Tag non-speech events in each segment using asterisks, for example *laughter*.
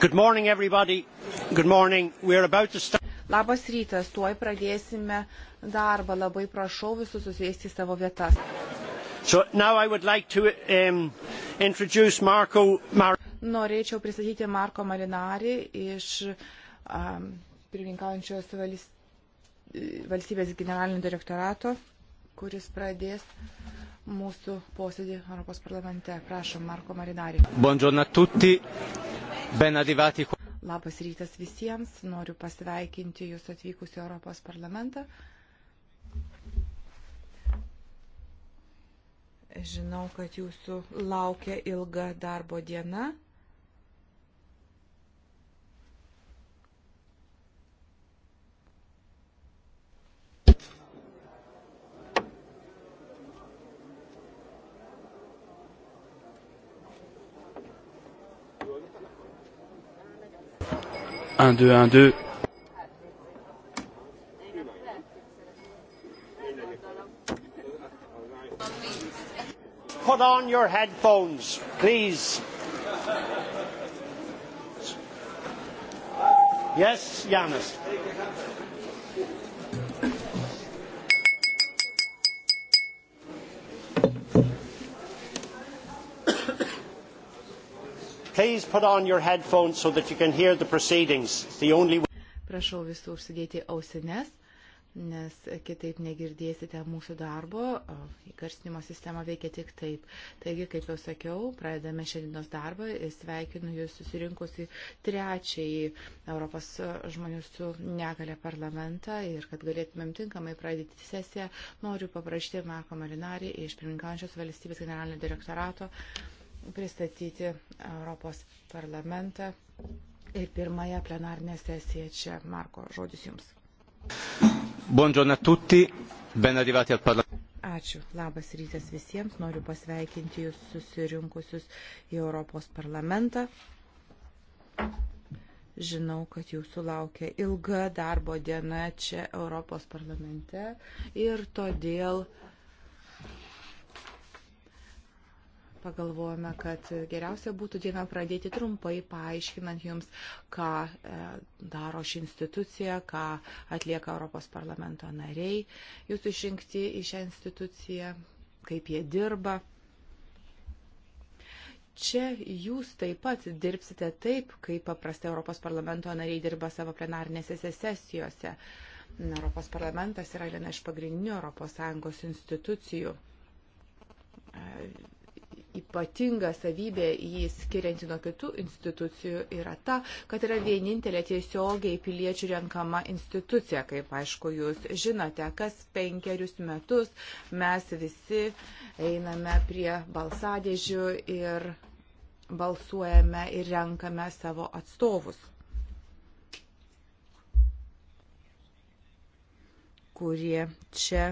Good morning, everybody. Good morning. We're about to start. Labas rytas, tuoj pradėsime darbą. Labai prašau visus susėsti savo vietas. So now I would like to um, introduce Marco Mar Norėčiau pristatyti Marko Marinari iš um, pirmininkaujančios valst valstybės generalinio direktorato, kuris pradės mūsų posėdį Europos parlamente. Prašom, Marko Marinari. Buongiorno a tutti. Labas rytas visiems, noriu pasveikinti Jūs atvykus į Europos parlamentą. Žinau, kad Jūsų laukia ilga darbo diena. 1, 2, 1, 2. Put on your headphones, please. Yes, Janis. Please put on your headphones so that you can hear the proceedings. The only... Prašau visų užsidėti ausines, nes kitaip negirdėsite mūsų darbo. Įgarsinimo sistema veikia tik taip. Taigi, kaip jau sakiau, pradedame šiandienos darbą ir sveikinu Jūs susirinkusi trečiąjį Europos žmonių su negale parlamentą ir kad galėtumėm tinkamai pradėti sesiją, noriu paprašyti Marko Marinarį iš pirmininkančios valstybės generalinio direktorato pristatyti Europos parlamentą ir pirmąją plenarnę sesiją čia. Marko, žodis jums. Buongiorno a tutti, ben arrivati al Parlamento. Ačiū. Labas rytas visiems. Noriu pasveikinti jūs susirinkusius į Europos parlamentą. Žinau, kad jūsų laukia ilga darbo diena čia Europos parlamente ir todėl uh, pagalvojome, kad geriausia būtų dieną pradėti trumpai, paaiškinant jums, ką e, daro ši institucija, ką atlieka Europos parlamento nariai, jūs išrinkti į šią instituciją, kaip jie dirba. Čia jūs taip pat dirbsite taip, kaip paprastai Europos parlamento nariai dirba savo plenarnėse sesijose. Europos parlamentas yra viena iš pagrindinių ES institucijų e, ypatinga savybė jį skirianti nuo kitų institucijų yra ta, kad yra vienintelė tiesiogiai piliečių renkama institucija, kaip aišku jūs žinote, kas penkerius metus mes visi einame prie balsadėžių ir balsuojame ir renkame savo atstovus. kurie čia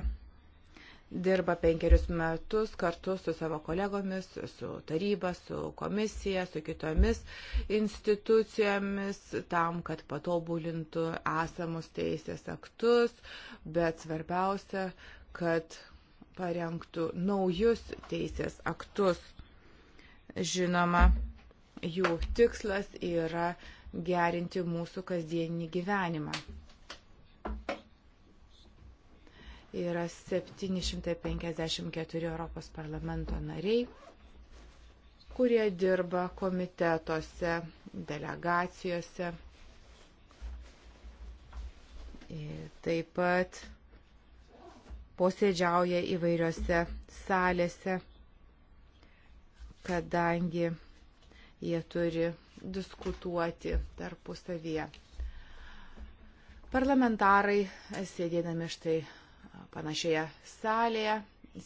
dirba penkerius metus kartu su savo kolegomis, su taryba, su komisija, su kitomis institucijomis tam, kad patobulintų esamus teisės aktus, bet svarbiausia, kad parengtų naujus teisės aktus. Žinoma, jų tikslas yra gerinti mūsų kasdienį gyvenimą. yra 754 Europos parlamento nariai, kurie dirba komitetuose, delegacijose. Ir taip pat posėdžiauja įvairiose salėse, kadangi jie turi diskutuoti tarpusavyje. Parlamentarai, sėdėdami štai panašioje salėje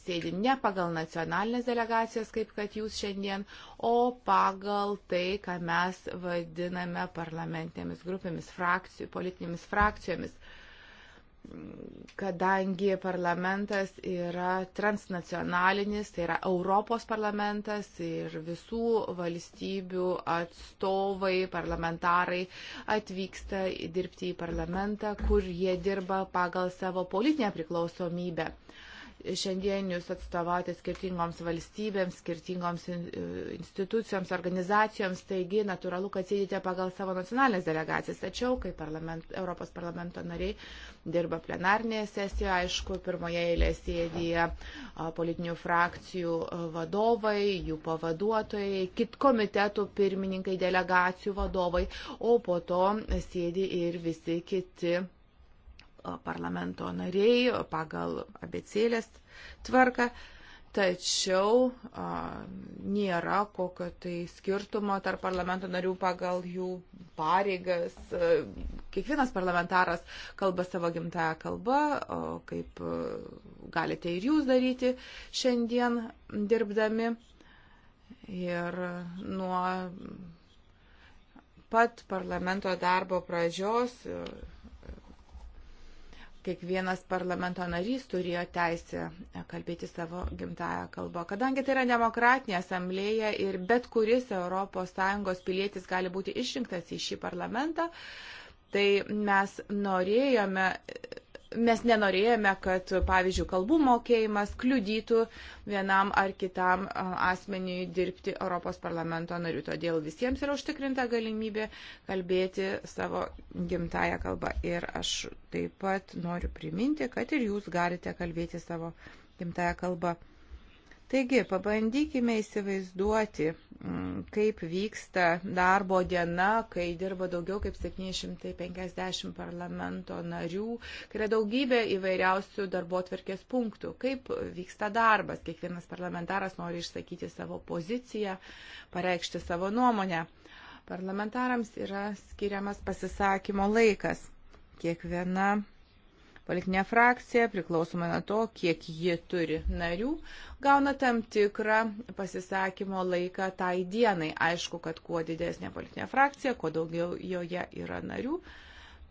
sėdi ne pagal nacionalinės delegacijas, kaip kad jūs šiandien, o pagal tai, ką mes vadiname parlamentinėmis grupėmis, frakcijų, politinėmis frakcijomis. Uh, kadangi parlamentas yra transnacionalinis, tai yra Europos parlamentas ir visų valstybių atstovai, parlamentarai atvyksta dirbti į parlamentą, kur jie dirba pagal savo politinę priklausomybę šiandien jūs atstovauti skirtingoms valstybėms, skirtingoms e, institucijoms, organizacijoms, taigi natūralu, kad sėdite pagal savo nacionalinės delegacijas. Tačiau, kai parlament, Europos parlamento nariai dirba plenarnėje sesijoje, aišku, pirmoje eilėje sėdėja e, politinių frakcijų e, vadovai, jų pavaduotojai, kit komitetų pirmininkai, delegacijų vadovai, o po to sėdi ir visi kiti parlamento nariai pagal abecėlės tvarką, tačiau a, nėra kokio tai skirtumo tarp parlamento narių pagal jų pareigas. Kiekvienas parlamentaras kalba savo gimtają kalbą, o kaip galite ir jūs daryti šiandien dirbdami. Ir nuo pat parlamento darbo pradžios kiekvienas parlamento narys turėjo teisę e, kalbėti savo gimtają kalbą. Kadangi tai yra demokratinė asamblėja ir bet kuris ES pilietis gali būti išrinktas į šį parlamentą, tai mes norėjome mes nenorėjome, kad, pavyzdžiui, kalbų mokėjimas kliudytų vienam ar kitam asmeniui dirbti Europos parlamento nariu. Todėl visiems yra užtikrinta galimybė kalbėti savo gimtają kalbą. Ir aš taip pat noriu priminti, kad ir jūs galite kalbėti savo gimtają kalbą. Taigi, pabandykime įsivaizduoti, mm, kaip vyksta darbo diena, kai dirba daugiau kaip 750 parlamento narių, kai yra daugybė įvairiausių darbo atverkės punktų, kaip vyksta darbas, kiekvienas parlamentaras nori išsakyti savo poziciją, pareikšti savo nuomonę. Parlamentarams yra skiriamas pasisakymo laikas. Kiekviena politinė frakcija, priklausomai nuo to, kiek ji turi narių, gauna tam tikrą pasisakymo laiką tai dienai. Aišku, kad kuo didesnė politinė frakcija, kuo daugiau joje yra narių,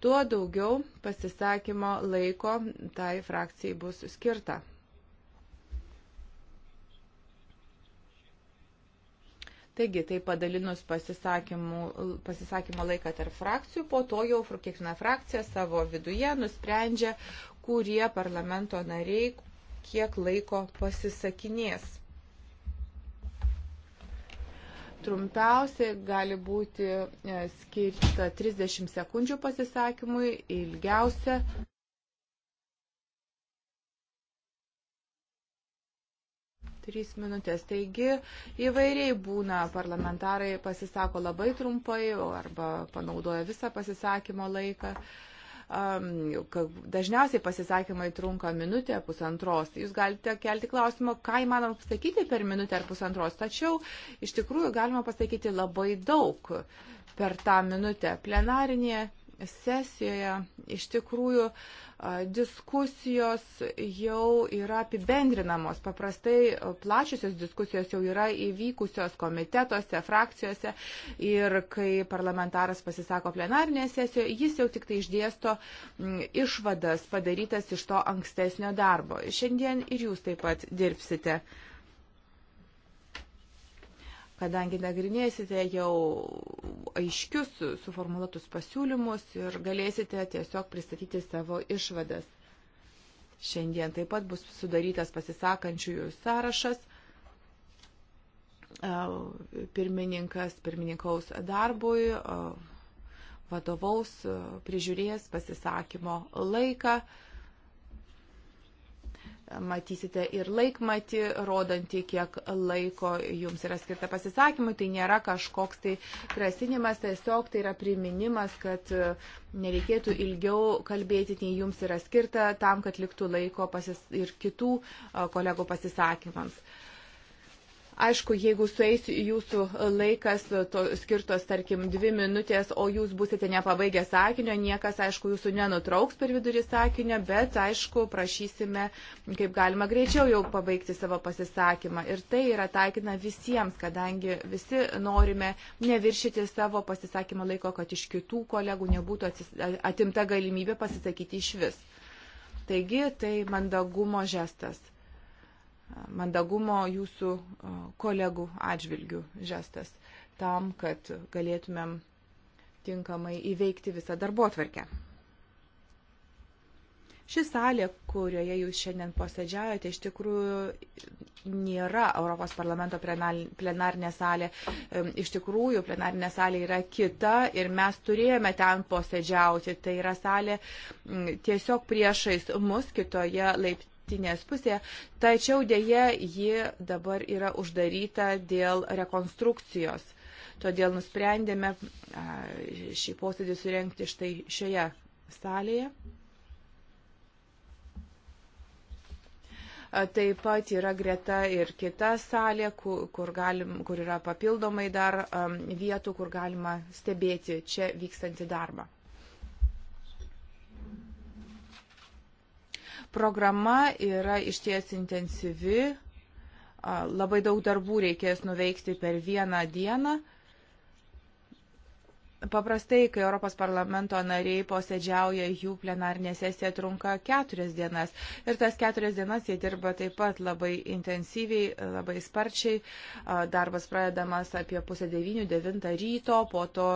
tuo daugiau pasisakymo laiko tai frakcijai bus skirta. Taigi, tai padalinus pasisakymo laiką tarp frakcijų, po to jau kiekviena frakcija savo viduje nusprendžia, kurie parlamento nariai kiek laiko pasisakinės. Trumpiausiai gali būti e, skirta 30 sekundžių pasisakymui, ilgiausia trys minutės. Taigi įvairiai būna parlamentarai pasisako labai trumpai arba panaudoja visą pasisakymo laiką. Dažniausiai pasisakymai trunka minutę, pusantros. Jūs galite kelti klausimą, ką įmanoma pasakyti per minutę ar pusantros. Tačiau iš tikrųjų galima pasakyti labai daug per tą minutę plenarinėje sesijoje iš tikrųjų diskusijos jau yra apibendrinamos. Paprastai plačiosios diskusijos jau yra įvykusios komitetuose, frakcijose ir kai parlamentaras pasisako plenarinėje sesijoje, jis jau tik tai išdėsto išvadas padarytas iš to ankstesnio darbo. Šiandien ir jūs taip pat dirbsite kadangi nagrinėsite jau aiškius suformuoluotus pasiūlymus ir galėsite tiesiog pristatyti savo išvadas. Šiandien taip pat bus sudarytas pasisakančiųjų sąrašas. Pirmininkas pirmininkaus darbui vadovaus prižiūrės pasisakymo laiką. Matysite ir laikmatį, rodantį, kiek laiko jums yra skirta pasisakymui. Tai nėra kažkoks tai krasinimas, tiesiog tai yra priminimas, kad nereikėtų ilgiau kalbėti, nei jums yra skirta, tam, kad liktų laiko pasis... ir kitų kolegų pasisakymams. Aišku, jeigu sueis jūsų laikas e, to, skirtos, tarkim, dvi minutės, o jūs busite nepabaigę sakinio, niekas, aišku, jūsų nenutrauks per vidurį sakinio, bet, aišku, prašysime, kaip galima greičiau jau pabaigti savo pasisakymą. Ir tai yra taikina visiems, kadangi visi norime neviršyti savo pasisakymo laiko, kad iš kitų kolegų nebūtų atimta galimybė pasisakyti iš vis. Taigi tai mandagumo žestas mandagumo jūsų kolegų atžvilgių žestas tam, kad galėtumėm tinkamai įveikti visą darbo atvarkę. Ši salė, kurioje jūs šiandien posėdžiajote, iš tikrųjų nėra Europos parlamento plenarinė salė. Iš tikrųjų, plenarinė salė yra kita ir mes turėjome ten posėdžiauti. Tai yra salė tiesiog priešais mus kitoje laiptinėje rytinės pusėje, tačiau dėje ji dabar yra uždaryta dėl rekonstrukcijos. Todėl nusprendėme šį posėdį surenkti štai šioje salėje. Taip pat yra greta ir kita salė, kur, kur, galim, kur yra papildomai dar vietų, kur galima stebėti čia vykstantį darbą. Programa yra išties intensyvi, labai daug darbų reikės nuveikti per vieną dieną. Paprastai, kai Europos parlamento nariai posėdžiauja, jų plenarinė sesija trunka keturias dienas. Ir tas keturias dienas jie dirba taip pat labai intensyviai, labai sparčiai. Darbas pradedamas apie pusę devynių, devintą ryto, po to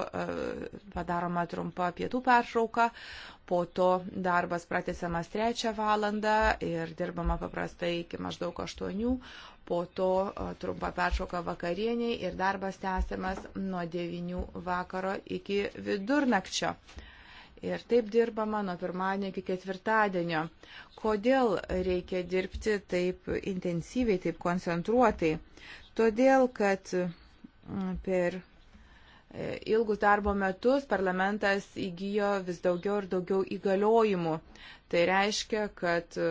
padaroma trumpa pietų peršauka, po to darbas pratesiamas trečią valandą ir dirbama paprastai iki maždaug aštuonių, po to trumpa peršoka vakarieniai ir darbas tęsiamas nuo 9 vakaro iki vidurnakčio. Ir taip dirbama nuo pirmadienio iki ketvirtadienio. Kodėl reikia dirbti taip intensyviai, taip koncentruotai? Todėl, kad per E, ilgus darbo metus parlamentas įgyjo vis daugiau ir daugiau įgaliojimų. Tai reiškia, kad e,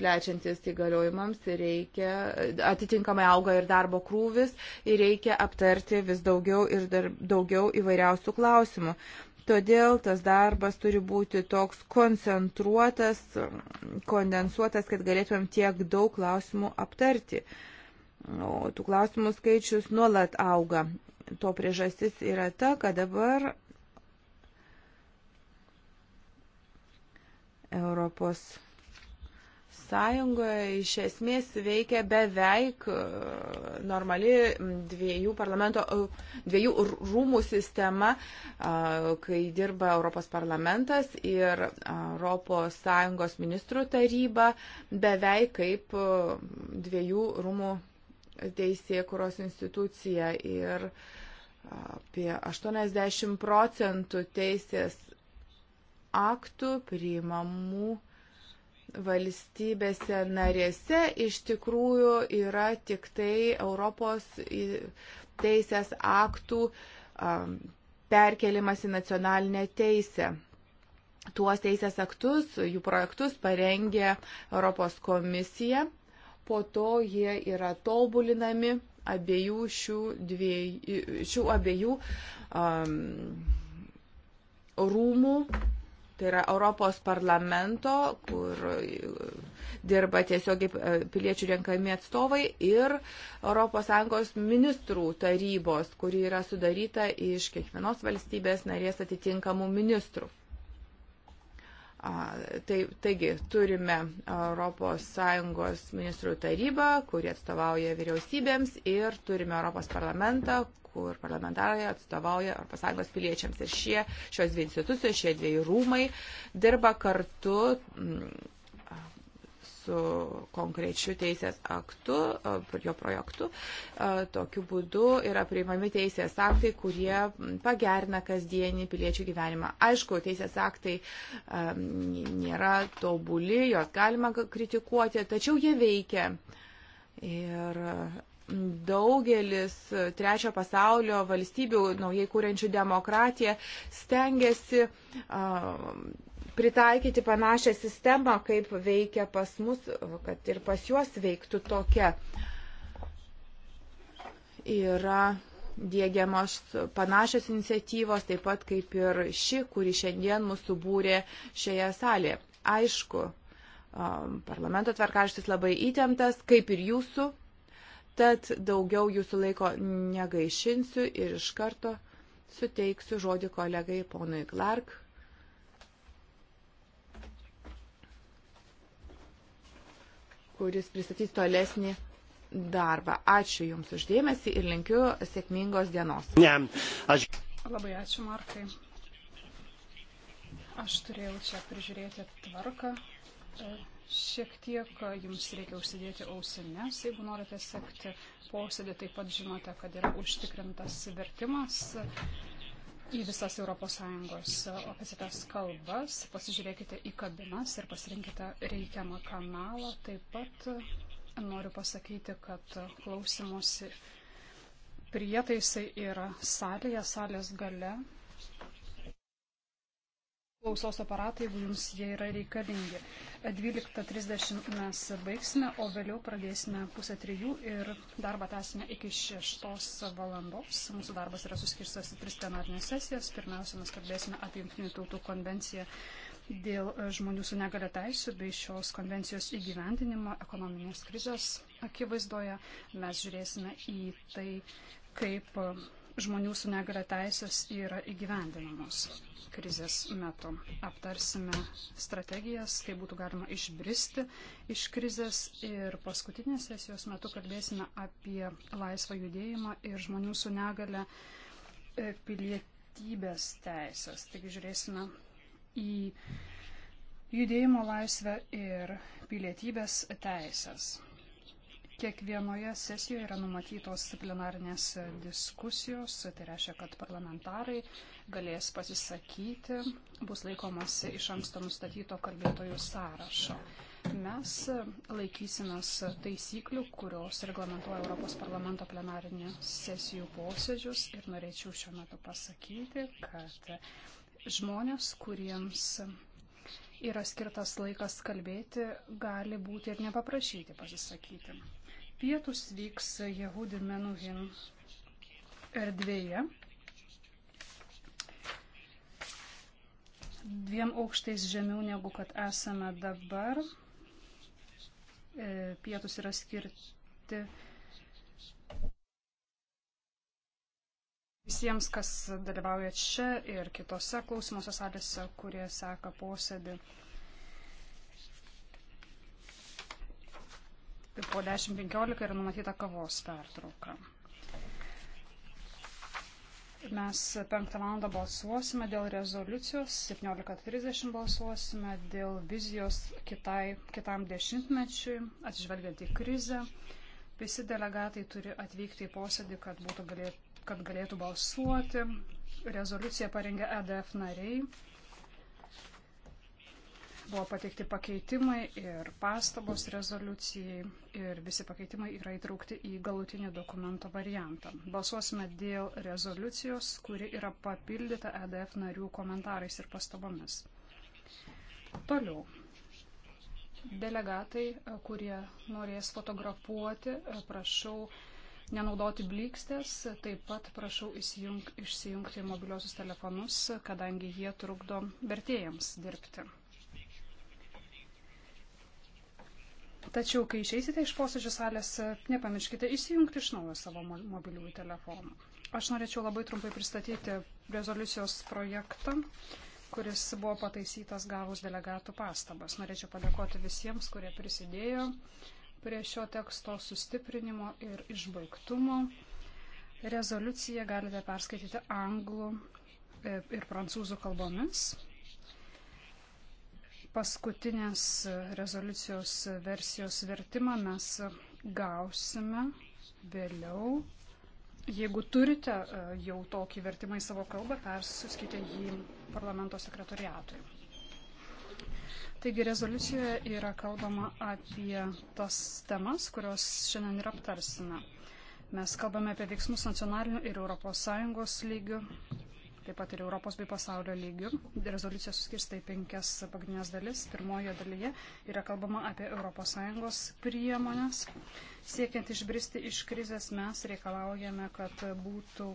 plečiantis įgaliojimams reikia, atitinkamai auga ir darbo krūvis ir reikia aptarti vis daugiau ir dar, daugiau įvairiausių klausimų. Todėl tas darbas turi būti toks koncentruotas, kondensuotas, kad galėtumėm tiek daug klausimų aptarti. O tų klausimų skaičius nuolat auga to priežastis yra ta, kad dabar Europos Sąjungoje iš esmės veikia beveik e, normali dviejų parlamento, e, dviejų rūmų sistema, kai dirba Europos parlamentas ir Europos Sąjungos ministrų taryba beveik kaip e, dviejų rūmų teisėkuros institucija ir apie 80 procentų teisės aktų priimamų valstybėse narėse iš tikrųjų yra tik tai Europos teisės aktų perkelimas į nacionalinę teisę. Tuos teisės aktus, jų projektus parengė Europos komisija po to jie yra tobulinami abiejų šių, dviejų, šių abiejų um, rūmų, tai yra Europos parlamento, kur dirba tiesiogiai e, piliečių renkami atstovai ir ES ministrų tarybos, kuri yra sudaryta iš kiekvienos valstybės narės atitinkamų ministrų. Tai, taigi, turime ES ministrų tarybą, kuri atstovauja vyriausybėms ir turime ES parlamentą, kur parlamentarai atstovauja ES piliečiams. Ir šie, šios dvi institucijos, šie dviejų rūmai dirba kartu. M, su konkrečiu teisės aktu, jo projektu. Tokiu būdu yra priimami teisės aktai, kurie pagerina kasdienį piliečių gyvenimą. Aišku, teisės aktai nėra tobuli, juos galima kritikuoti, tačiau jie veikia. Ir daugelis trečio pasaulio valstybių, naujai kūrenčių demokratiją, stengiasi uh, pritaikyti panašią sistemą, kaip veikia pas mus, kad ir pas juos veiktų tokia. Yra dėgiamos panašios iniciatyvos, taip pat kaip ir ši, kuri šiandien mūsų būrė šioje salėje. Aišku, parlamento tvarkarštis labai įtemptas, kaip ir jūsų, tad daugiau jūsų laiko negaišinsiu ir iš karto suteiksiu žodį kolegai ponui Clark, kuris pristatys tolesnį darbą. Ačiū Jums uždėmesi ir linkiu sėkmingos dienos. Ne, aš... Labai ačiū, Markai. Aš turėjau čia prižiūrėti tvarką. E, šiek tiek e, jums reikia užsidėti ausines, jeigu norite sekti posėdį, taip pat žinote, kad yra užtikrintas vertimas į visas ES oficialias e, kalbas, pasižiūrėkite į kabinas ir pasirinkite reikiamą kanalą. Taip pat e, noriu pasakyti, kad klausimusi prietaisai yra salėje, salės gale klausos aparatai, jeigu jums jie yra reikalingi. 12.30 mes baigsime, o vėliau pradėsime pusę trijų ir darbą tęsime iki šeštos valandos. Mūsų darbas yra suskirstas į tris plenarinės sesijas. Pirmiausia, mes kalbėsime apie Junktinių tautų konvenciją dėl žmonių su negale teisų bei šios konvencijos įgyvendinimo ekonominės krizės akivaizdoje. Mes žiūrėsime į tai, kaip žmonių su negara teisės yra įgyvendinamos krizės metu. Aptarsime strategijas, kaip būtų galima išbristi iš krizės ir paskutinės sesijos metu kalbėsime apie laisvą judėjimą ir žmonių su negale e, pilietybės teisės. Taigi žiūrėsime į judėjimo laisvę ir pilietybės teisės. Kiekvienoje sesijoje yra numatytos plenarinės diskusijos, tai reiškia, kad parlamentarai galės pasisakyti, bus laikomasi iš anksto nustatyto kalbėtojų sąrašo. Mes laikysimės taisyklių, kurios reglamentuoja Europos parlamento plenarinį sesijų posėdžius ir norėčiau šiuo metu pasakyti, kad žmonės, kuriems yra skirtas laikas kalbėti, gali būti ir nepaprašyti pasisakyti pietus vyks Jehudi Menuhin erdvėje. Dviem aukštais žemiau negu kad esame dabar. E, pietus yra skirti visiems, kas dalyvauja čia ir kitose klausimuose salėse, kurie seka posėdį. po 10.15 yra numatyta kavos pertrauka. Mes 5 val. balsuosime dėl rezoliucijos, 17.30 balsuosime dėl vizijos kitai, kitam dešimtmečiui, atsižvelgiant į krizę. Visi delegatai turi atvykti į posėdį, kad, galėt, kad galėtų balsuoti. Rezoliuciją parengė EDF nariai. Buvo pateikti pakeitimai ir pastabos rezoliucijai ir visi pakeitimai yra įtraukti į galutinį dokumento variantą. Balsuosime dėl rezoliucijos, kuri yra papildyta EDF narių komentarais ir pastabomis. Toliau delegatai, kurie norės fotografuoti, prašau nenaudoti blikstės, taip pat prašau įsijung, išsijungti mobiliosius telefonus, kadangi jie trukdo vertėjams dirbti. Tačiau, kai išeisite iš posėdžių salės, nepamirškite įsijungti iš naujo savo mobiliųjų telefonų. Aš norėčiau labai trumpai pristatyti rezoliucijos projektą, kuris buvo pataisytas gavus delegatų pastabas. Norėčiau padėkoti visiems, kurie prisidėjo prie šio teksto sustiprinimo ir išbaigtumo. Rezoliuciją galite perskaityti anglų e, ir prancūzų kalbomis paskutinės rezoliucijos versijos vertimą mes gausime vėliau. Jeigu turite e, jau tokį vertimą į savo kalbą, persiuskite jį parlamento sekretoriatui. Taigi rezoliucijoje yra kalbama apie tas temas, kurios šiandien ir aptarsime. Mes kalbame apie veiksmus nacionalinių ir ES lygių, taip pat ir Europos bei pasaulio lygių. Rezoliucija suskirsta į penkias pagrindinės dalis. Pirmojo dalyje yra kalbama apie ES priemonės. Siekiant išbristi iš krizės, mes reikalaujame, kad būtų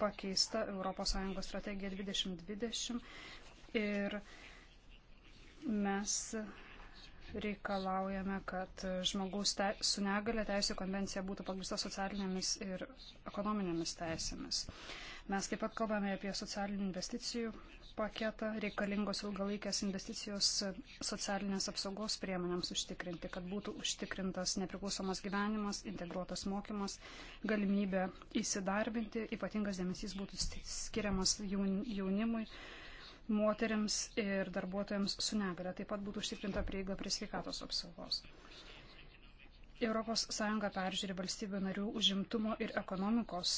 pakeista ES strategija 2020 ir mes reikalaujame, kad žmogaus te, su negale teisų konvencija būtų pagrįsta socialinėmis ir ekonominėmis teisėmis. Mes taip pat kalbame apie socialinių investicijų paketą, reikalingos ilgalaikės investicijos socialinės apsaugos priemonėms užtikrinti, kad būtų užtikrintas nepriklausomas gyvenimas, integruotas mokymas, galimybė įsidarbinti, ypatingas dėmesys būtų skiriamas jaunimui moteriams ir darbuotojams su negale. Taip pat būtų užtikrinta prieiga prie sveikatos apsaugos. ES peržiūri valstybių narių užimtumo ir ekonomikos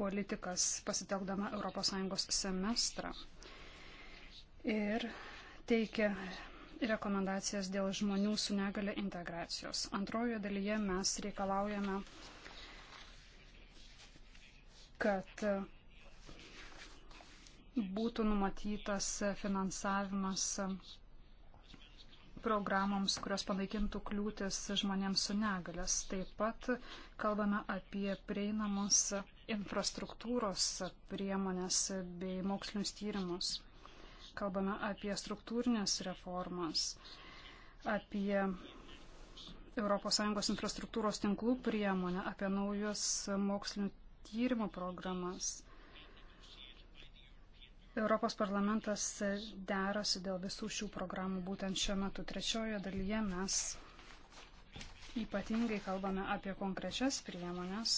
politikas pasitelkdama ES semestrą ir teikia rekomendacijas dėl žmonių su negale integracijos. Antrojoje dalyje mes reikalaujame, kad būtų numatytas finansavimas programoms, kurios panaikintų kliūtis žmonėms su negalės. Taip pat kalbame apie prieinamos infrastruktūros priemonės bei mokslinius tyrimus. Kalbame apie struktūrinės reformas, apie ES infrastruktūros tinklų priemonę, apie naujus mokslinių tyrimų programas. Europos parlamentas derasi dėl visų šių programų būtent šiuo metu. Trečiojo dalyje mes ypatingai kalbame apie konkrečias priemonės,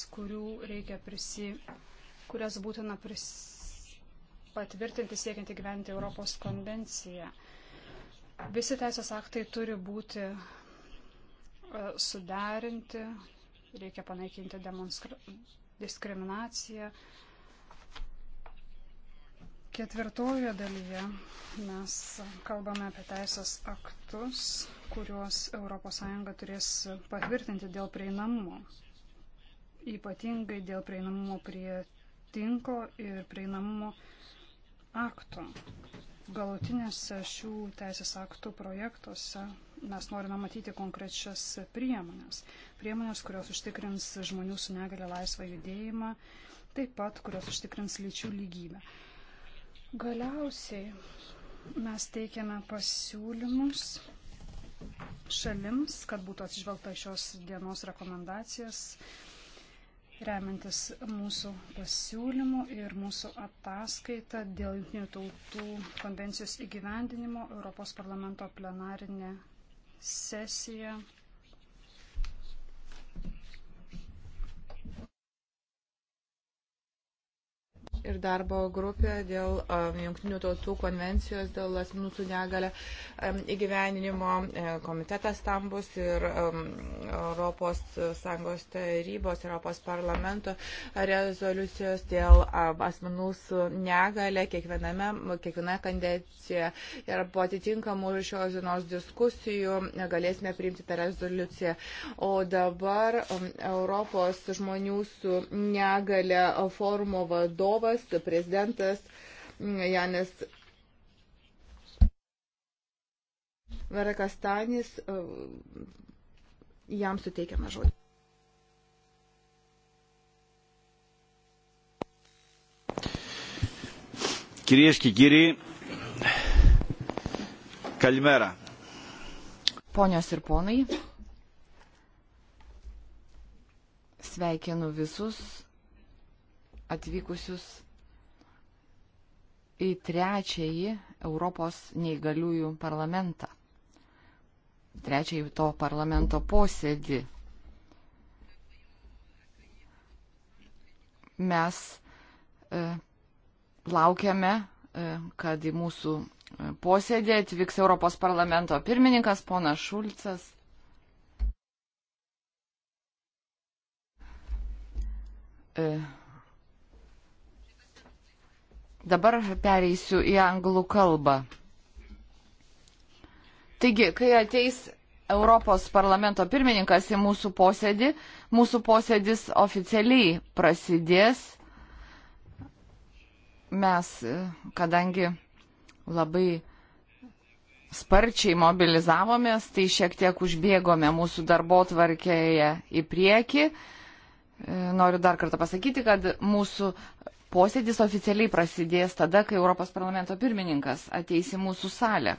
prisi, kurias būtina pris, patvirtinti siekiant įgyventi Europos konvenciją. Visi teisės aktai turi būti e, suderinti, reikia panaikinti demonstra... diskriminaciją, Ketvirtojoje dalyje mes kalbame apie teisės aktus, kuriuos ES turės patvirtinti dėl prieinamumo. Ypatingai dėl prieinamumo prie tinklo ir prieinamumo akto. Galutinėse šių teisės aktų projektuose mes norime matyti konkrečias priemonės. Priemonės, kurios užtikrins žmonių su negale laisvą judėjimą, taip pat kurios užtikrins lyčių lygybę. Galiausiai mes teikiame pasiūlymus šalims, kad būtų atsižvelgta šios dienos rekomendacijas, remiantis mūsų pasiūlymų ir mūsų ataskaita dėl Junktinių tautų konvencijos įgyvendinimo Europos parlamento plenarinė sesija ir darbo grupė dėl um, Junktinių tautų konvencijos dėl asmenų su negale um, įgyveninimo e, komitetas tam bus ir um, Europos Sąjungos tarybos, Europos parlamento rezoliucijos dėl um, asmenų su negale kiekviename, kiekvienoje kandencijoje. Ir po atitinkamų šios dienos diskusijų galėsime priimti tą rezoliuciją. O dabar um, Europos žmonių su negale forumo vadovas vadovas, prezidentas Janis Varakastanis, jam suteikiamą žodį. Κυρίες και κύριοι, καλημέρα. Ponios ir ponai, sveikinu visus atvykusius į trečiąjį Europos neįgaliųjų parlamentą. Trečiąjį to parlamento posėdį. Mes e, laukiame, e, kad į mūsų e, posėdį atvyks Europos parlamento pirmininkas ponas Šulcas. E, Dabar pereisiu į anglų kalbą. Taigi, kai ateis Europos parlamento pirmininkas į mūsų posėdį, mūsų posėdis oficialiai prasidės. Mes, kadangi labai sparčiai mobilizavomės, tai šiek tiek užbėgome mūsų darbo tvarkėje į priekį. Noriu dar kartą pasakyti, kad mūsų posėdis oficialiai prasidės tada, kai Europos parlamento pirmininkas ateis į mūsų salę.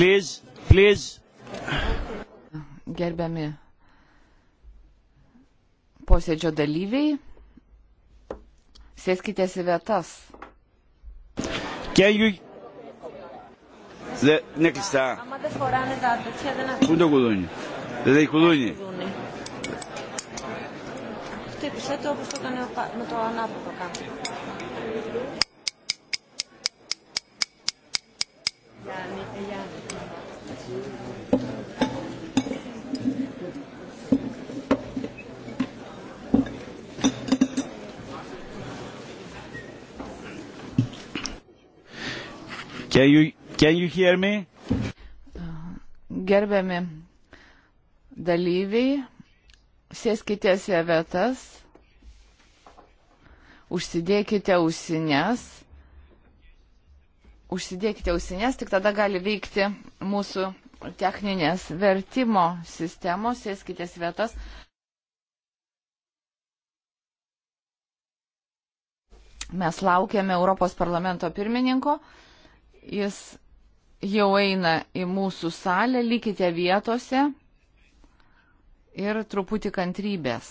Please, please. Gerbiami posėdžio dalyviai, sėskite į vietas. Can you... Δε, είναι κλειστά. Άμα δεν φοράνε τα τέτοια δεν αφήνουν. Πού είναι το κουδούνι. Δεν έχει κουδούνι. Χτύπησε το όπως το έκανε με το ανάποδο κάτω. Can you, can you hear me? Gerbiami dalyviai, sėskite į vietas, užsidėkite ausinės. Užsidėkite ausinės, tik tada gali veikti mūsų techninės vertimo sistemos, sėskite į vietas. Mes laukiame Europos parlamento pirmininko. Jis jau eina į mūsų salę, likite vietose ir truputį kantrybės.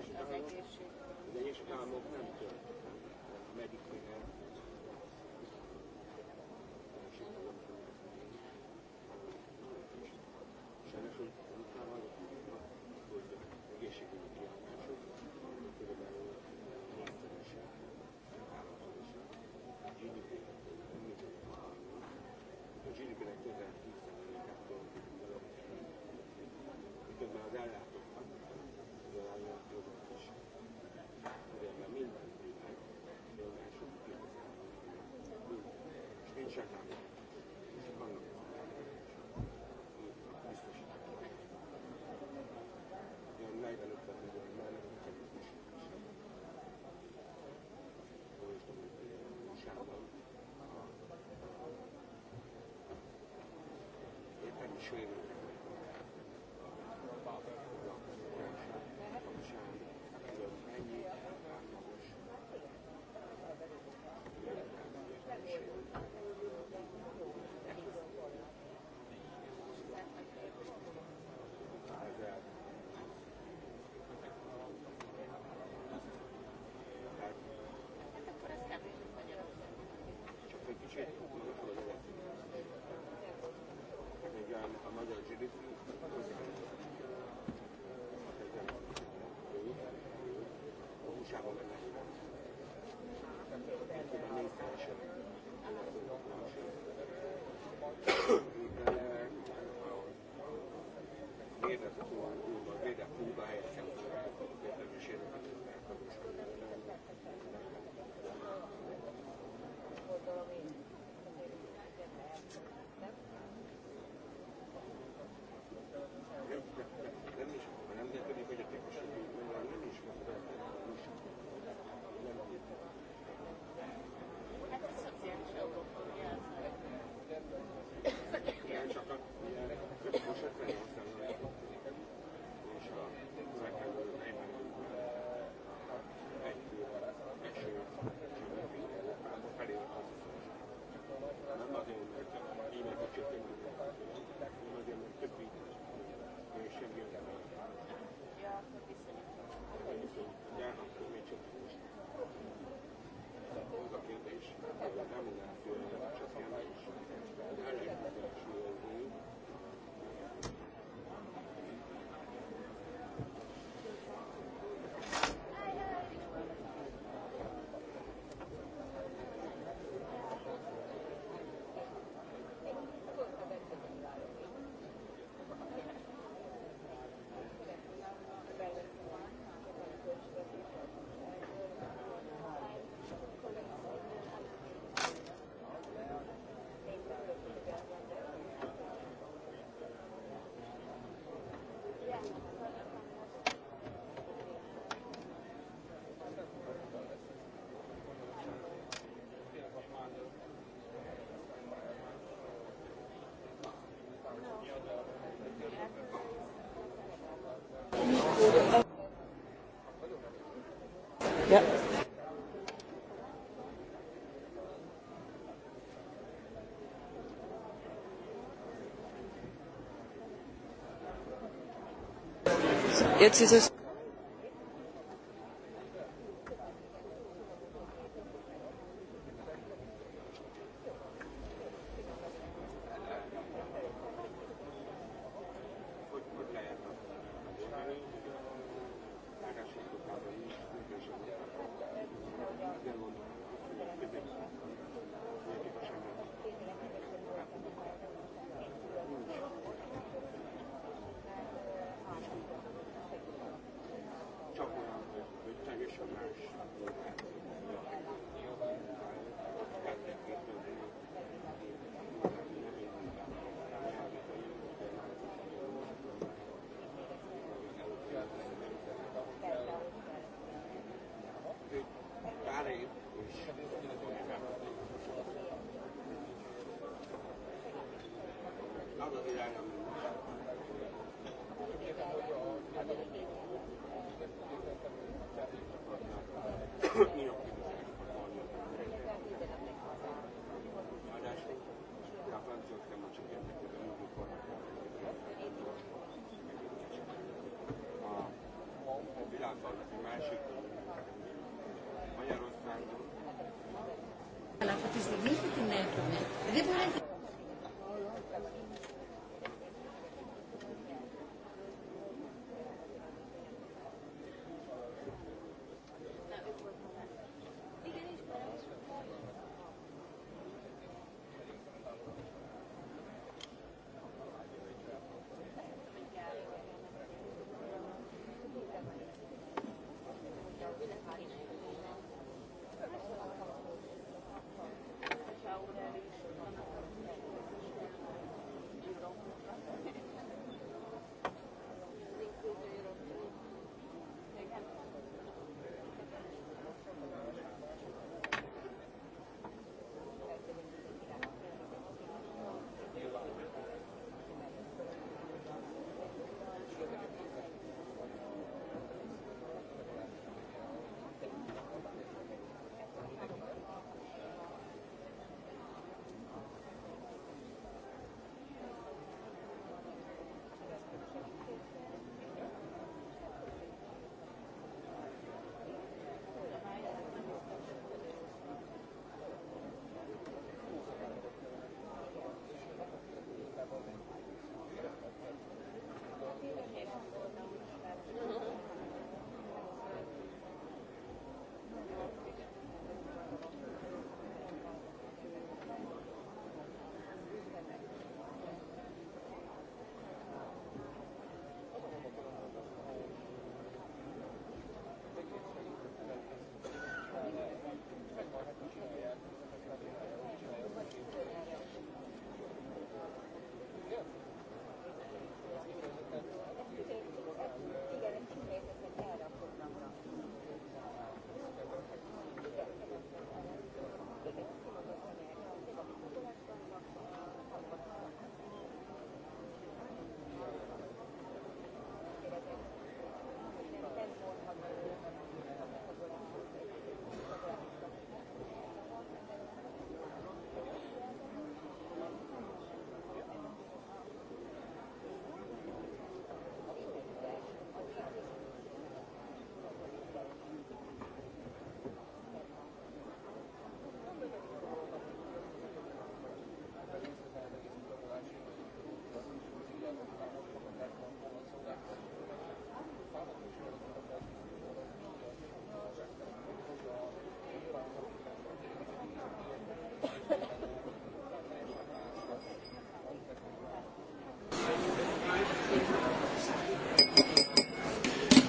az egészség. Az Egyesült Államok nem tölt medikére. Köszönöm. Yeah. Jetzt ist es.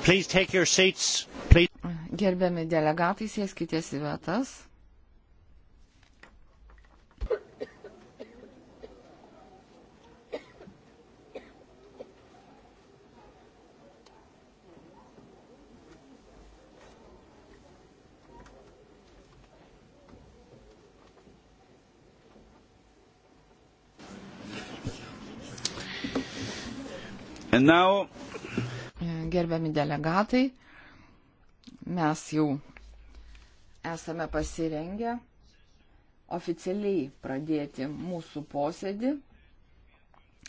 Seats, Gerbiami delegatai, sėskitės į vietas. And now gerbiami delegatai, mes jau esame pasirengę oficialiai pradėti mūsų posėdį.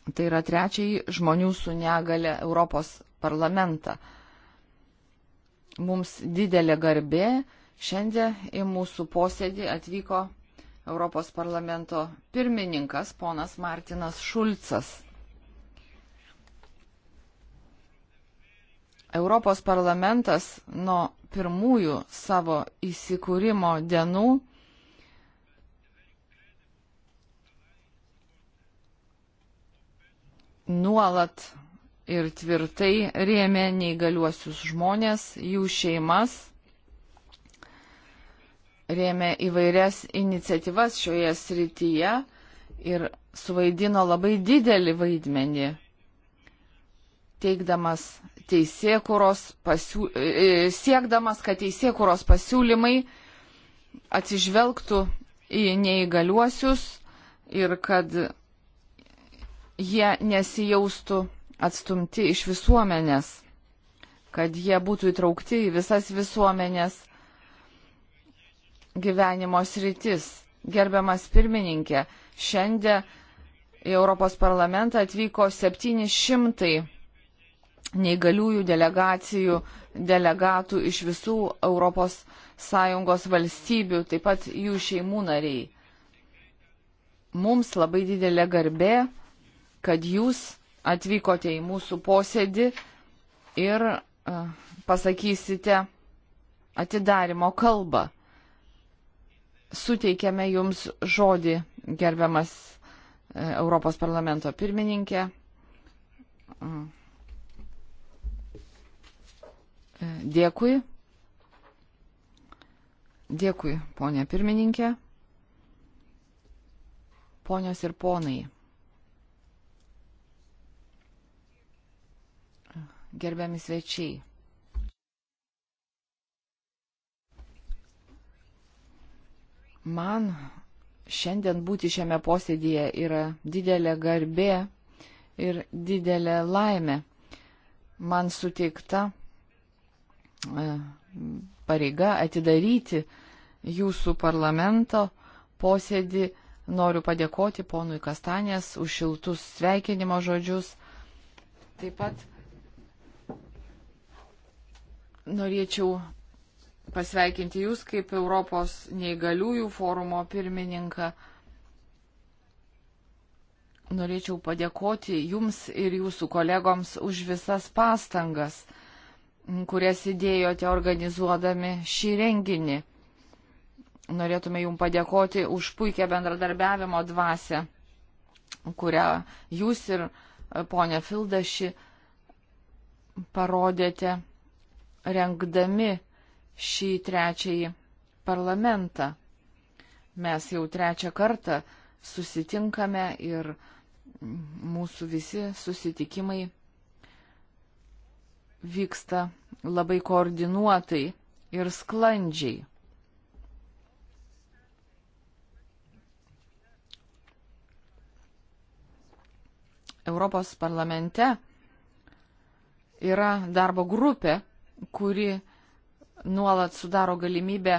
Tai yra trečiai žmonių su negale Europos parlamentą. Mums didelė garbė šiandien į mūsų posėdį atvyko Europos parlamento pirmininkas ponas Martinas Šulcas. Europos parlamentas nuo pirmųjų savo įsikūrimo dienų nuolat ir tvirtai rėmė neįgaliuosius žmonės, jų šeimas, rėmė įvairias iniciatyvas šioje srityje ir suvaidino labai didelį vaidmenį, teikdamas teisėkuros pasiū... E, e, siekdamas, kad teisėkuros pasiūlymai atsižvelgtų į neįgaliuosius ir kad jie nesijaustų atstumti iš visuomenės, kad jie būtų įtraukti į visas visuomenės gyvenimo sritis. Gerbiamas pirmininkė, šiandien į Europos parlamentą atvyko 700 neįgaliųjų delegacijų, delegatų iš visų ES valstybių, taip pat jų šeimų nariai. Mums labai didelė garbė, kad jūs atvykote į mūsų posėdį ir uh, pasakysite atidarimo kalbą. Suteikėme jums žodį, gerbiamas uh, Europos parlamento pirmininkė. Uh Dėkui. Dėkui, ponė pirmininkė. Ponios ir ponai. Gerbiami svečiai. Man šiandien būti šiame posėdėje yra didelė garbė ir didelė laimė. Man suteikta E, pareiga atidaryti jūsų parlamento posėdį. Noriu padėkoti ponui Kastanės už šiltus sveikinimo žodžius. Taip pat norėčiau pasveikinti Jūs kaip Europos neįgaliųjų forumo pirmininką. Norėčiau padėkoti Jums ir Jūsų kolegoms už visas pastangas kurias įdėjote organizuodami šį renginį. Norėtume Jums padėkoti už puikią bendradarbiavimo dvasę, kurią Jūs ir e, ponė Fildaši parodėte rengdami šį trečiąjį parlamentą. Mes jau trečią kartą susitinkame ir mūsų visi susitikimai vyksta labai koordinuotai ir sklandžiai. Europos parlamente yra darbo grupė, kuri nuolat sudaro galimybę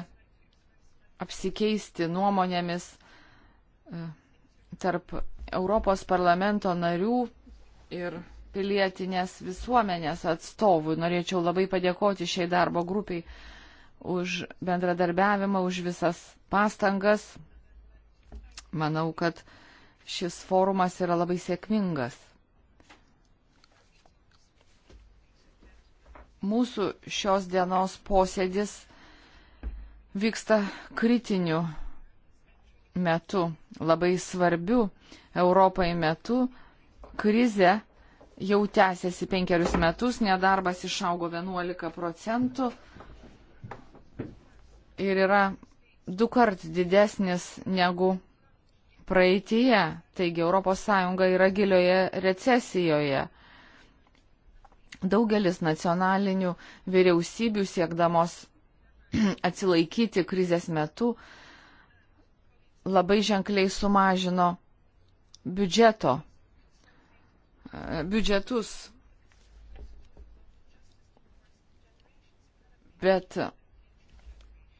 apsikeisti nuomonėmis e, tarp Europos parlamento narių ir pilietinės visuomenės atstovų. Norėčiau labai padėkoti šiai darbo grupiai už bendradarbiavimą, už visas pastangas. Manau, kad šis forumas yra labai sėkmingas. Mūsų šios dienos posėdis vyksta kritiniu metu, labai svarbiu Europai metu, krize jau tęsiasi penkerius metus, nedarbas išaugo 11 procentų ir yra du kart didesnis negu praeitie. Taigi ES yra gilioje recesijoje. Daugelis nacionalinių vyriausybių siekdamos *clears throat* atsilaikyti krizės metu labai ženkliai sumažino biudžeto biudžetus. Bet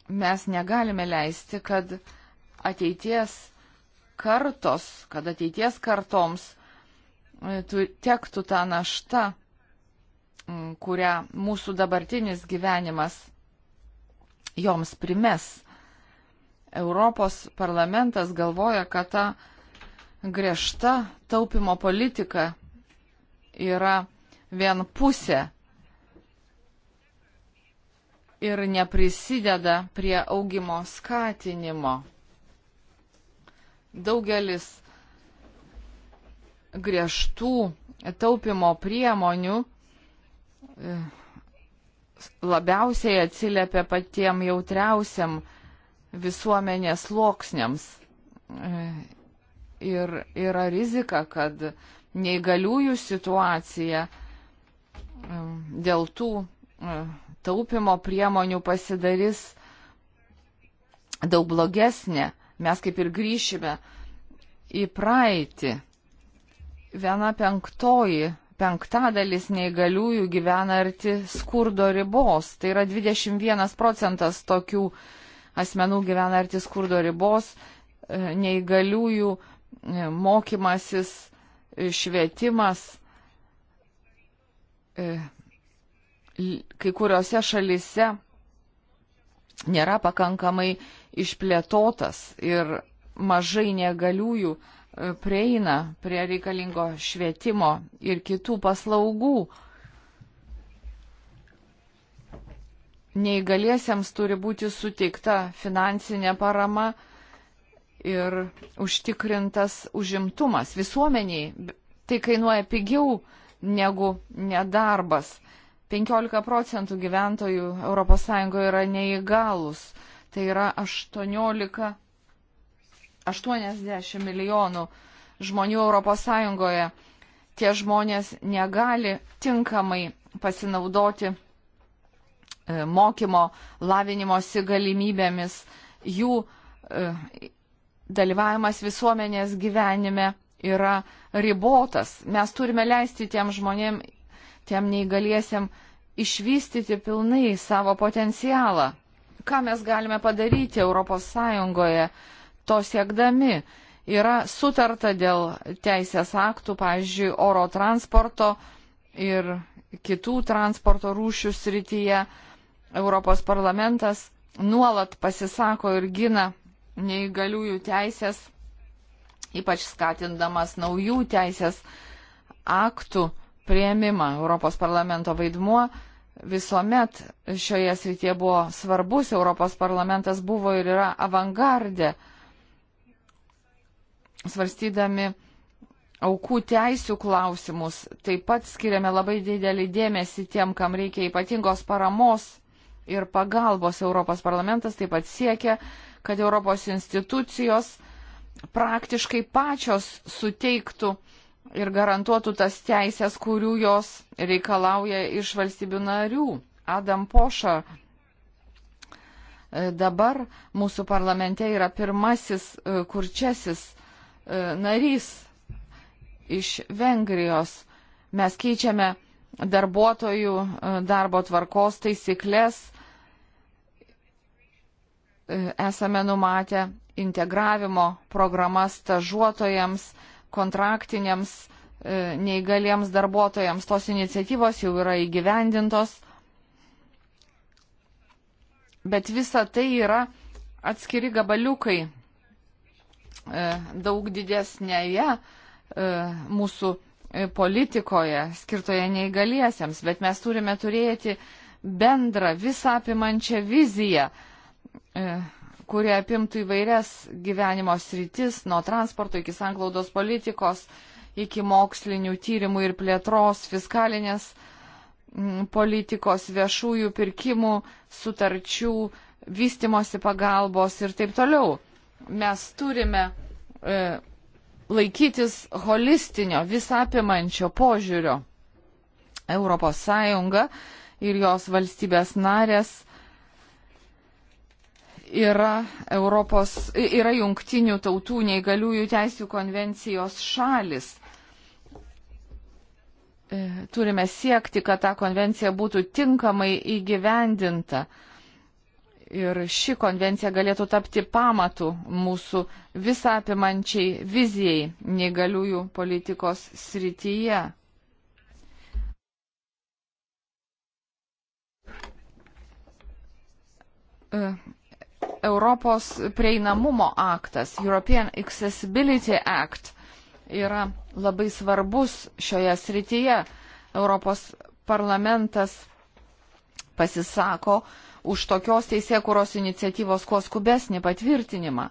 mes negalime leisti, kad ateities kartos, kad ateities kartoms e, tektų tą naštą, kurią mūsų dabartinis gyvenimas joms primes. Europos parlamentas galvoja, kad ta griežta taupimo politika yra vien pusė ir neprisideda prie augimo skatinimo. Daugelis griežtų taupimo priemonių e, labiausiai atsiliepia patiem jautriausiam visuomenės sluoksniams. E, ir yra rizika, kad neįgaliųjų situaciją, um, dėl tų uh, taupimo priemonių pasidarys daug blogesnė. Mes kaip ir grįšime į praeitį. Viena penktoji, penktadalis neįgaliųjų gyvena arti skurdo ribos. Tai yra 21 procentas tokių asmenų gyvena arti skurdo ribos. Uh, neįgaliųjų uh, mokymasis švietimas e, kai kuriuose šalise nėra pakankamai išplėtotas ir mažai negaliųjų e, prieina prie reikalingo švietimo ir kitų paslaugų. Neįgaliesiems turi būti suteikta finansinė parama, ir užtikrintas užimtumas visuomeniai. Tai kainuoja pigiau negu nedarbas. 15 procentų gyventojų ES yra neįgalus. Tai yra 18, 80 milijonų žmonių ES. Tie žmonės negali tinkamai pasinaudoti e, mokymo, lavinimosi galimybėmis. Jų e, dalyvavimas visuomenės gyvenime yra ribotas. Mes turime leisti tiem žmonėm, tiem neįgaliesiam išvystyti pilnai savo potencialą. Ką mes galime padaryti ES to siekdami? Yra sutarta dėl teisės aktų, pavyzdžiui, oro transporto ir kitų transporto rūšių srityje. Europos parlamentas nuolat pasisako ir gina neįgaliųjų teisės, ypač skatindamas naujų teisės aktų prieimimą. Europos parlamento vaidmuo visuomet šioje srityje buvo svarbus, Europos parlamentas buvo ir yra avangardė, svarstydami aukų teisų klausimus. Taip pat skiriame labai didelį dėmesį tiem, kam reikia ypatingos paramos ir pagalbos. Europos parlamentas taip pat siekia kad Europos institucijos praktiškai pačios suteiktų ir garantuotų tas teisės, kurių jos reikalauja iš valstybių narių. Adam Poša e, dabar mūsų parlamente yra pirmasis e, kurčiasis e, narys iš Vengrijos. Mes keičiame darbuotojų darbo tvarkos taisyklės, esame numatę integravimo programas stažuotojams, kontraktiniams, e, neįgaliems darbuotojams. Tos iniciatyvos jau yra įgyvendintos. Bet visa tai yra atskiri gabaliukai e, daug didesnėje e, mūsų politikoje skirtoje neįgaliesiems, bet mes turime turėti bendrą visapimančią viziją, E, kurie apimtų įvairias gyvenimo sritis, nuo transporto iki sanklaudos politikos, iki mokslinių tyrimų ir plėtros, fiskalinės politikos, viešųjų pirkimų, sutarčių, vystimosi pagalbos ir taip toliau. Mes turime e, laikytis holistinio, visapimančio požiūrio. Europos Sąjunga ir jos valstybės narės yra, Europos, yra jungtinių tautų neįgaliųjų teisų konvencijos šalis. E, turime siekti, kad ta konvencija būtų tinkamai įgyvendinta. Ir ši konvencija galėtų tapti pamatu mūsų visapimančiai vizijai neįgaliųjų politikos srityje. E, Europos prieinamumo aktas, European Accessibility Act, yra labai svarbus šioje srityje. Europos parlamentas pasisako už tokios teisėkuros iniciatyvos kuo skubesnį patvirtinimą.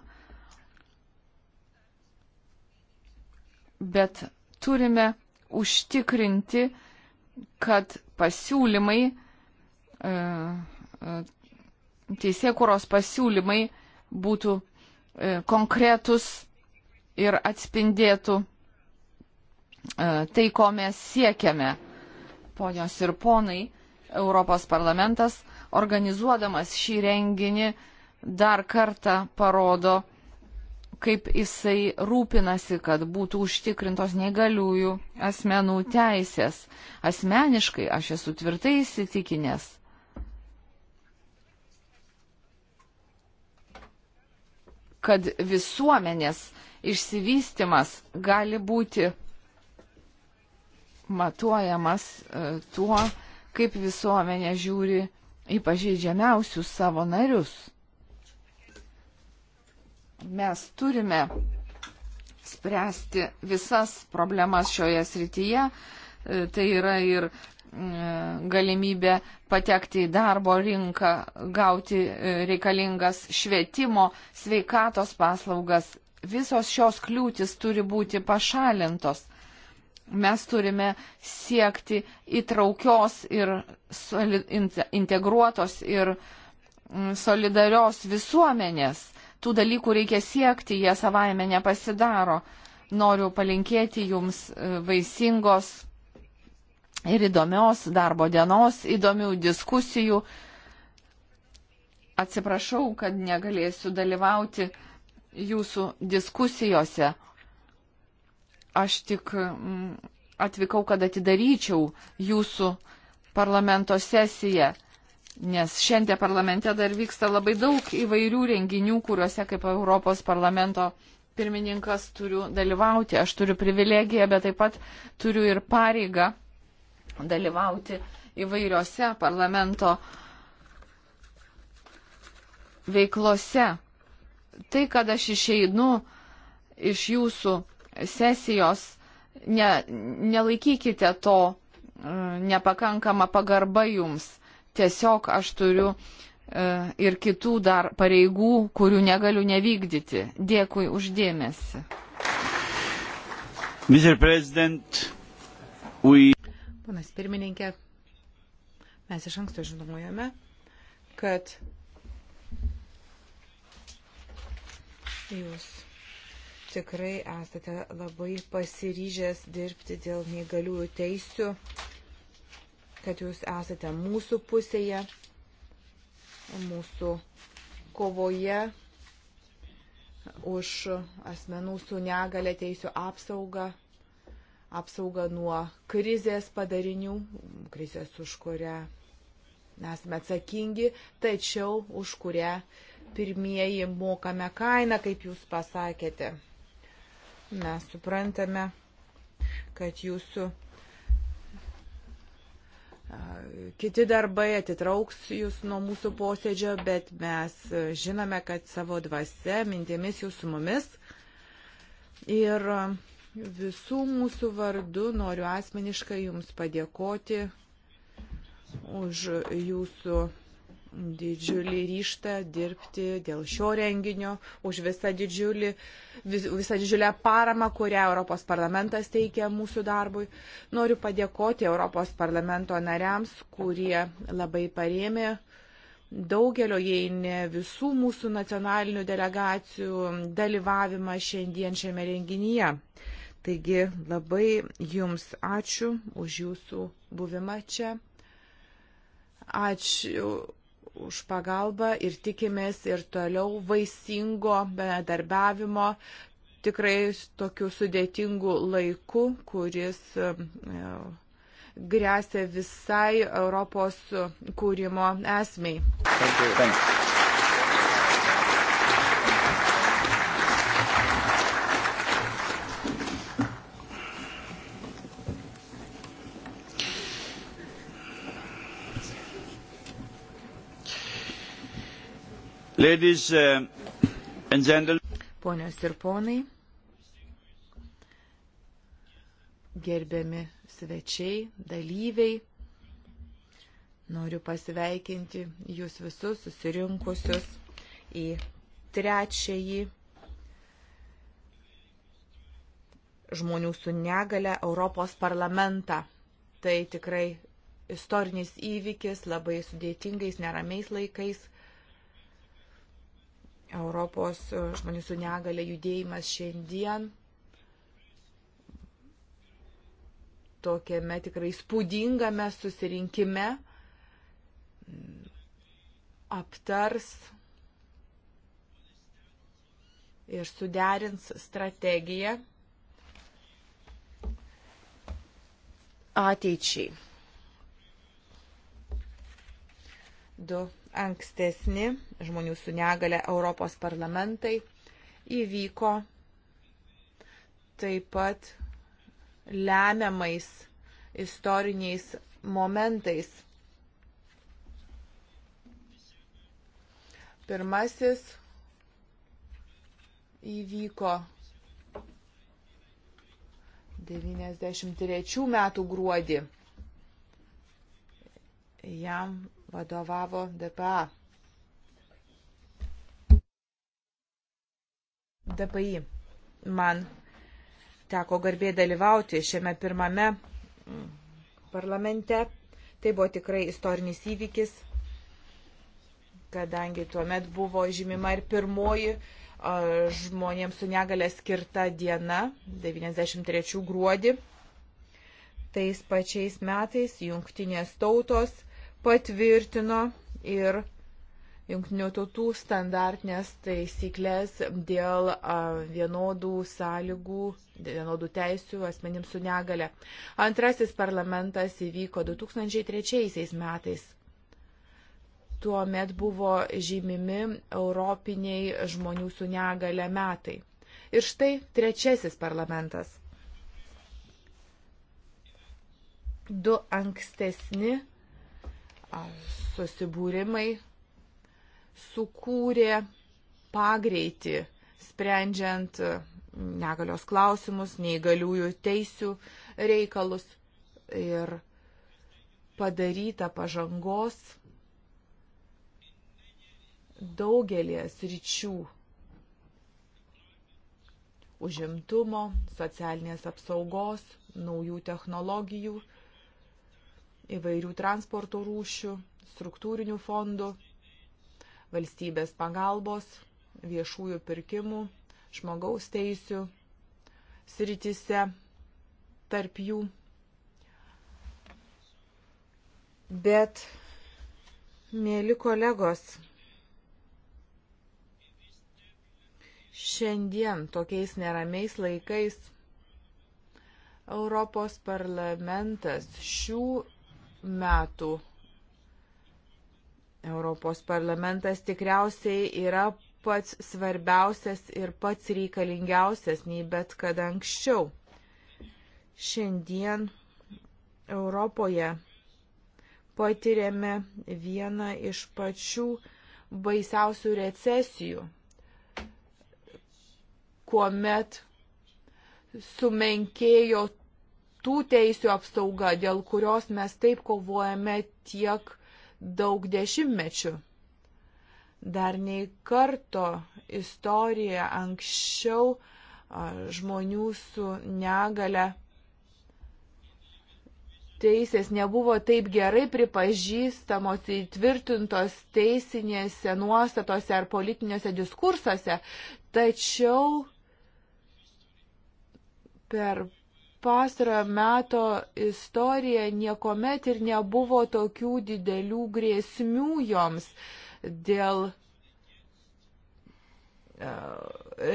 Bet turime užtikrinti, kad pasiūlymai e, e teisėkuros pasiūlymai būtų e, konkretus ir atspindėtų e, tai, ko mes siekiame. Ponios ir ponai, Europos parlamentas, organizuodamas šį renginį, dar kartą parodo, kaip jisai rūpinasi, kad būtų užtikrintos negaliųjų asmenų teisės. Asmeniškai aš esu tvirtai įsitikinęs, kad visuomenės išsivystimas gali būti matuojamas e, tuo, kaip visuomenė žiūri į pažeidžiamiausius savo narius. Mes turime spręsti visas problemas šioje srityje. E, tai yra ir galimybė patekti į darbo rinką, gauti e, reikalingas švietimo, sveikatos paslaugas. Visos šios kliūtis turi būti pašalintos. Mes turime siekti įtraukios ir integruotos ir mm, solidarios visuomenės. Tų dalykų reikia siekti, jie savaime nepasidaro. Noriu palinkėti jums e, vaisingos ir įdomios darbo dienos, įdomių diskusijų. Atsiprašau, kad negalėsiu dalyvauti jūsų diskusijose. Aš tik mm, atvykau, kad atidaryčiau jūsų parlamento sesiją, nes šiandien parlamente dar vyksta labai daug įvairių renginių, kuriuose kaip Europos parlamento pirmininkas turiu dalyvauti. Aš turiu privilegiją, bet taip pat turiu ir pareigą dalyvauti įvairiose parlamento veiklose. Tai, kad aš išeinu iš jūsų sesijos, ne, nelaikykite to e, nepakankama pagarba jums. Tiesiog aš turiu e, ir kitų dar pareigų, kurių negaliu nevykdyti. Dėkui uždėmesi. Mr. President, we... Panas pirmininkė, mes iš anksto žinomojame, kad jūs tikrai esate labai pasiryžęs dirbti dėl neįgaliųjų teisių, kad jūs esate mūsų pusėje, mūsų kovoje už asmenų su negale teisų apsaugą apsaugą nuo krizės padarinių, krizės už kurią esame atsakingi, tačiau už kurią pirmieji mokame kainą, kaip jūs pasakėte. Mes suprantame, kad jūsų kiti darbai atitrauks jūs nuo mūsų posėdžio, bet mes žinome, kad savo dvasia, mintimis jūs su mumis. Ir Visų mūsų vardu noriu asmeniškai Jums padėkoti už Jūsų didžiulį ryštą dirbti dėl šio renginio, už visą, didžiulį, vis, visą didžiulę paramą, kurią Europos parlamentas teikia mūsų darbui. Noriu padėkoti Europos parlamento nariams, kurie labai parėmė daugelio, jei ne visų mūsų nacionalinių delegacijų dalyvavimą šiandien šiame renginyje. Taigi labai Jums ačiū už Jūsų buvimą čia. Ačiū už pagalbą ir tikimės ir toliau vaisingo bendarbiavimo tikrai tokiu sudėtingu laiku, kuris e, grėsia visai Europos kūrimo esmei. Thank you. Thanks. Ladies uh, and gentlemen. Ponios ir ponai, gerbiami svečiai, dalyviai, noriu pasveikinti jūs visus susirinkusius į trečiąjį žmonių su negale Europos parlamentą. Tai tikrai istorinis įvykis labai sudėtingais, neramiais laikais. Europos e, žmonių su negale judėjimas šiandien tokiame tikrai spūdingame susirinkime mm, aptars ir suderins strategiją ateičiai. Du ankstesni žmonių su negale Europos parlamentai įvyko taip pat lemiamais istoriniais momentais. Pirmasis įvyko 93 metų gruodį. Jam vadovavo DPA. DPI. Man teko garbė dalyvauti šiame pirmame parlamente. Tai buvo tikrai istorinis įvykis, kadangi tuomet buvo žymima ir pirmoji žmonėms su negale skirta diena, 93 gruodį. Tais pačiais metais jungtinės tautos patvirtino ir jungtinių tautų standartinės taisyklės dėl vienodų sąlygų, vienodų teisių asmenims su negale. Antrasis parlamentas įvyko 2003 metais. Tuomet buvo žymimi europiniai žmonių su negale metai. Ir štai trečiasis parlamentas. Du ankstesni susibūrimai sukūrė pagreitį sprendžiant negalios klausimus, neįgaliųjų teisių reikalus ir padaryta pažangos daugelį sričių užimtumo, socialinės apsaugos, naujų technologijų įvairių transporto rūšių, struktūrinių fondų, valstybės pagalbos, viešųjų pirkimų, žmogaus teisių sritise, tarp jų. Bet, mėly kolegos, šiandien tokiais neramiais laikais Europos parlamentas šių metų Europos parlamentas tikriausiai yra pats svarbiausias ir pats reikalingiausias nei bet kada anksčiau. Šiandien Europoje patiriame vieną iš pačių baisiausių recesijų, kuomet sumenkėjo tų teisių apsauga, dėl kurios mes taip kovojame tiek daug dešimtmečių. Dar nei karto istorija anksčiau žmonių su negale teisės nebuvo taip gerai pripažįstamos įtvirtintos teisinėse nuostatose ar politiniuose diskursuose, tačiau per pastarojo meto istorija niekuomet ir nebuvo tokių didelių grėsmių joms dėl e,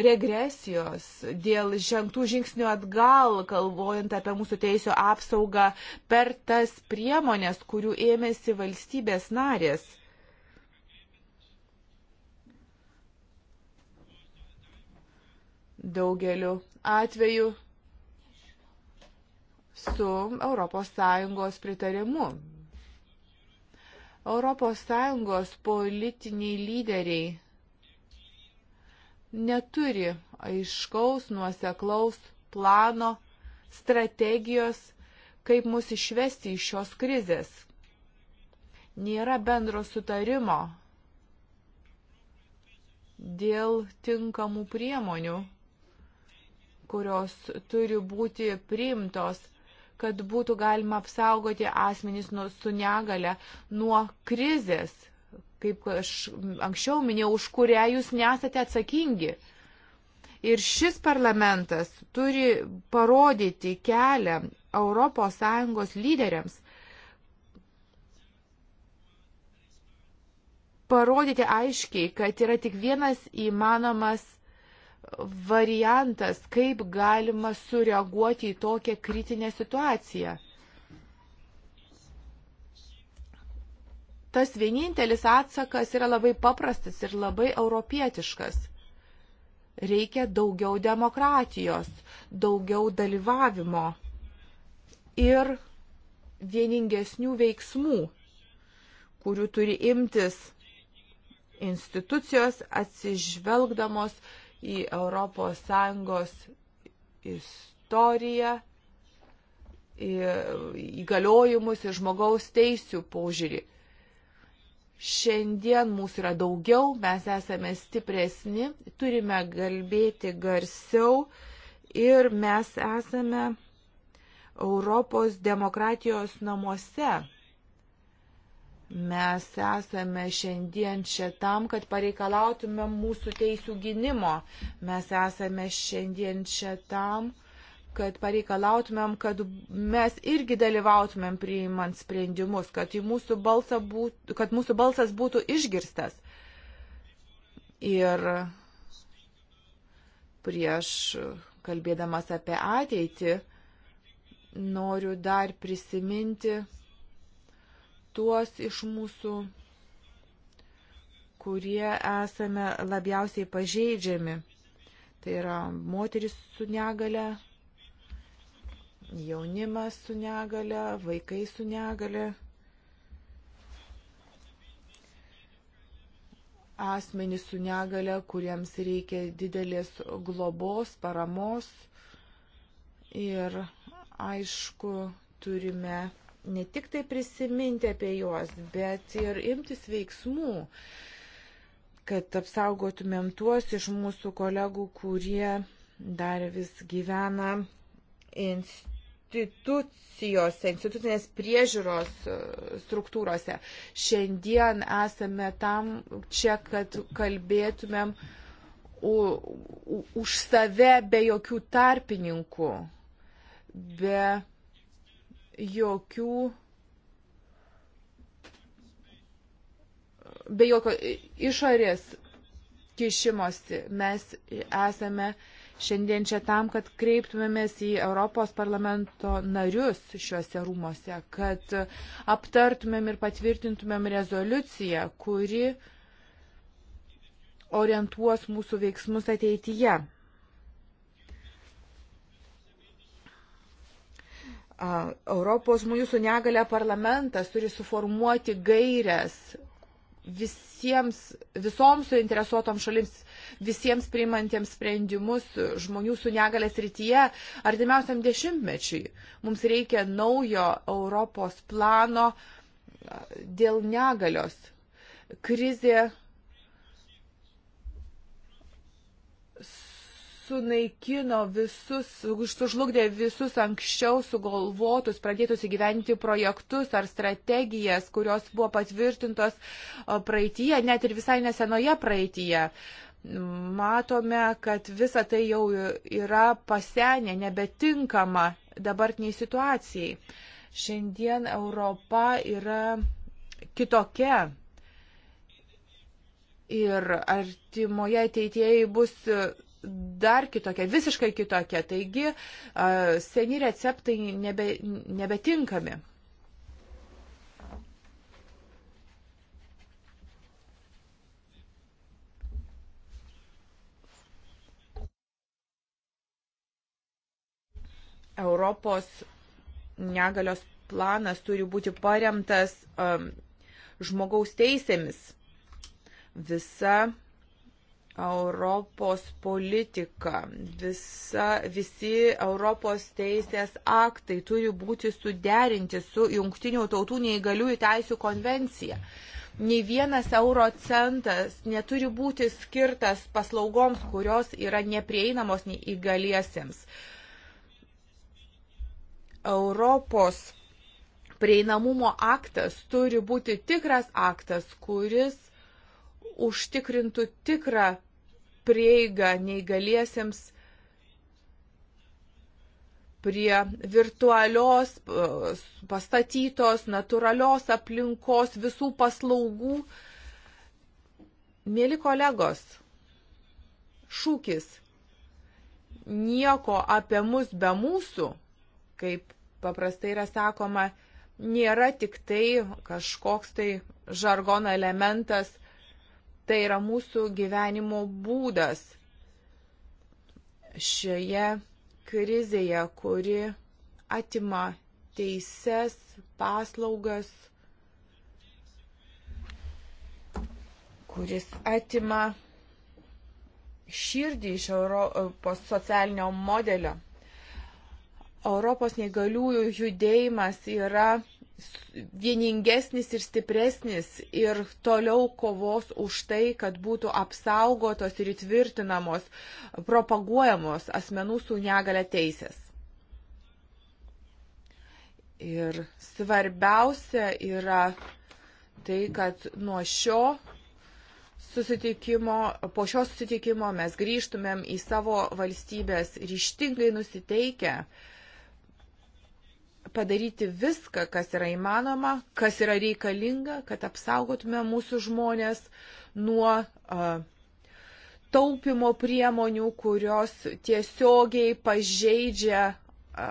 regresijos, dėl žengtų žingsnių atgal, kalvojant apie mūsų teisio apsaugą per tas priemonės, kurių ėmėsi valstybės narės. Daugeliu atveju su ES pritarimu. ES politiniai lyderiai neturi aiškaus nuoseklaus plano, strategijos, kaip mus išvesti iš šios krizės. Nėra bendro sutarimo dėl tinkamų priemonių, kurios turi būti priimtos kad būtų galima apsaugoti asmenys nuo, su negale nuo krizės, kaip aš anksčiau minėjau, už kurią jūs nesate atsakingi. Ir šis parlamentas turi parodyti kelią ES lyderiams, parodyti aiškiai, kad yra tik vienas įmanomas variantas, kaip galima sureaguoti į tokią kritinę situaciją. Tas vienintelis atsakas yra labai paprastas ir labai europietiškas. Reikia daugiau demokratijos, daugiau dalyvavimo ir vieningesnių veiksmų, kurių turi imtis institucijos atsižvelgdamos į ES istoriją, į įgaliojimus ir žmogaus teisų požiūrį. Šiandien mūsų yra daugiau, mes esame stipresni, turime kalbėti garsiau ir mes esame Europos demokratijos namuose. Mes esame šiandien čia tam, kad pareikalautume mūsų teisų gynimo. Mes esame šiandien čia tam, kad pareikalautumėm, kad mes irgi dalyvautumėm priimant sprendimus, kad, mūsų, balsą būt, kad mūsų balsas būtų išgirstas. Ir prieš kalbėdamas apie ateitį, noriu dar prisiminti tuos iš mūsų, kurie esame labiausiai pažeidžiami. Tai yra moteris su negale, jaunimas su negale, vaikai su negale. asmenys su negale, kuriems reikia didelės globos, paramos. Ir aišku, turime ne tik tai prisiminti apie juos, bet ir imtis veiksmų, kad apsaugotumėm tuos iš mūsų kolegų, kurie dar vis gyvena institucijose, institucinės priežiūros e, struktūrose. Šiandien esame tam čia, kad kalbėtumėm u, u, už save be jokių tarpininkų, be jokių be jokio išorės kišimosi. Mes esame šiandien čia tam, kad kreiptumėmės į Europos parlamento narius šiuose rūmose, kad aptartumėm ir patvirtintumėm rezoliuciją, kuri orientuos mūsų veiksmus ateityje. Europos žmonių su negale parlamentas turi suformuoti gairias visiems, visoms suinteresuotom šalims, visiems priimantiems sprendimus žmonių su negalės rytyje artimiausiam dešimtmečiui. Mums reikia naujo Europos plano dėl negalios. Krizė sunaikino visus, sužlugdė visus anksčiau sugalvotus, pradėtus įgyventi projektus ar strategijas, kurios buvo patvirtintos uh, praeitie, net ir visai nesenoje praeitie matome, kad visa tai jau yra pasenę, nebetinkama dabartiniai situacijai. Šiandien Europa yra kitokia. Ir artimoje ateitėje bus dar kitokia, visiškai kitokia. Taigi seni receptai nebe, nebetinkami. Europos negalios planas turi būti paremtas um, žmogaus teisėmis. Visa Europos politika, visa, visi Europos teisės aktai turi būti suderinti su Junktinių tautų neįgaliųjų teisų konvencija. Nei vienas euro centas neturi būti skirtas paslaugoms, kurios yra neprieinamos neįgaliesiems. Europos prieinamumo aktas turi būti tikras aktas, kuris užtikrintų tikrą prieigą neįgaliesiems prie virtualios, e, pastatytos, natūralios aplinkos, visų paslaugų. Mėly kolegos, šūkis nieko apie mus be mūsų, kaip paprastai yra sakoma, nėra tik tai kažkoks tai žargono elementas, Tai yra mūsų gyvenimo būdas šioje krizėje, kuri atima teises, paslaugas, kuris atima širdį iš Europos socialinio modelio. Europos neįgaliųjų judėjimas yra vieningesnis ir stipresnis ir toliau kovos už tai, kad būtų apsaugotos ir įtvirtinamos, propaguojamos asmenų su negale teisės. Ir svarbiausia yra tai, kad nuo šio susitikimo, po šio susitikimo mes grįžtumėm į savo valstybės ryštingai nusiteikę, uh, padaryti viską, kas yra įmanoma, kas yra reikalinga, kad apsaugotume mūsų žmonės nuo a, taupimo priemonių, kurios tiesiogiai pažeidžia a,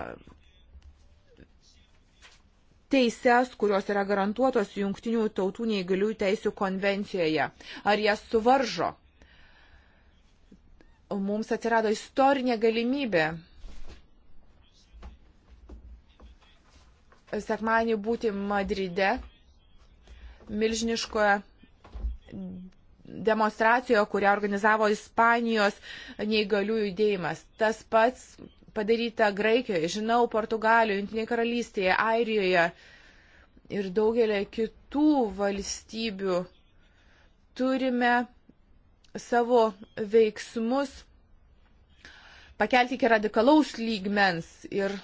teises, kurios yra garantuotos Junktinių tautų neįgaliųjų teisų konvencijoje. Ar jas suvaržo? Mums atsirado istorinė galimybė sekmanį būti Madride, milžiniškoje demonstracijoje, kurią organizavo Ispanijos neįgalių judėjimas. Tas pats padaryta Graikijoje, žinau, Portugalijoje, Junktinėje karalystėje, Airijoje ir daugelį kitų valstybių. Turime savo veiksmus pakelti iki radikalaus lygmens ir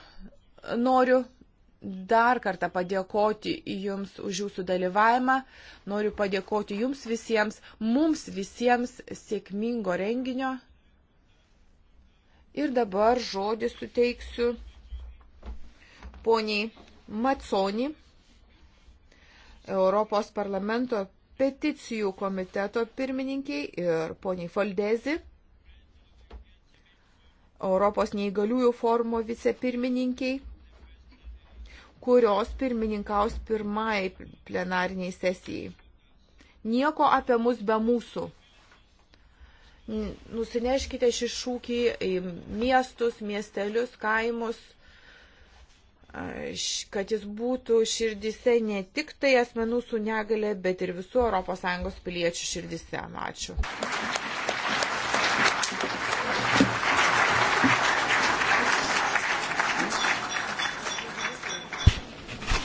noriu dar kartą padėkoti Jums už Jūsų dalyvavimą. Noriu padėkoti Jums visiems, mums visiems sėkmingo renginio. Ir dabar žodį suteiksiu poniai Maconi, Europos parlamento peticijų komiteto pirmininkiai ir poniai Foldezi, Europos neįgaliųjų forumo vicepirmininkiai kurios pirmininkaus pirmai plenariniai sesijai. Nieko apie mus be mūsų. Nusineškite šį šūkį į miestus, miestelius, kaimus, kad jis būtų širdise ne tik tai asmenų su negale, bet ir visų ES piliečių širdise. Ačiū.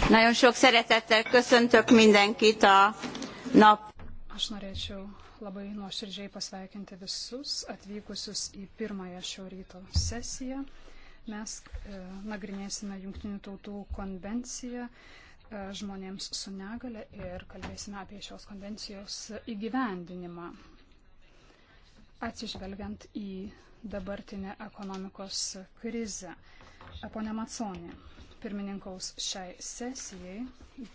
Nagyon sok szeretettel köszöntök mindenkit a nap. Aš norėčiau labai nuoširdžiai pasveikinti visus atvykusius į pirmąją šio ryto sesiją. Mes e, nagrinėsime Junktinių tautų konvenciją e, žmonėms su negale ir kalbėsime apie šios konvencijos įgyvendinimą. Atsižvelgiant į dabartinę ekonomikos krizę. E, pone Matsonė pirmininkaus šiai sesijai,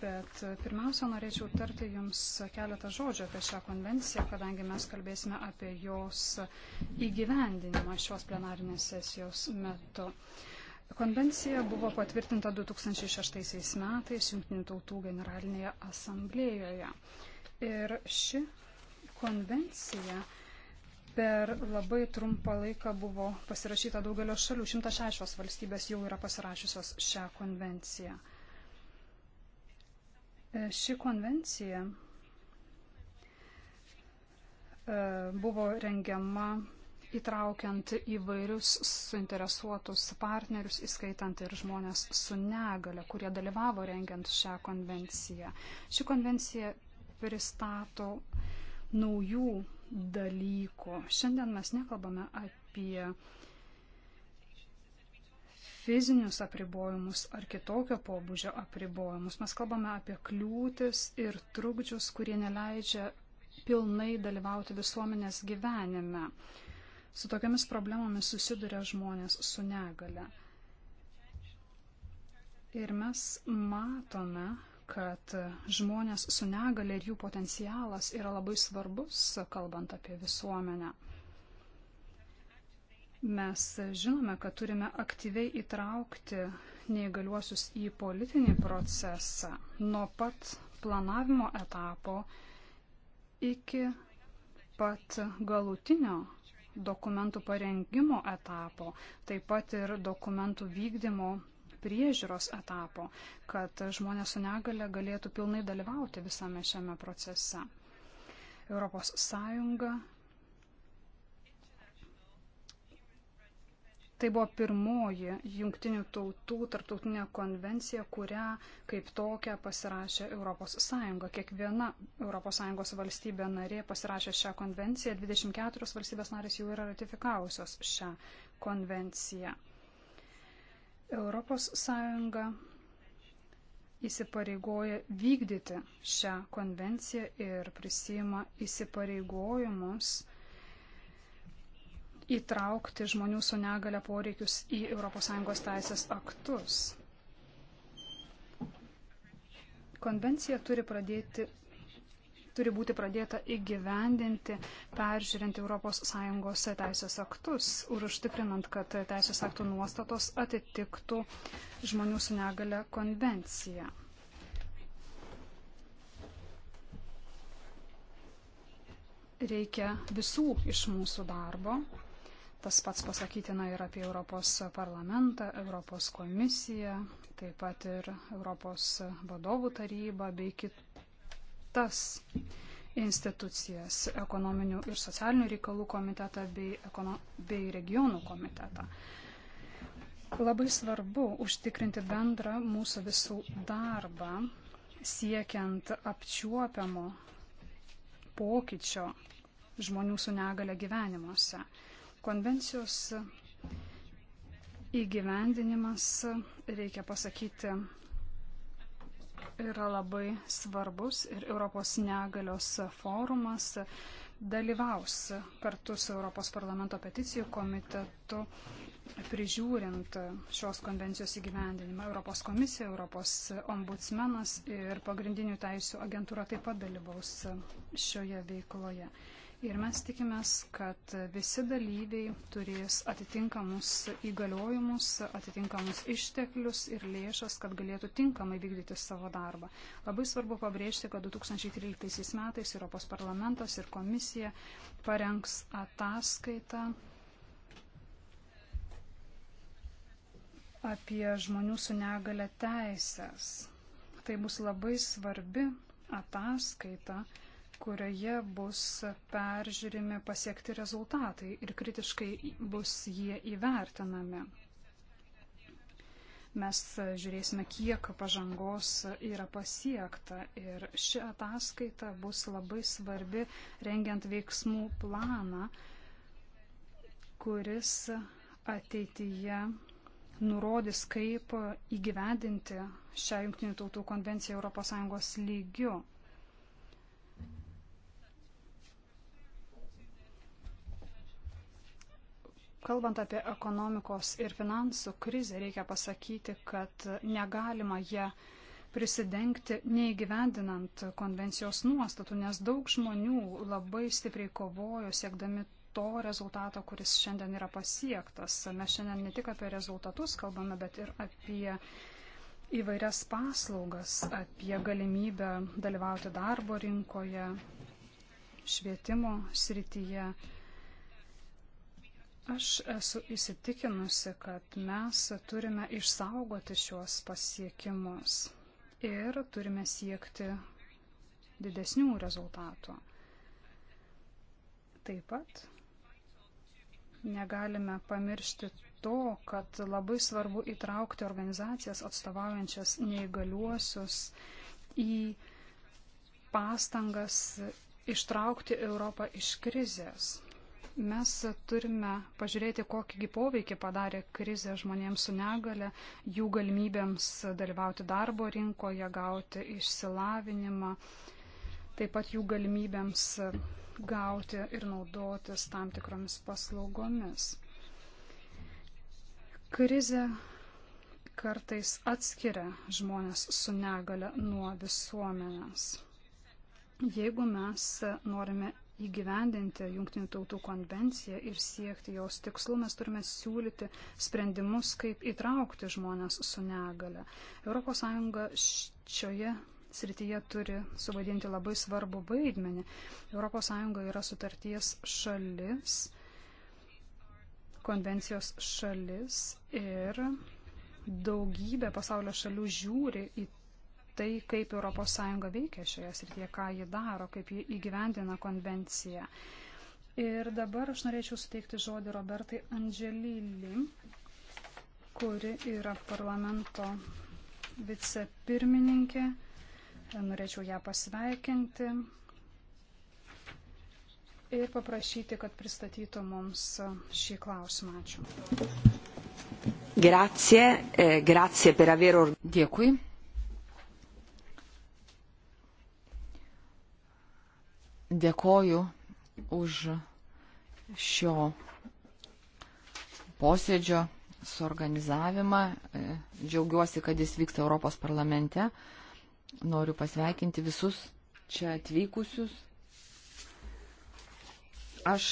bet pirmiausia, norėčiau tarti Jums keletą žodžių apie šią konvenciją, kadangi mes kalbėsime apie jos įgyvendinimą šios plenarinės sesijos metu. Konvencija buvo patvirtinta 2006 metais Junktinių tautų generalinėje asamblėjoje. Ir ši konvencija per labai trumpą laiką buvo pasirašyta daugelio šalių. 106 valstybės jau yra pasirašiusios šią konvenciją. E, ši konvencija e, buvo rengiama įtraukiant įvairius suinteresuotus partnerius, įskaitant ir žmonės su negale, kurie dalyvavo rengiant šią konvenciją. Ši konvencija pristato naujų dalykų. Šiandien mes nekalbame apie fizinius apribojimus ar kitokio pobūdžio apribojimus. Mes kalbame apie kliūtis ir trukdžius, kurie neleidžia pilnai dalyvauti visuomenės gyvenime. Su tokiamis problemomis susiduria žmonės su negale. Ir mes matome, kad žmonės su negale ir jų potencialas yra labai svarbus, kalbant apie visuomenę. Mes žinome, kad turime aktyviai įtraukti neįgaliuosius į politinį procesą nuo pat planavimo etapo iki pat galutinio dokumentų parengimo etapo, taip pat ir dokumentų vykdymo priežiūros etapo, kad žmonės su negale galėtų pilnai dalyvauti visame šiame procese. Europos Sąjunga. Tai buvo pirmoji jungtinių tautų tarptautinė konvencija, kurią kaip tokią pasirašė ES. Kiekviena ES valstybė narė pasirašė šią konvenciją, 24 valstybės narės jau yra ratifikavusios šią konvenciją. ES įsipareigoja vykdyti šią konvenciją ir prisima įsipareigojimus įtraukti žmonių su negale poreikius į ES teisės aktus. Konvencija turi pradėti turi būti pradėta įgyvendinti, peržiūrint ES teisės aktus ir užtikrinant, kad teisės aktų nuostatos atitiktų žmonių su negale konvenciją. Reikia visų iš mūsų darbo. Tas pats pasakytina ir apie Europos parlamentą, Europos komisiją, taip pat ir Europos vadovų tarybą bei kitų kitas institucijas - ekonominių ir socialinių reikalų komitetą bei, ekono, bei regionų komitetą. Labai svarbu užtikrinti bendrą mūsų visų darbą, siekiant apčiuopiamo pokyčio žmonių su negale gyvenimuose. Konvencijos įgyvendinimas, reikia pasakyti, yra labai svarbus ir Europos negalios forumas dalyvaus kartu su Europos parlamento peticijų komitetu prižiūrint šios konvencijos įgyvendinimą. Europos komisija, Europos ombudsmenas ir pagrindinių teisų agentūra taip pat dalyvaus šioje veikloje. Ir mes tikimės, kad visi dalyviai turės atitinkamus įgaliojimus, atitinkamus išteklius ir lėšas, kad galėtų tinkamai vykdyti savo darbą. Labai svarbu pabrėžti, kad 2013 metais Europos parlamentas ir komisija parengs ataskaitą apie žmonių su negale teisės. Tai bus labai svarbi ataskaita kurioje bus peržiūrimi pasiekti rezultatai ir kritiškai bus jie įvertinami. Mes žiūrėsime, kiek pažangos yra pasiekta ir ši ataskaita bus labai svarbi rengiant veiksmų planą, kuris ateityje nurodys, kaip įgyvendinti šią Junktinių tautų konvenciją ES lygiu. Kalbant apie ekonomikos ir finansų krizę, reikia pasakyti, kad negalima ją prisidengti neįgyvendinant konvencijos nuostatų, nes daug žmonių labai stipriai kovojo siekdami to rezultato, kuris šiandien yra pasiektas. Mes šiandien ne tik apie rezultatus kalbame, bet ir apie įvairias paslaugas, apie galimybę dalyvauti darbo rinkoje, švietimo srityje. Aš esu įsitikinusi, kad mes turime išsaugoti šiuos pasiekimus ir turime siekti didesnių rezultatų. Taip pat negalime pamiršti to, kad labai svarbu įtraukti organizacijas atstovaujančias neįgaliuosius į pastangas ištraukti Europą iš krizės. Mes turime pažiūrėti, kokį poveikį padarė krizė žmonėms su negale, jų galimybėms dalyvauti darbo rinkoje, gauti išsilavinimą, taip pat jų galimybėms gauti ir naudotis tam tikromis paslaugomis. Krize kartais atskiria žmonės su negale nuo visuomenės. Jeigu mes norime įgyvendinti Junktinių tautų konvenciją ir siekti jos tikslų, mes turime siūlyti sprendimus, kaip įtraukti žmonės su negale. ES šioje srityje turi suvadinti labai svarbu vaidmenį. ES yra sutarties šalis, konvencijos šalis ir daugybė pasaulio šalių žiūri į tai, kaip ES veikia šioje srityje, ką ji daro, kaip ji įgyvendina konvenciją. Ir dabar aš norėčiau suteikti žodį Robertai Andželylį, kuri yra parlamento vicepirmininkė. Norėčiau ją pasveikinti ir paprašyti, kad pristatytų mums šį klausimą. Ačiū. Grazie, eh, grazie per aver. Dėkui. Dėkoju už šio posėdžio suorganizavimą. Džiaugiuosi, kad jis vyksta Europos parlamente. Noriu pasveikinti visus čia atvykusius. Aš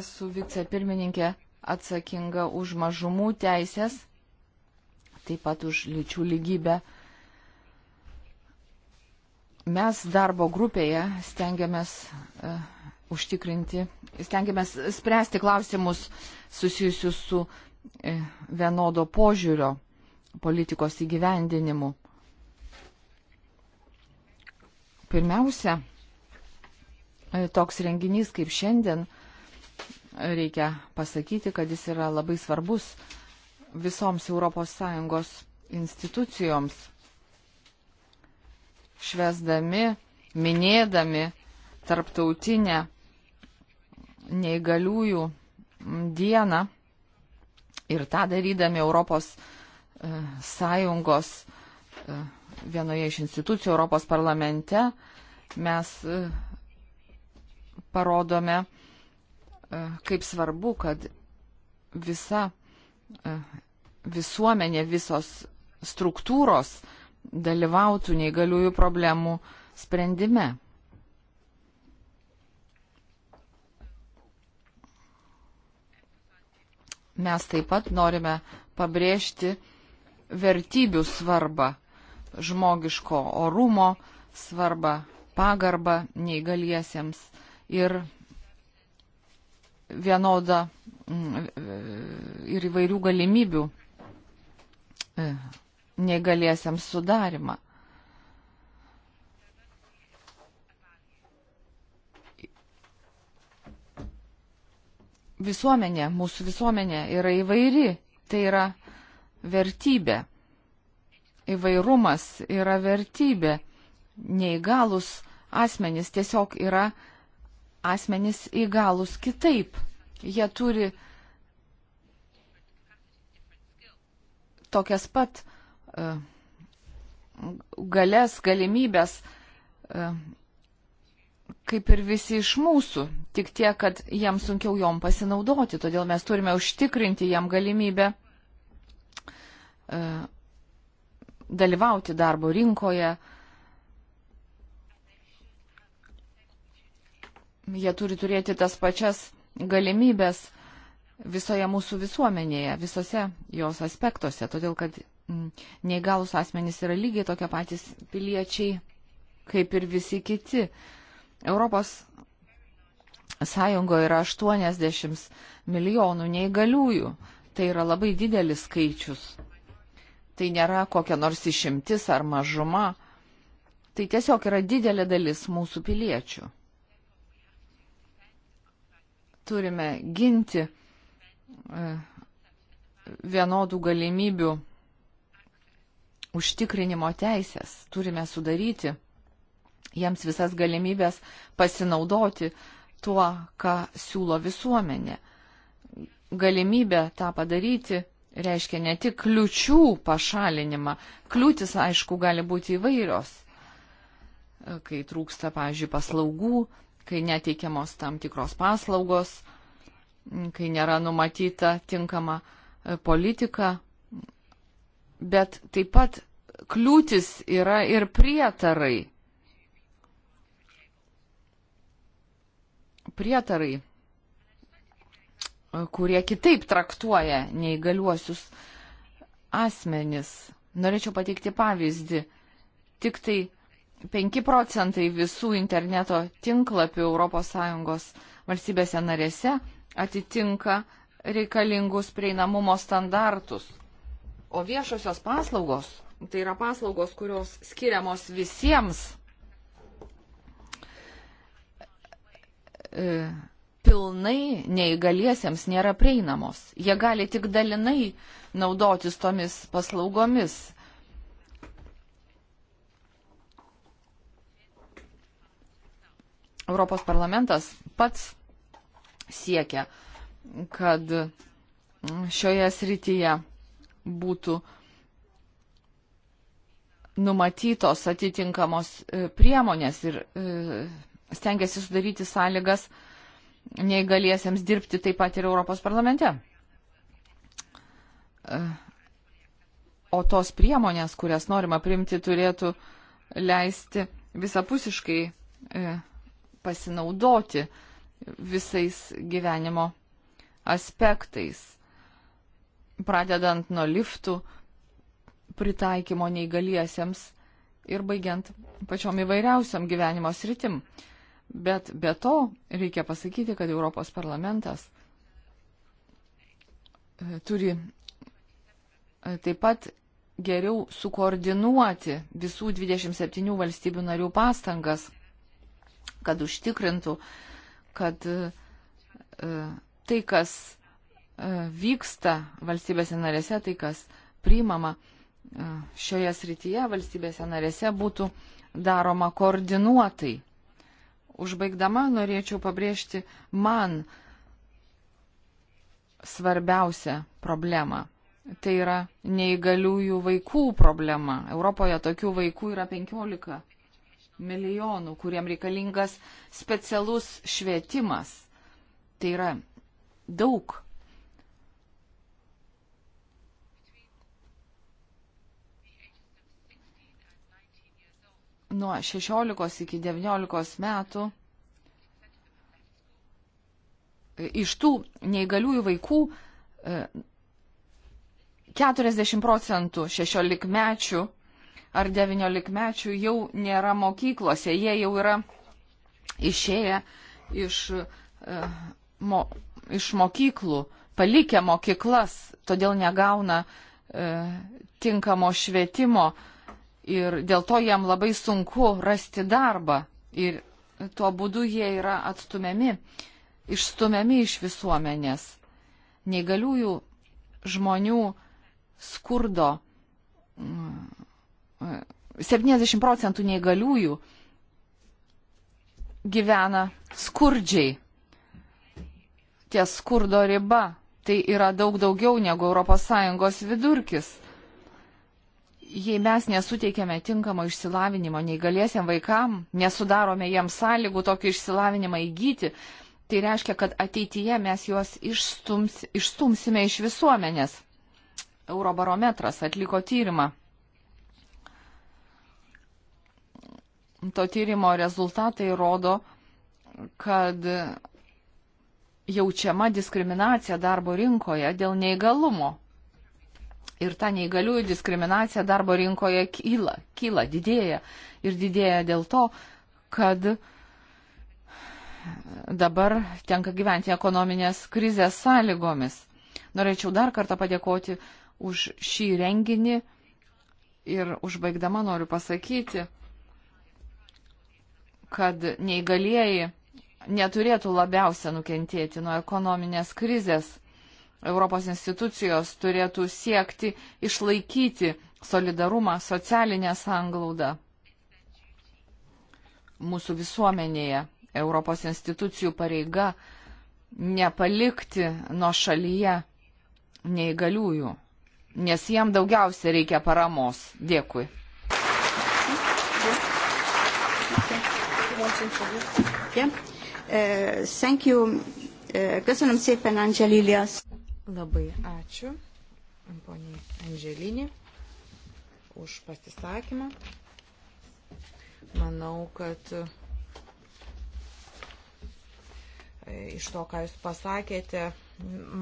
esu vicepirmininkė atsakinga už mažumų teisės, taip pat už lyčių lygybę Mes darbo grupėje stengiamės uh, užtikrinti, stengiamės spręsti klausimus susijusius su uh, vienodo požiūrio politikos įgyvendinimu. Pirmiausia, e, toks renginys kaip šiandien, reikia pasakyti, kad jis yra labai svarbus visoms ES institucijoms švesdami, minėdami tarptautinę neįgaliųjų dieną ir tą darydami Europos e, Sąjungos e, vienoje iš institucijų Europos parlamente mes e, parodome, kaip svarbu, kad visa visuomenė, visos struktūros dalyvautų neįgaliųjų problemų sprendime. Mes taip pat norime pabrėžti vertybių svarbą, žmogiško orumo svarbą, pagarbą neįgaliesiems ir vienodą mm, ir įvairių galimybių e, neįgaliesiams sudarimą. Visuomenė, mūsų visuomenė yra įvairi, tai yra vertybė. Įvairumas yra vertybė. Neįgalus asmenys tiesiog yra asmenys įgalus kitaip. Jie turi tokias pat uh, galės, galimybės, e, kaip ir visi iš mūsų, tik tiek, kad jam sunkiau jom pasinaudoti, todėl mes turime užtikrinti jam galimybę e, dalyvauti darbo rinkoje. Jie turi turėti tas pačias galimybės visoje mūsų visuomenėje, visose jos aspektuose, todėl kad Mm, neįgalus asmenys yra lygiai tokie patys piliečiai, kaip ir visi kiti. Europos Sąjungoje yra 80 milijonų neįgaliųjų. Tai yra labai didelis skaičius. Tai nėra kokia nors išimtis ar mažuma. Tai tiesiog yra didelė dalis mūsų piliečių. Turime ginti e, vienodų galimybių užtikrinimo teisės. Turime sudaryti jiems visas galimybės pasinaudoti tuo, ką siūlo visuomenė. Galimybė tą padaryti reiškia ne tik kliučių pašalinimą. Kliūtis, aišku, gali būti įvairios, kai trūksta, pavyzdžiui, paslaugų, kai neteikiamos tam tikros paslaugos, kai nėra numatyta tinkama politika bet taip pat kliūtis yra ir prietarai. Prietarai, kurie kitaip traktuoja neįgaliuosius asmenis. Norėčiau pateikti pavyzdį. Tik tai 5 procentai visų interneto tinklapių ES valstybėse narėse atitinka reikalingus prieinamumo standartus. O viešosios paslaugos, tai yra paslaugos, kurios skiriamos visiems e, pilnai neįgaliesiems nėra prieinamos. Jie gali tik dalinai naudotis tomis paslaugomis. Europos parlamentas pats siekia, kad šioje srityje būtų numatytos atitinkamos e, priemonės ir e, stengiasi sudaryti sąlygas neįgaliesiems dirbti taip pat ir Europos parlamente. E, o tos priemonės, kurias norima priimti, turėtų leisti visapusiškai pasinaudoti visais gyvenimo aspektais pradedant nuo liftų pritaikymo neįgaliesiems ir baigiant pačiom įvairiausiam gyvenimo sritim. Bet be to reikia pasakyti, kad Europos parlamentas e, turi e, taip pat geriau sukoordinuoti visų 27 valstybių narių pastangas, kad užtikrintų, kad e, tai, kas E, vyksta valstybėse narėse, tai kas priimama e, šioje srityje valstybėse narėse būtų daroma koordinuotai. Užbaigdama norėčiau pabrėžti man svarbiausią problemą. Tai yra neįgaliųjų vaikų problema. Europoje tokių vaikų yra 15 milijonų, kuriem reikalingas specialus švietimas. Tai yra daug nuo 16 iki 19 metų iš tų neįgaliųjų vaikų 40 e, procentų 16 mečių ar 19 mečių jau nėra mokyklose, jie jau yra išėję iš, e, mo, iš mokyklų, palikę mokyklas, todėl negauna e, tinkamo švietimo, ir dėl to jam labai sunku rasti darbą ir tuo būdu jie yra atstumiami, išstumiami iš visuomenės. Negaliųjų žmonių skurdo 70 mm, procentų neįgaliųjų gyvena skurdžiai. Ties skurdo riba tai yra daug daugiau negu ES vidurkis jei mes nesuteikėme tinkamo išsilavinimo neįgaliesiam vaikam, nesudarome jam sąlygų tokį išsilavinimą įgyti, tai reiškia, kad ateityje mes juos išstums, išstumsime iš visuomenės. Eurobarometras atliko tyrimą. To tyrimo rezultatai rodo, kad jaučiama diskriminacija darbo rinkoje dėl neįgalumo Ir ta neįgaliųjų diskriminacija darbo rinkoje kyla, kyla, didėja. Ir didėja dėl to, kad dabar tenka gyventi ekonominės krizės sąlygomis. Norėčiau dar kartą padėkoti už šį renginį ir užbaigdama noriu pasakyti, kad neįgalieji neturėtų labiausia nukentėti nuo ekonominės krizės. Europos institucijos turėtų siekti išlaikyti solidarumą, socialinę sanglaudą mūsų visuomenėje. Europos institucijų pareiga nepalikti nuo šalyje neįgaliųjų, nes jiem daugiausia reikia paramos. Dėkui. Uh, uh, köszönöm szépen, Angelilias. Labai ačiū poniai Angelinį už pasisakymą. Manau, kad e, iš to, ką Jūs pasakėte,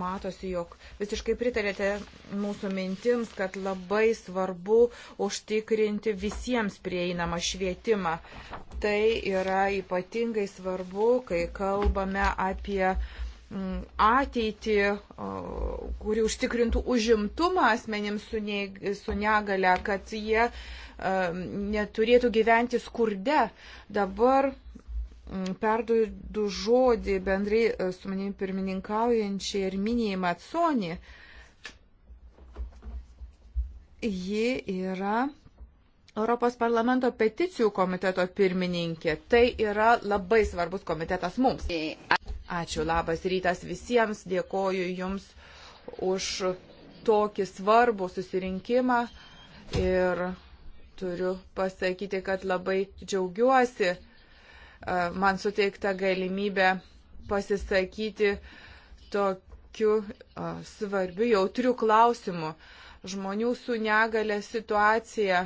matosi, jog visiškai pritarėte mūsų mintims, kad labai svarbu užtikrinti visiems prieinamą švietimą. Tai yra ypatingai svarbu, kai kalbame apie Mm, ateitį, kuri užtikrintų užimtumą asmenims su negale, kad jie e, neturėtų gyventi skurde. Dabar mm, perduodu žodį bendrai e, su manimi pirmininkaujančiai Erminijai Matsoni. Ji yra Europos parlamento peticijų komiteto pirmininkė. Tai yra labai svarbus komitetas mums. Ačiū, labas rytas visiems, dėkoju Jums už tokį svarbų susirinkimą ir turiu pasakyti, kad labai džiaugiuosi e, man suteikta galimybė pasisakyti tokiu e, svarbiu, jautriu klausimu. Žmonių su negale situacija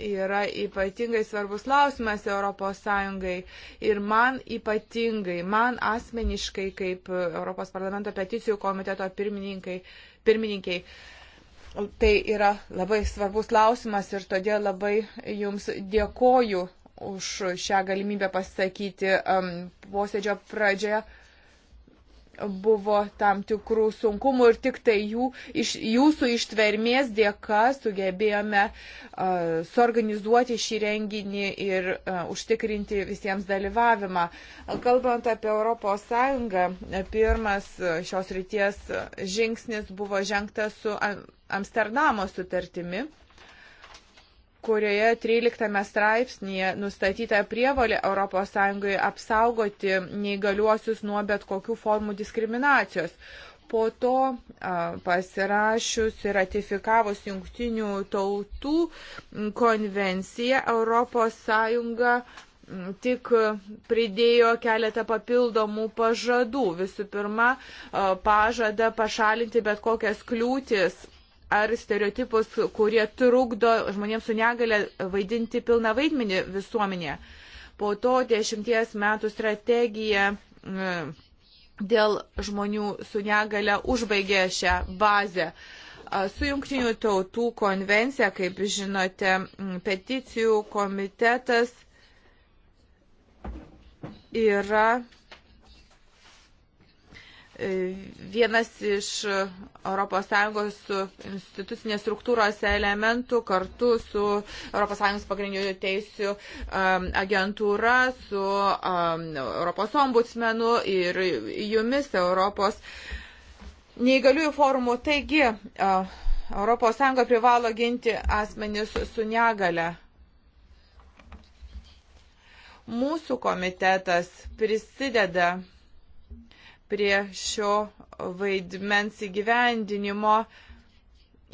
yra ypatingai svarbus klausimas ES. Ir man ypatingai, man asmeniškai kaip Europos parlamento peticijų komiteto pirmininkai, pirmininkiai, tai yra labai svarbus klausimas ir todėl labai jums dėkoju už šią galimybę pasakyti um, posėdžio pradžioje buvo tam tikrų sunkumų ir tik tai jų, iš, jūsų ištvermės dėka sugebėjome uh, suorganizuoti šį renginį ir uh, užtikrinti visiems dalyvavimą. Kalbant apie ES, pirmas šios ryties žingsnis buvo žengtas su Amsterdamo sutartimi kurioje 13 straipsnėje nustatyta prievalė ES apsaugoti neįgaliuosius nuo bet kokių formų diskriminacijos. Po to pasirašius ir ratifikavus jungtinių tautų konvenciją ES tik pridėjo keletą papildomų pažadų. Visų pirma, pažada pašalinti bet kokias kliūtis ar stereotipus, kurie trukdo žmonėms su negale vaidinti pilną vaidmenį visuomenėje. Po to dešimties metų strategija e, dėl žmonių su negale užbaigė šią bazę su jungtinių tautų konvencija, kaip žinote, peticijų komitetas yra vienas iš ES institucinės struktūros elementų kartu su ES pagrindinių teisių um, agentūra, su um, Europos ombudsmenu ir jumis Europos neįgaliųjų forumų. Taigi, uh, ES privalo ginti asmenis su negale mūsų komitetas prisideda prie šio vaidmens įgyvendinimo,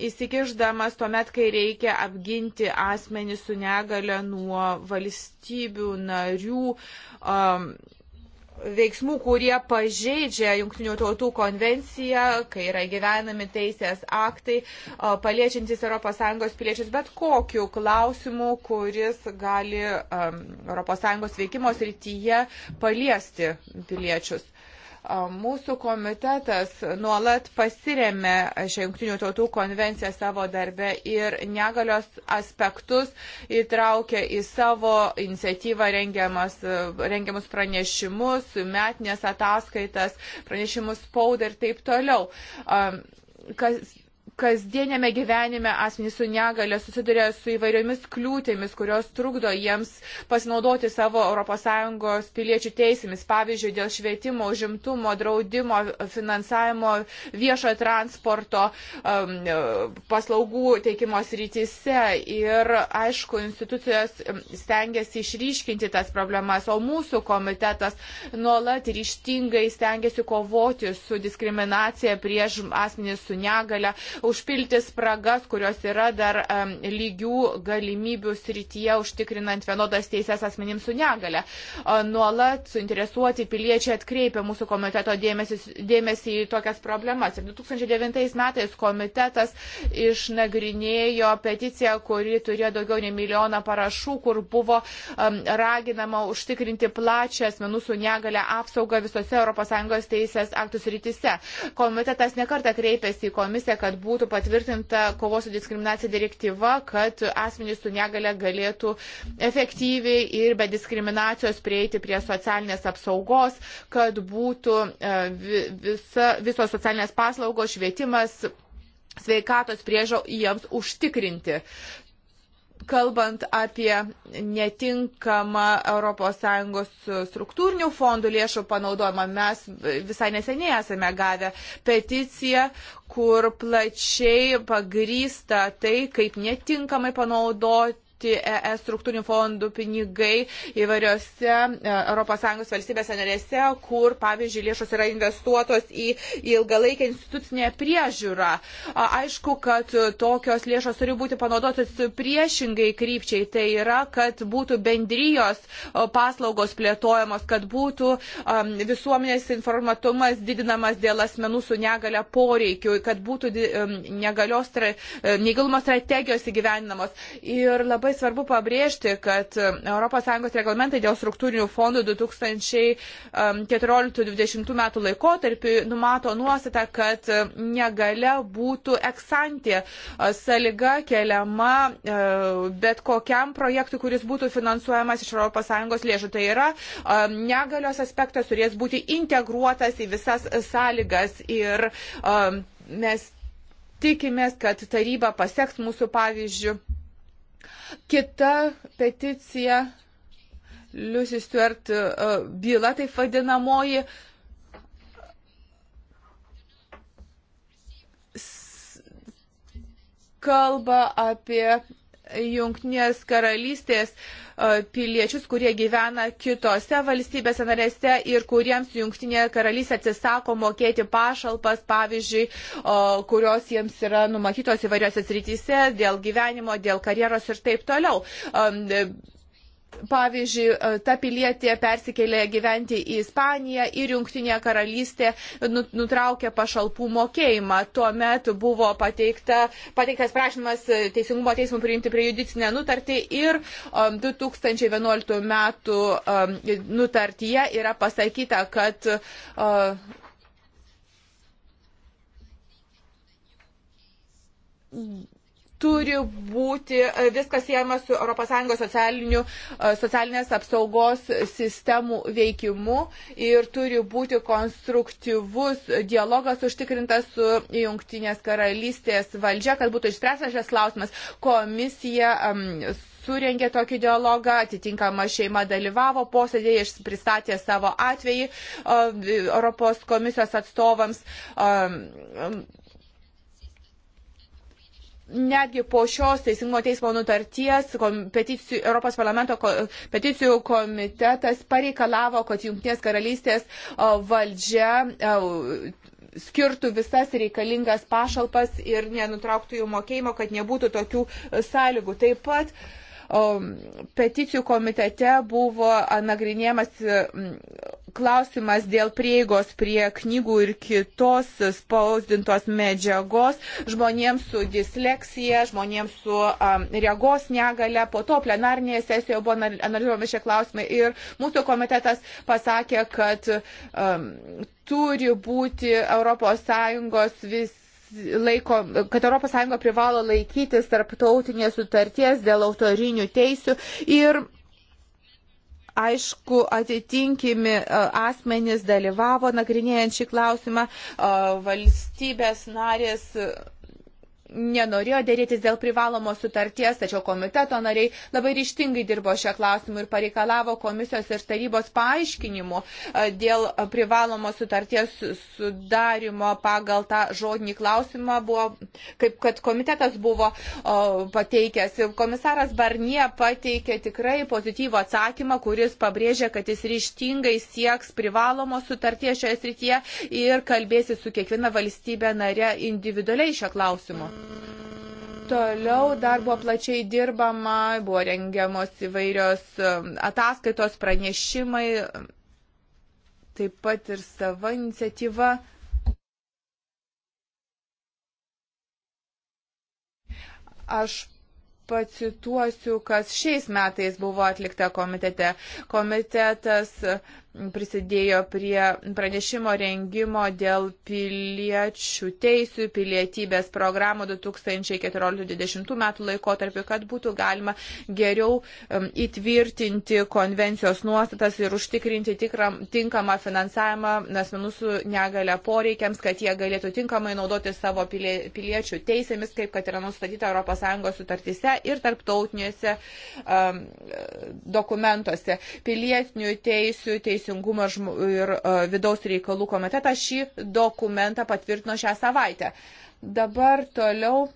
įsikišdamas tuomet, kai reikia apginti asmenį su negale nuo valstybių narių um, veiksmų, kurie pažeidžia Junktinių tautų konvenciją, kai yra gyvenami teisės aktai, uh, paliečiantis ES piliečius bet kokiu klausimu, kuris gali um, ES veikimo srityje paliesti piliečius. Mūsų komitetas nuolat pasiremė šią Junktinių tautų konvenciją savo darbę ir negalios aspektus įtraukė į savo iniciatyvą rengiamas, rengiamus pranešimus, metinės ataskaitas, pranešimus spaudą ir taip toliau. Kas, kasdienėme gyvenime asmenys su negale susiduria su įvairiomis kliūtėmis, kurios trukdo jiems pasinaudoti savo ES piliečių teisėmis, pavyzdžiui, dėl švietimo, užimtumo, draudimo, finansavimo, viešojo transporto, um, paslaugų teikimo srityse. Ir, aišku, institucijos um, stengiasi išryškinti tas problemas, o mūsų komitetas nuolat ryštingai stengiasi kovoti su diskriminacija prieš asmenys su negale užpilti spragas, kurios yra dar um, lygių galimybių srityje užtikrinant vienodas teises asmenims su negale. Nuolat suinteresuoti piliečiai atkreipia mūsų komiteto dėmesį, dėmesį į tokias problemas. Ir 2009 metais komitetas išnagrinėjo peticiją, kuri turėjo daugiau nei milijoną parašų, kur buvo um, raginama užtikrinti plačią asmenų su negale apsaugą visose ES teisės aktų srityse. Komitetas nekartą kreipėsi į komisiją, kad būtų būtų patvirtinta kovos su diskriminacija direktyva, kad asmenys su negale galėtų efektyviai ir be diskriminacijos prieiti prie socialinės apsaugos, kad būtų e, visa, visos socialinės paslaugos, švietimas sveikatos priežo jiems užtikrinti kalbant apie netinkamą ES struktūrinių fondų lėšų panaudojimą, mes visai neseniai esame gavę peticiją, kur plačiai pagrysta tai, kaip netinkamai panaudoti skirti ES struktūrinių fondų pinigai įvairiose ES valstybėse narėse, kur, pavyzdžiui, lėšos yra investuotos į ilgalaikę institucinę priežiūrą. Aišku, kad tokios lėšos turi būti panaudotos priešingai krypčiai. Tai yra, kad būtų bendrijos paslaugos plėtojamos, kad būtų um, visuomenės informatumas didinamas dėl asmenų su negale poreikiu, kad būtų um, negalios, tra, e, neįgalumo strategijos įgyvendinamos. Ir labai svarbu pabrėžti, kad um, ES reglamentai dėl struktūrinių fondų 2014-2020 um, metų laikotarpį numato nuostatą, kad um, negale būtų eksantė uh, sąlyga keliama uh, bet kokiam projektui, kuris būtų finansuojamas iš ES lėšų. Tai yra negalios aspektas turės būti integruotas į visas sąlygas ir mes tikimės, kad taryba paseks mūsų pavyzdžių Kita peticija, Liusi Stuart e, byla, taip vadinamoji, kalba apie jungtinės karalystės e, piliečius, kurie gyvena kitose valstybėse narėse ir kuriems jungtinė karalystė atsisako mokėti pašalpas, pavyzdžiui, kurios jiems yra numatytos įvairiose srityse dėl gyvenimo, dėl karjeros ir taip toliau pavyzdžiui, e, ta pilietė persikėlė gyventi į Ispaniją ir Junktinė karalystė nu, nutraukė pašalpų mokėjimą. Tuomet buvo pateikta, pateiktas prašymas e, Teisingumo teismų priimti prie judicinę nutartį ir 2011 e, metų nutartyje yra pasakyta, kad turi būti e, viskas siejama su ES e, socialinės apsaugos sistemų veikimu ir turi būti konstruktyvus dialogas užtikrintas su Junktinės karalystės valdžia, kad būtų išspręstas šis klausimas. Komisija um, surengė tokį dialogą, atitinkama šeima dalyvavo posėdėje, pristatė savo atvejį e, Europos komisijos atstovams. Um, um, netgi po šios teisingumo teismo nutarties peticijų, Europos parlamento peticijų komitetas pareikalavo, kad Junktinės karalystės valdžia skirtų visas reikalingas pašalpas ir nenutrauktų jų mokėjimo, kad nebūtų tokių sąlygų. Taip pat uh, peticijų komitete buvo nagrinėjamas klausimas dėl prieigos prie knygų ir kitos spausdintos medžiagos žmonėms su disleksija, žmonėms su um, regos negale. Po to plenarnėje sesijoje buvo analizuojami šie klausimai ir mūsų komitetas pasakė, kad um, turi būti ES vis laiko, kad ES privalo laikytis tarptautinės sutarties dėl autorinių teisių ir aišku, atitinkimi asmenys dalyvavo nagrinėjant šį klausimą, valstybės narės nenorėjo dėrėtis dėl privalomos sutarties, tačiau komiteto nariai labai ryštingai dirbo šią klausimą ir pareikalavo komisijos ir tarybos paaiškinimų e, dėl privalomos sutarties sudarimo pagal tą žodinį klausimą, buvo, kaip kad komitetas buvo o, pateikęs. Komisaras Barnie pateikė tikrai pozityvų atsakymą, kuris pabrėžė, kad jis ryštingai sieks privalomos sutarties šioje srityje ir kalbėsi su kiekviena valstybė nare individualiai šio klausimu. Toliau dar buvo plačiai dirbama, buvo rengiamos įvairios um, ataskaitos, pranešimai, um, taip pat ir sava iniciatyva. Aš pacituosiu, kas šiais metais buvo atlikta komitete. Komitetas prisidėjo prie pranešimo rengimo dėl piliečių teisų, pilietybės programų 2014-2020 metų laikotarpiu, kad būtų galima geriau įtvirtinti konvencijos nuostatas ir užtikrinti tikram, tinkamą finansavimą asmenų su negale poreikiams, kad jie galėtų tinkamai naudoti savo pilie, piliečių teisėmis, kaip kad yra nustatyta ES sutartyse ir tarptautiniuose um, dokumentuose. Pilietinių teisų, teisų teisingumo ir e, vidaus reikalų komitetas šį dokumentą patvirtino šią savaitę. Dabar toliau.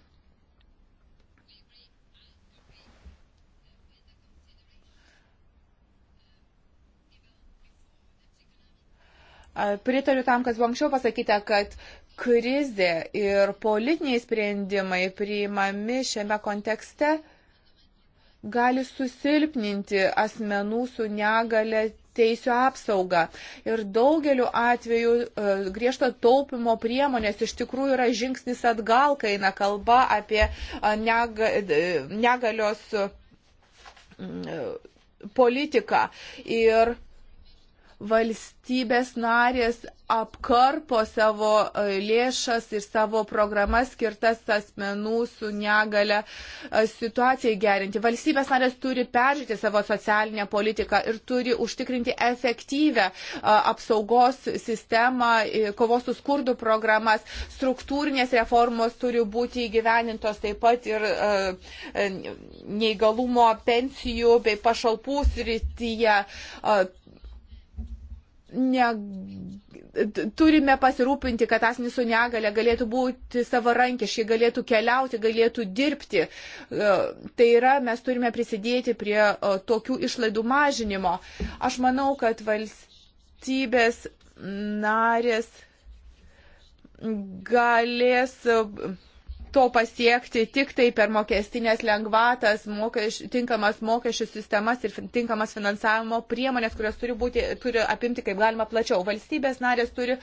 Pritariu tam, kas buvo anksčiau pasakyta, kad krizė ir politiniai sprendimai priimami šiame kontekste gali susilpninti asmenų su negale teisų apsaugą. Ir daugeliu atveju e, griežto taupimo priemonės iš tikrųjų yra žingsnis atgal, kai eina kalba apie e, e, negalios politiką. Ir valstybės narės apkarpo savo e, lėšas ir savo programas skirtas asmenų su negale e, situacijai gerinti. Valstybės narės turi peržiūrėti savo socialinę politiką ir turi užtikrinti efektyvę e, apsaugos sistemą, kovos su skurdu programas. Struktūrinės reformos turi būti įgyvenintos taip pat ir neįgalumo pensijų bei pašalpų srityje ne, turime pasirūpinti, kad asmenys su negale galėtų būti savarankiški, galėtų keliauti, galėtų dirbti. E, tai yra, mes turime prisidėti prie e, tokių išlaidų mažinimo. Aš manau, kad valstybės narės galės to pasiekti tik tai per mokestinės lengvatas, mokeš, tinkamas mokesčių sistemas ir tinkamas finansavimo priemonės, kurios turi, būti, turi apimti kaip galima plačiau. Valstybės narės turi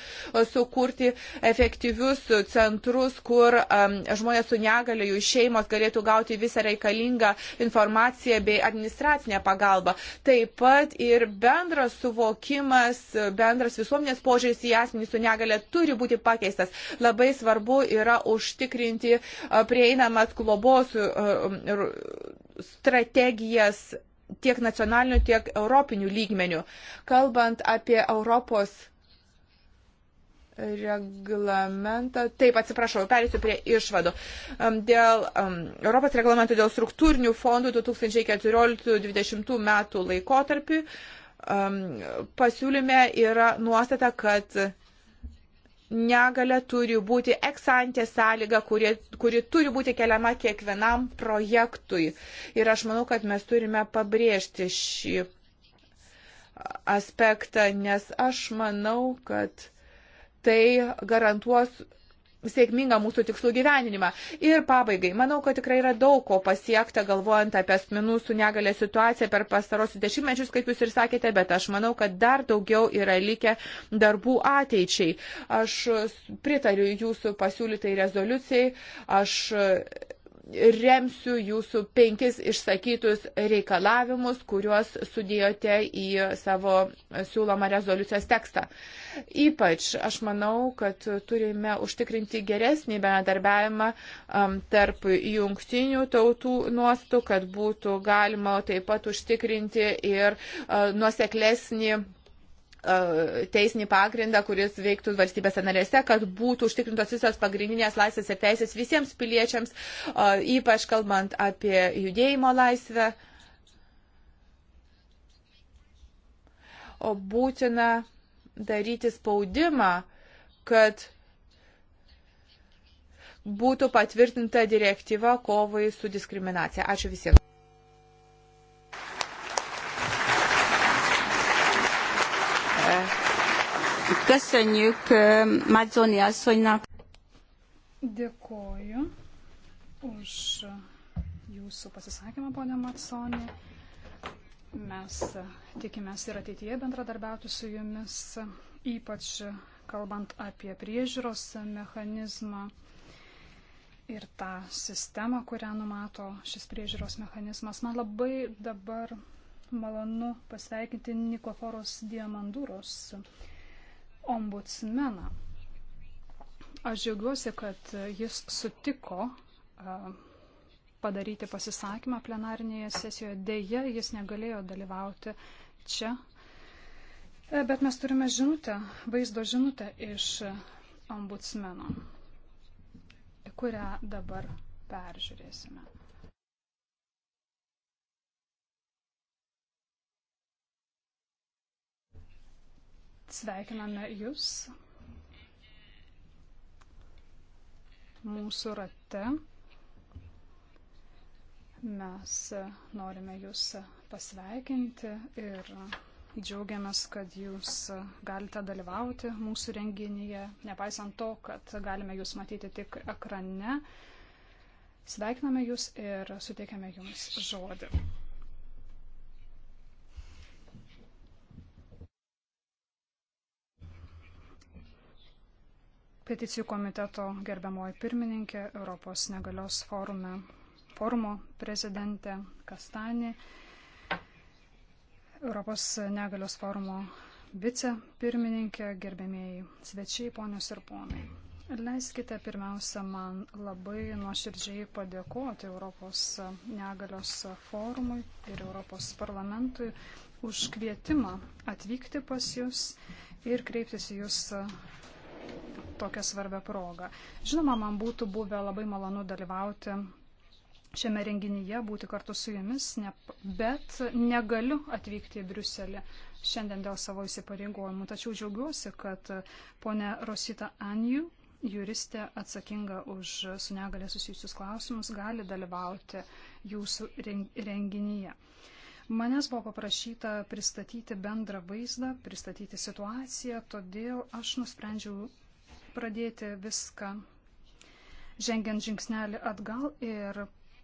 sukurti efektyvius centrus, kur um, žmonės su negaliu, jų šeimos galėtų gauti visą reikalingą informaciją bei administracinę pagalbą. Taip pat ir bendras suvokimas, bendras visuomenės požiūris į asmenį su negale turi būti pakeistas. Labai svarbu yra užtikrinti turi prieinamas globos strategijas tiek nacionaliniu, tiek europiniu lygmeniu. Kalbant apie Europos reglamentą. Taip, atsiprašau, perėsiu prie išvadų. Dėl um, Europos reglamento dėl struktūrinių fondų 2014-2020 metų laikotarpiu um, pasiūlyme yra nuostata, kad negalė turi būti eksantė sąlyga, kuri, kuri turi būti keliama kiekvienam projektui. Ir aš manau, kad mes turime pabrėžti šį aspektą, nes aš manau, kad tai garantuos sėkmingą mūsų tikslų gyveninimą. Ir pabaigai, manau, kad tikrai yra daug ko pasiekta, galvojant apie asmenų su negalė situaciją per pastarosius dešimtmečius, kaip jūs ir sakėte, bet aš manau, kad dar daugiau yra likę darbų ateičiai. Aš pritariu jūsų pasiūlytai rezoliucijai, aš remsiu jūsų penkis išsakytus reikalavimus, kuriuos sudėjote į savo siūlomą rezoliucijos tekstą. Ypač aš manau, kad turime užtikrinti geresnį bendradarbiavimą um, tarp jungtinių tautų nuostų, kad būtų galima taip pat užtikrinti ir uh, nuoseklesnį E, teisinį pagrindą, kuris veiktų valstybėse narėse, kad būtų užtikrintos visos pagrindinės laisvės ir teisės visiems piliečiams, e, ypač kalbant apie judėjimo laisvę. O būtina daryti spaudimą, kad būtų patvirtinta direktyva kovai su diskriminacija. Ačiū visiems. Köszönjük Madzoni asszonynak. Dėkoju už jūsų pasisakymą, ponė Matsonė. Mes tikimės ir ateityje bendradarbiauti su jumis, ypač kalbant apie priežiūros mechanizmą ir tą sistemą, kurią numato šis priežiūros mechanizmas. Man labai dabar malonu pasveikinti Nikoforos Diamandūros ombudsmeną. Aš džiaugiuosi, kad jis sutiko padaryti pasisakymą plenarinėje sesijoje. Deja, jis negalėjo dalyvauti čia. E, bet mes turime žinutę, vaizdo žinutę iš ombudsmeno, kurią dabar peržiūrėsime. Sveikiname Jūs mūsų rate. Mes norime Jūs pasveikinti ir džiaugiamės, kad Jūs galite dalyvauti mūsų renginyje, nepaisant to, kad galime Jūs matyti tik ekrane. Sveikiname Jūs ir suteikiame Jums žodį. Peticijų komiteto gerbiamoji pirmininkė, Europos negalios forume, forumo prezidentė Kastani, Europos negalios forumo vicepirmininkė, gerbėmėjai svečiai, ponios ir ponai. Leiskite pirmiausia man labai nuoširdžiai padėkoti Europos negalios forumui ir Europos parlamentui už kvietimą atvykti pas Jūs ir kreiptis į Jūs tokią svarbę progą. Žinoma, man būtų buvę labai malonu dalyvauti šiame renginyje, būti kartu su jumis, ne, bet negaliu atvykti į Briuselį šiandien dėl savo įsipareigojimų. Tačiau džiaugiuosi, kad ponė Rosita Anju, juristė atsakinga už su negalė susijusius klausimus, gali dalyvauti jūsų renginyje. Manęs buvo paprašyta pristatyti bendrą vaizdą, pristatyti situaciją, todėl aš nusprendžiau pradėti viską, žengiant žingsnelį atgal ir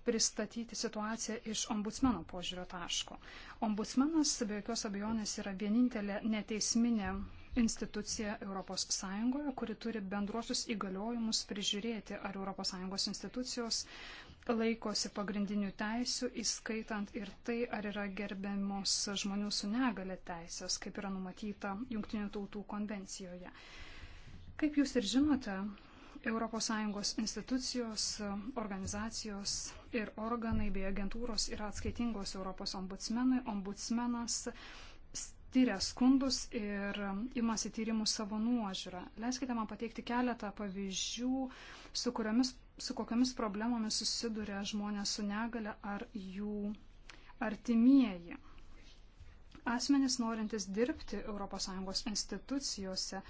pristatyti situaciją iš ombudsmeno požiūrio taško. Ombudsmenas be jokios abejonės yra vienintelė neteisminė institucija ES, kuri turi bendruosius įgaliojimus prižiūrėti, ar ES institucijos laikosi pagrindinių teisių, įskaitant ir tai, ar yra gerbiamos žmonių su negale teisės, kaip yra numatyta Junktinių tautų konvencijoje. Kaip jūs ir žinote, ES institucijos, organizacijos ir organai bei agentūros yra atskaitingos Europos ombudsmenui. Ombudsmenas tyria skundus ir imasi tyrimų savo nuožiūrą. Leiskite man pateikti keletą pavyzdžių, su, kuriomis, su kokiamis problemomis susiduria žmonės su negale ar jų artimieji. Asmenys norintys dirbti ES institucijose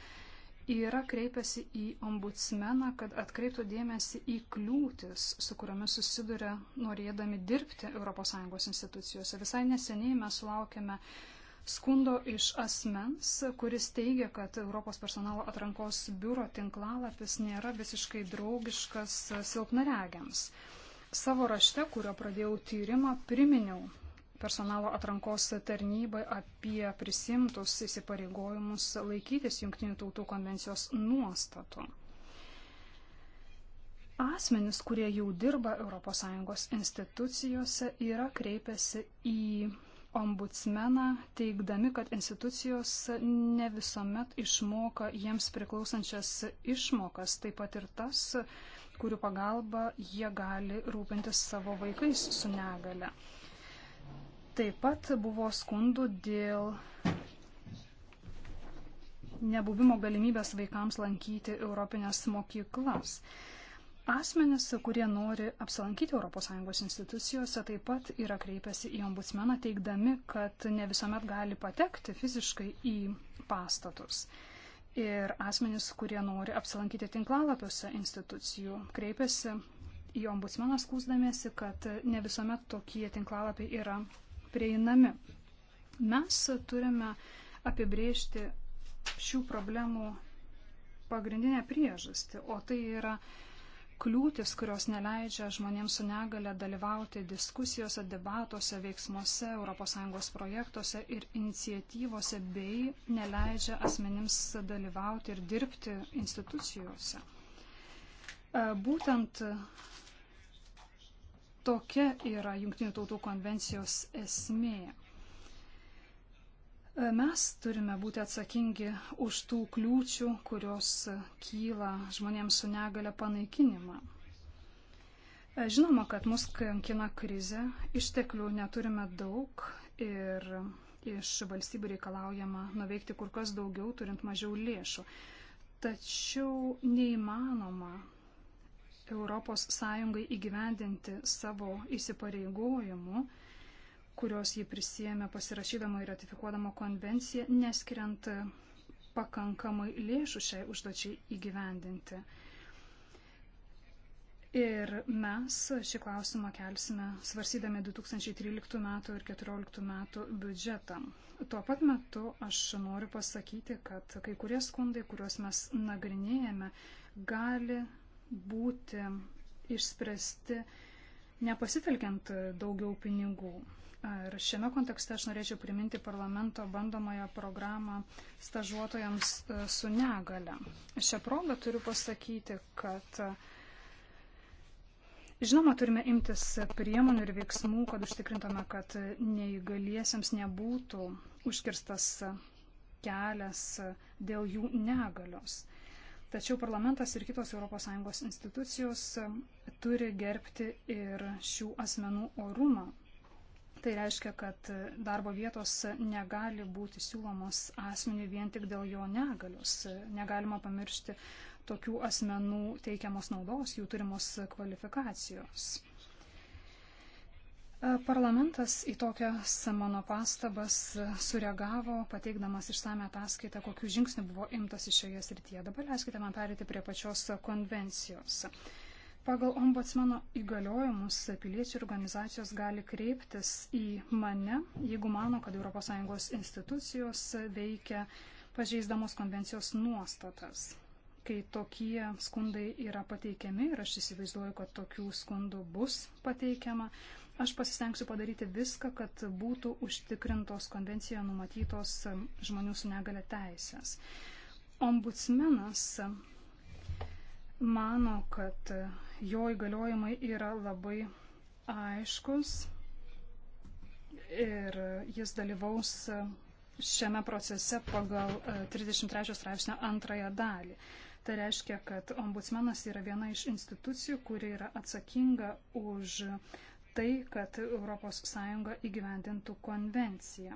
yra kreipęsi į ombudsmeną, kad atkreiptų dėmesį į kliūtis, su kuriomis susiduria norėdami dirbti ES institucijose. Visai neseniai mes sulaukėme skundo iš asmens, kuris teigia, kad Europos personalo atrankos biuro tinklalapis nėra visiškai draugiškas silpnaregiams. Savo rašte, kurio pradėjau tyrimą, priminiau personalo atrankos tarnybai apie prisimtus įsipareigojimus laikytis Junktinių tautų konvencijos nuostatų. Asmenys, kurie jau dirba ES institucijose, yra kreipęsi į ombudsmeną, teikdami, kad institucijos ne visuomet išmoka jiems priklausančias išmokas, taip pat ir tas, kurių pagalba jie gali rūpintis savo vaikais su negale. Taip pat buvo skundų dėl nebuvimo galimybės vaikams lankyti Europinės mokyklas. Asmenys, kurie nori apsilankyti ES institucijose, taip pat yra kreipiasi į ombudsmeną teikdami, kad ne visuomet gali patekti fiziškai į pastatus. Ir asmenys, kurie nori apsilankyti tinklalapiuose institucijų, kreipiasi į ombudsmeną skūsdamėsi, kad ne visuomet tokie tinklalapiai yra prieinami. Mes turime apibriežti šių problemų pagrindinę priežastį, o tai yra kliūtis, kurios neleidžia žmonėms su negale dalyvauti diskusijose, debatuose, veiksmuose, ES projektuose ir iniciatyvose, bei neleidžia asmenims dalyvauti ir dirbti institucijose. E, būtent Tokia yra Junktinių tautų konvencijos esmė. E, mes turime būti atsakingi už tų kliūčių, kurios kyla žmonėms su negale panaikinimą. E, žinoma, kad mus kankina krizė, išteklių neturime daug ir iš valstybių reikalaujama nuveikti kur kas daugiau, turint mažiau lėšų. Tačiau neįmanoma ES įgyvendinti savo įsipareigojimų, kurios jį prisėmė pasirašydama ir ratifikuodama konvenciją, neskiriant pakankamai lėšų šiai užduočiai įgyvendinti. Ir mes šį klausimą kelsime svarsydami 2013 m. ir 2014 m. biudžetą. Tuo pat metu aš noriu pasakyti, kad kai kurie skundai, kuriuos mes nagrinėjame, gali būti išspręsti nepasitelkiant daugiau pinigų. Ir šiame kontekste aš norėčiau priminti parlamento bandomąją programą stažuotojams e, su negale. Šią progą turiu pasakyti, kad Žinoma, turime imtis priemonių ir veiksmų, kad užtikrintume, kad neįgaliesiems nebūtų užkirstas kelias dėl jų negalios. Tačiau parlamentas ir kitos ES institucijos turi gerbti ir šių asmenų orumą. Tai reiškia, kad e, darbo vietos negali būti siūlomos asmeniui vien tik dėl jo negalios. E, negalima pamiršti tokių asmenų teikiamos naudos, jų turimos kvalifikacijos. Parlamentas į tokias mano pastabas sureagavo, pateikdamas išsame ataskaitą, kokiu žingsniu buvo imtasi šioje srityje. Dabar leiskite man perėti prie pačios konvencijos. Pagal ombudsmano įgaliojimus piliečių organizacijos gali kreiptis į mane, jeigu mano, kad ES institucijos veikia pažeisdamos konvencijos nuostatas. Kai tokie skundai yra pateikiami ir aš įsivaizduoju, kad tokių skundų bus pateikiama, Aš pasistengsiu padaryti viską, kad būtų užtikrintos konvencijoje numatytos žmonių su negale teisės. Ombudsmenas mano, kad jo įgaliojimai yra labai aiškus ir jis dalyvaus šiame procese pagal 33 e, straipsnio antrąją dalį. Tai reiškia, kad ombudsmenas yra viena iš institucijų, kuri yra atsakinga už tai, kad ES įgyvendintų konvenciją.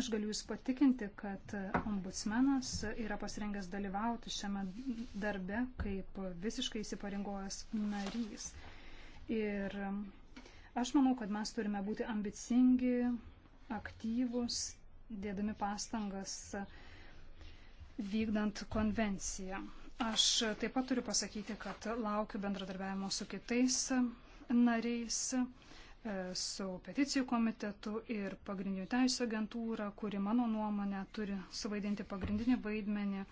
Aš galiu Jūs patikinti, kad ombudsmenas yra pasirengęs dalyvauti šiame darbe kaip visiškai įsiparingojęs narys. Ir aš manau, kad mes turime būti ambicingi, aktyvus, dėdami pastangas vykdant konvenciją. Aš taip pat turiu pasakyti, kad laukiu bendradarbiavimo su kitais nariais, e, su peticijų komitetu ir pagrindinių teisų agentūra, kuri mano nuomonė turi suvaidinti pagrindinį vaidmenį,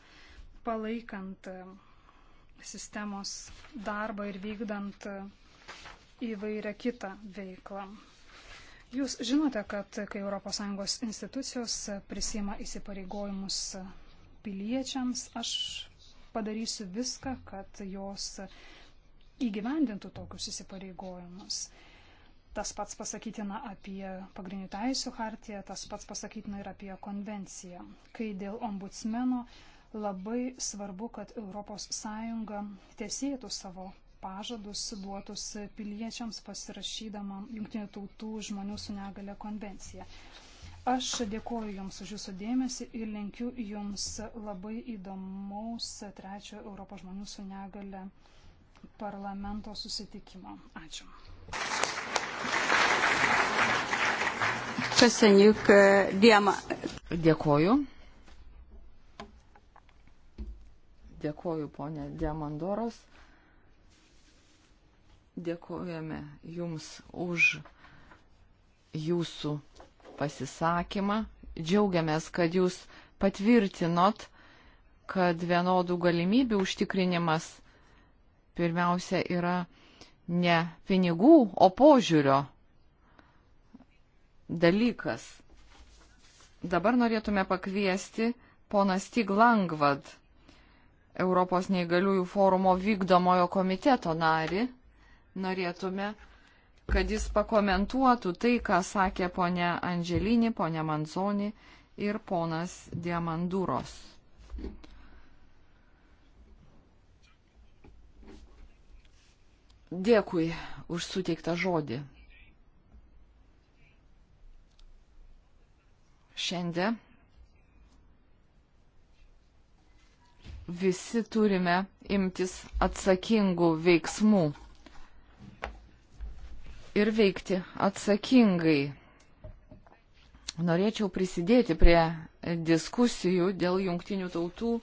palaikant e, sistemos darbą ir vykdant e, įvairią kitą veiklą. Jūs žinote, kad kai ES institucijos prisima įsipareigojimus piliečiams, aš padarysiu viską, kad jos įgyvendintų tokius įsipareigojimus. Tas pats pasakytina apie pagrindinių teisų hartiją, tas pats pasakytina ir apie konvenciją. Kai dėl ombudsmeno labai svarbu, kad ES tiesėtų savo pažadus duotus piliečiams pasirašydama Junktinių tautų žmonių su negale konvenciją. Aš dėkoju Jums už Jūsų dėmesį ir linkiu Jums labai įdomaus trečiojo Europos žmonių su negale konvenciją parlamento susitikimo. Ačiū. Köszönjük, e, Diema. Dėkoju. Dėkoju, ponė Diamandoros. Dėkojame Jums už Jūsų pasisakymą. Džiaugiamės, kad Jūs patvirtinot, kad vienodų galimybių užtikrinimas – pirmiausia yra ne pinigų, o požiūrio dalykas. Dabar norėtume pakviesti poną Stig Langvad, Europos neįgaliųjų forumo vykdomojo komiteto narį. Norėtume, kad jis pakomentuotų tai, ką sakė ponia Angelinė, ponia Manzoni ir ponas Diamanduros. Thank you. Dėkui už suteiktą žodį. Šiandien visi turime imtis atsakingų veiksmų ir veikti atsakingai. Norėčiau prisidėti prie diskusijų dėl jungtinių tautų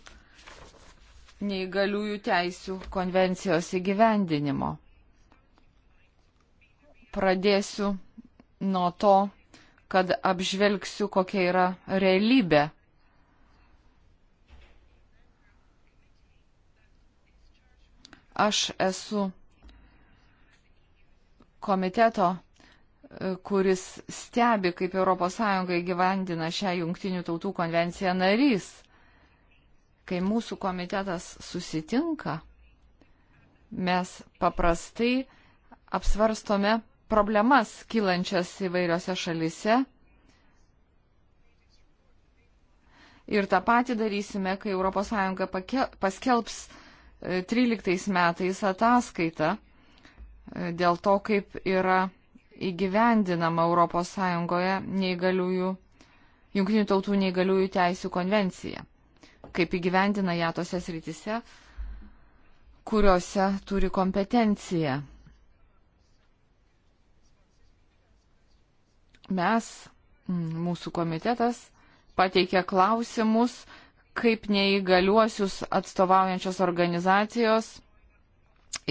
neįgaliųjų teisių konvencijos įgyvendinimo pradėsiu nuo to, kad apžvelgsiu, kokia yra realybė. Aš esu komiteto, kuris stebi, kaip ES gyvendina šią jungtinių tautų konvenciją narys. Kai mūsų komitetas susitinka, mes paprastai apsvarstome problemas kylančias įvairiose šalise. Ir tą patį darysime, kai ES paskelbs 13 e, metais ataskaitą e, dėl to, kaip yra įgyvendinama ES neįgaliųjų, jungtinių tautų neįgaliųjų teisų konvencija. Kaip įgyvendina ją tose srityse, kuriuose turi kompetenciją mes, mm, mūsų komitetas, pateikė klausimus, kaip neįgaliuosius atstovaujančios organizacijos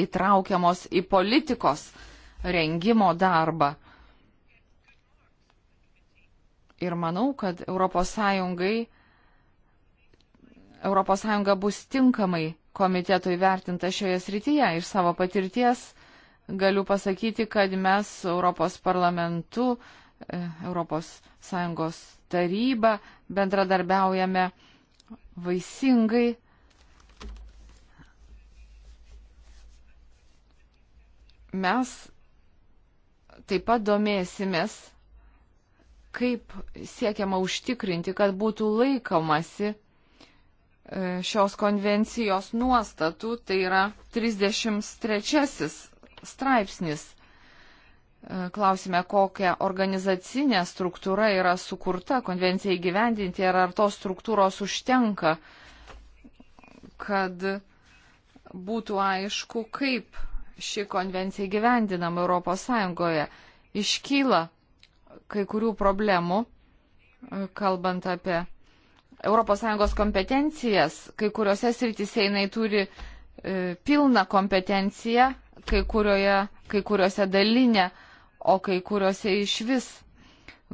įtraukiamos į politikos rengimo darbą. Ir manau, kad ES ES bus tinkamai komiteto įvertinta šioje srityje. Iš savo patirties galiu pasakyti, kad mes Europos parlamentu ES taryba, bendradarbiaujame vaisingai. Mes taip pat domėsimės, kaip siekiama užtikrinti, kad būtų laikomasi e, šios konvencijos nuostatų, tai yra 33 straipsnis E, klausime, kokia organizacinė struktūra yra sukurta konvencijai gyvendinti ir ar tos struktūros užtenka, kad būtų aišku, kaip ši konvencija gyvendinama Europos Sąjungoje. Iškyla kai kurių problemų, e, kalbant apie Europos Sąjungos kompetencijas, kai kuriuose srityse jinai turi e, pilną kompetenciją, kai, kurioje, kai kuriuose dalinę kompetenciją o kai kuriuose iš vis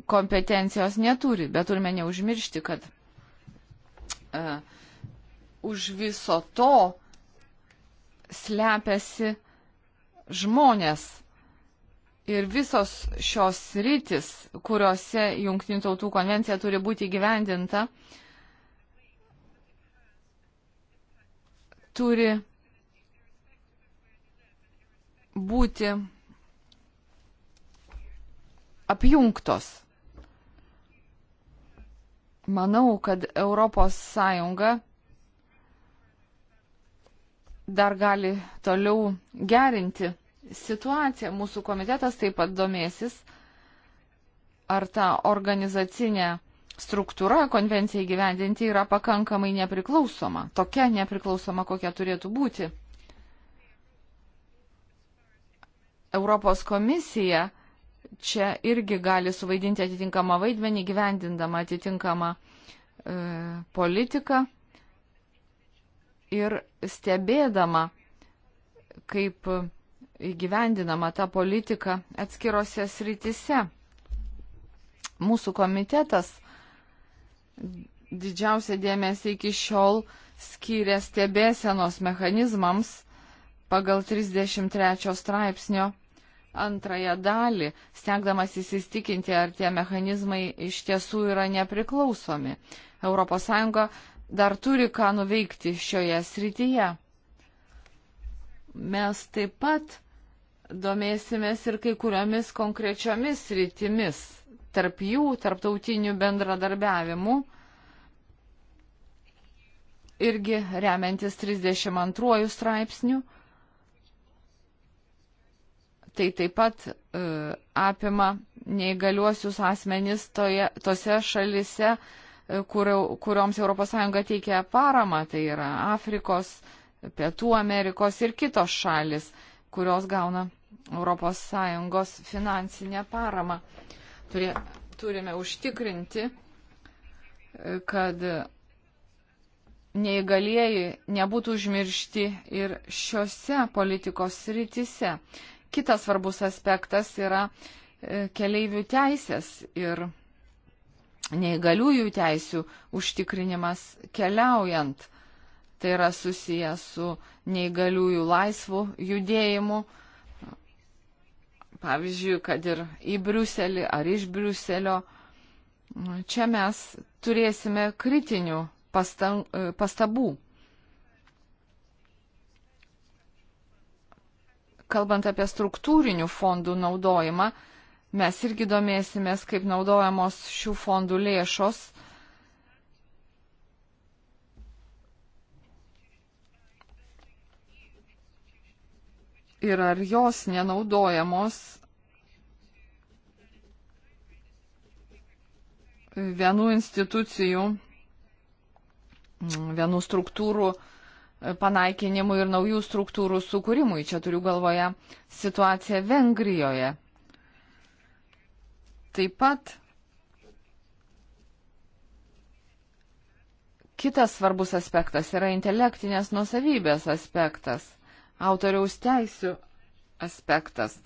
kompetencijos neturi. Bet turime neužmiršti, kad uh, už viso to slepiasi žmonės. Ir visos šios rytis, kuriuose Junktinių tautų konvencija turi būti gyvendinta, turi būti apjungtos. Manau, kad Europos Sąjunga dar gali toliau gerinti situaciją. Mūsų komitetas taip pat domėsis, ar ta organizacinė struktūra konvencijai gyvendinti yra pakankamai nepriklausoma, tokia nepriklausoma, kokia turėtų būti. Europos komisija čia irgi gali suvaidinti atitinkamą vaidmenį, gyvendindama atitinkamą e, politiką ir stebėdama, kaip įgyvendinama ta politika atskirose srityse. Mūsų komitetas didžiausia dėmesį iki šiol skyrė stebėsenos mechanizmams pagal 33 straipsnio antrąją dalį, stengdamas įsistikinti, ar tie mechanizmai iš tiesų yra nepriklausomi. ES dar turi ką nuveikti šioje srityje. Mes taip pat domėsimės ir kai kuriomis konkrečiomis sritimis, tarp jų tarptautinių bendradarbiavimų. Irgi remiantis 32 straipsnių tai taip pat e, apima neįgaliuosius asmenys toje, tose šalise, e, kur, kurioms ES teikia paramą, tai yra Afrikos, Pietų Amerikos ir kitos šalis, kurios gauna ES finansinę paramą. Turė, turime užtikrinti, e, kad neįgalieji nebūtų užmiršti ir šiuose politikos rytise kitas svarbus aspektas yra e, keleivių teisės ir neįgaliųjų teisių užtikrinimas keliaujant. Tai yra susijęs su neįgaliųjų laisvų judėjimu. Pavyzdžiui, kad ir į Briuselį ar iš Briuselio. Čia mes turėsime kritinių e, pastabų. kalbant apie struktūrinių fondų naudojimą, mes irgi domėsimės, kaip naudojamos šių fondų lėšos. Ir ar jos nenaudojamos vienų institucijų, vienų struktūrų uh, panaikinimui ir naujų struktūrų sukūrimui. Čia turiu galvoje situaciją Vengrijoje. Taip pat kitas svarbus aspektas yra intelektinės nusavybės aspektas, autoriaus teisių aspektas,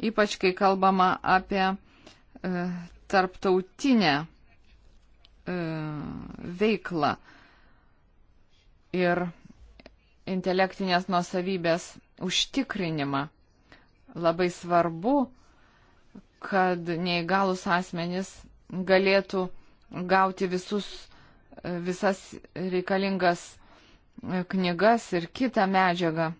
ypač kai kalbama apie e, tarptautinę e, veiklą. Ir intelektinės nuosavybės užtikrinimą. Labai svarbu, kad neįgalus asmenys galėtų gauti visus, visas reikalingas knygas ir kitą medžiagą.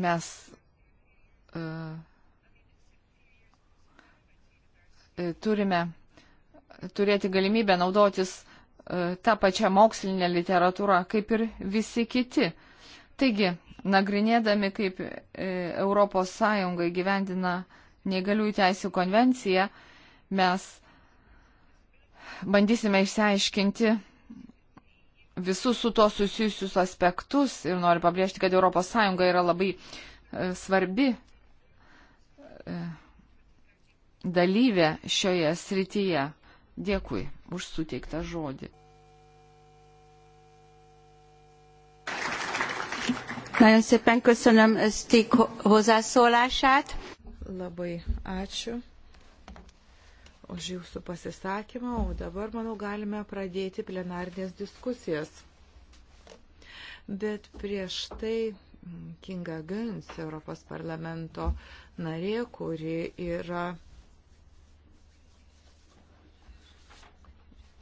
Mes uh, E, turime turėti galimybę naudotis e, tą pačią mokslinę literatūrą kaip ir visi kiti. Taigi, nagrinėdami, kaip ES gyvendina neįgaliųjų teisų konvenciją, mes bandysime išsiaiškinti visus su to susijusius aspektus ir noriu pabrėžti, kad ES yra labai e, svarbi dalyvė šioje srityje. Dėkui už suteiktą žodį. Nagyon szépen köszönöm Stig hozzászólását. Labai ačiū už jūsų pasisakymą, o dabar, manau, galime pradėti plenarnės diskusijas. Bet prieš tai Kinga Gans, Europos parlamento narė, kuri yra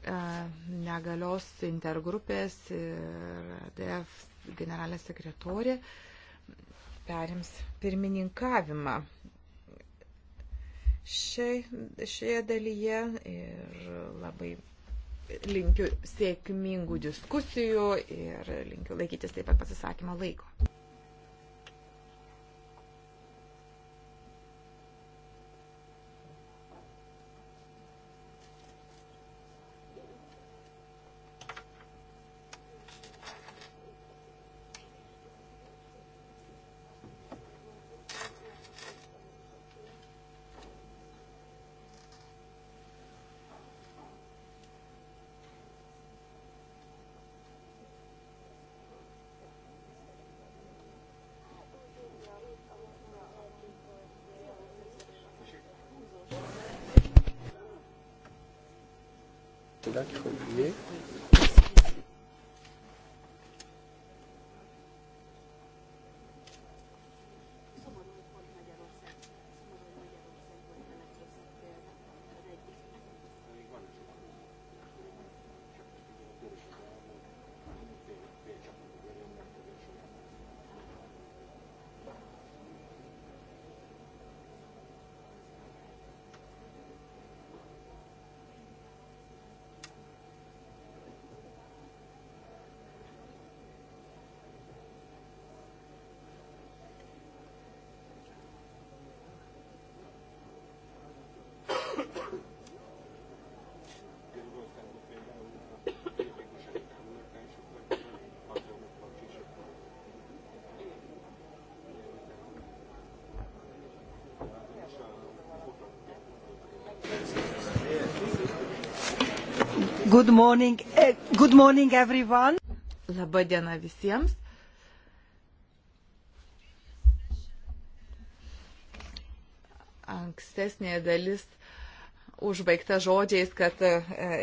E, negalios intergrupės ir ADF generalinė sekretorė perims pirmininkavimą šiai, šioje dalyje ir labai linkiu sėkmingų diskusijų ir linkiu laikytis taip pat pasisakymo laiko. candidat qu'il faut oublier. Good morning, e, good morning everyone. Labą dieną visiems. Ankstesnė dalis užbaigta žodžiais, kad e,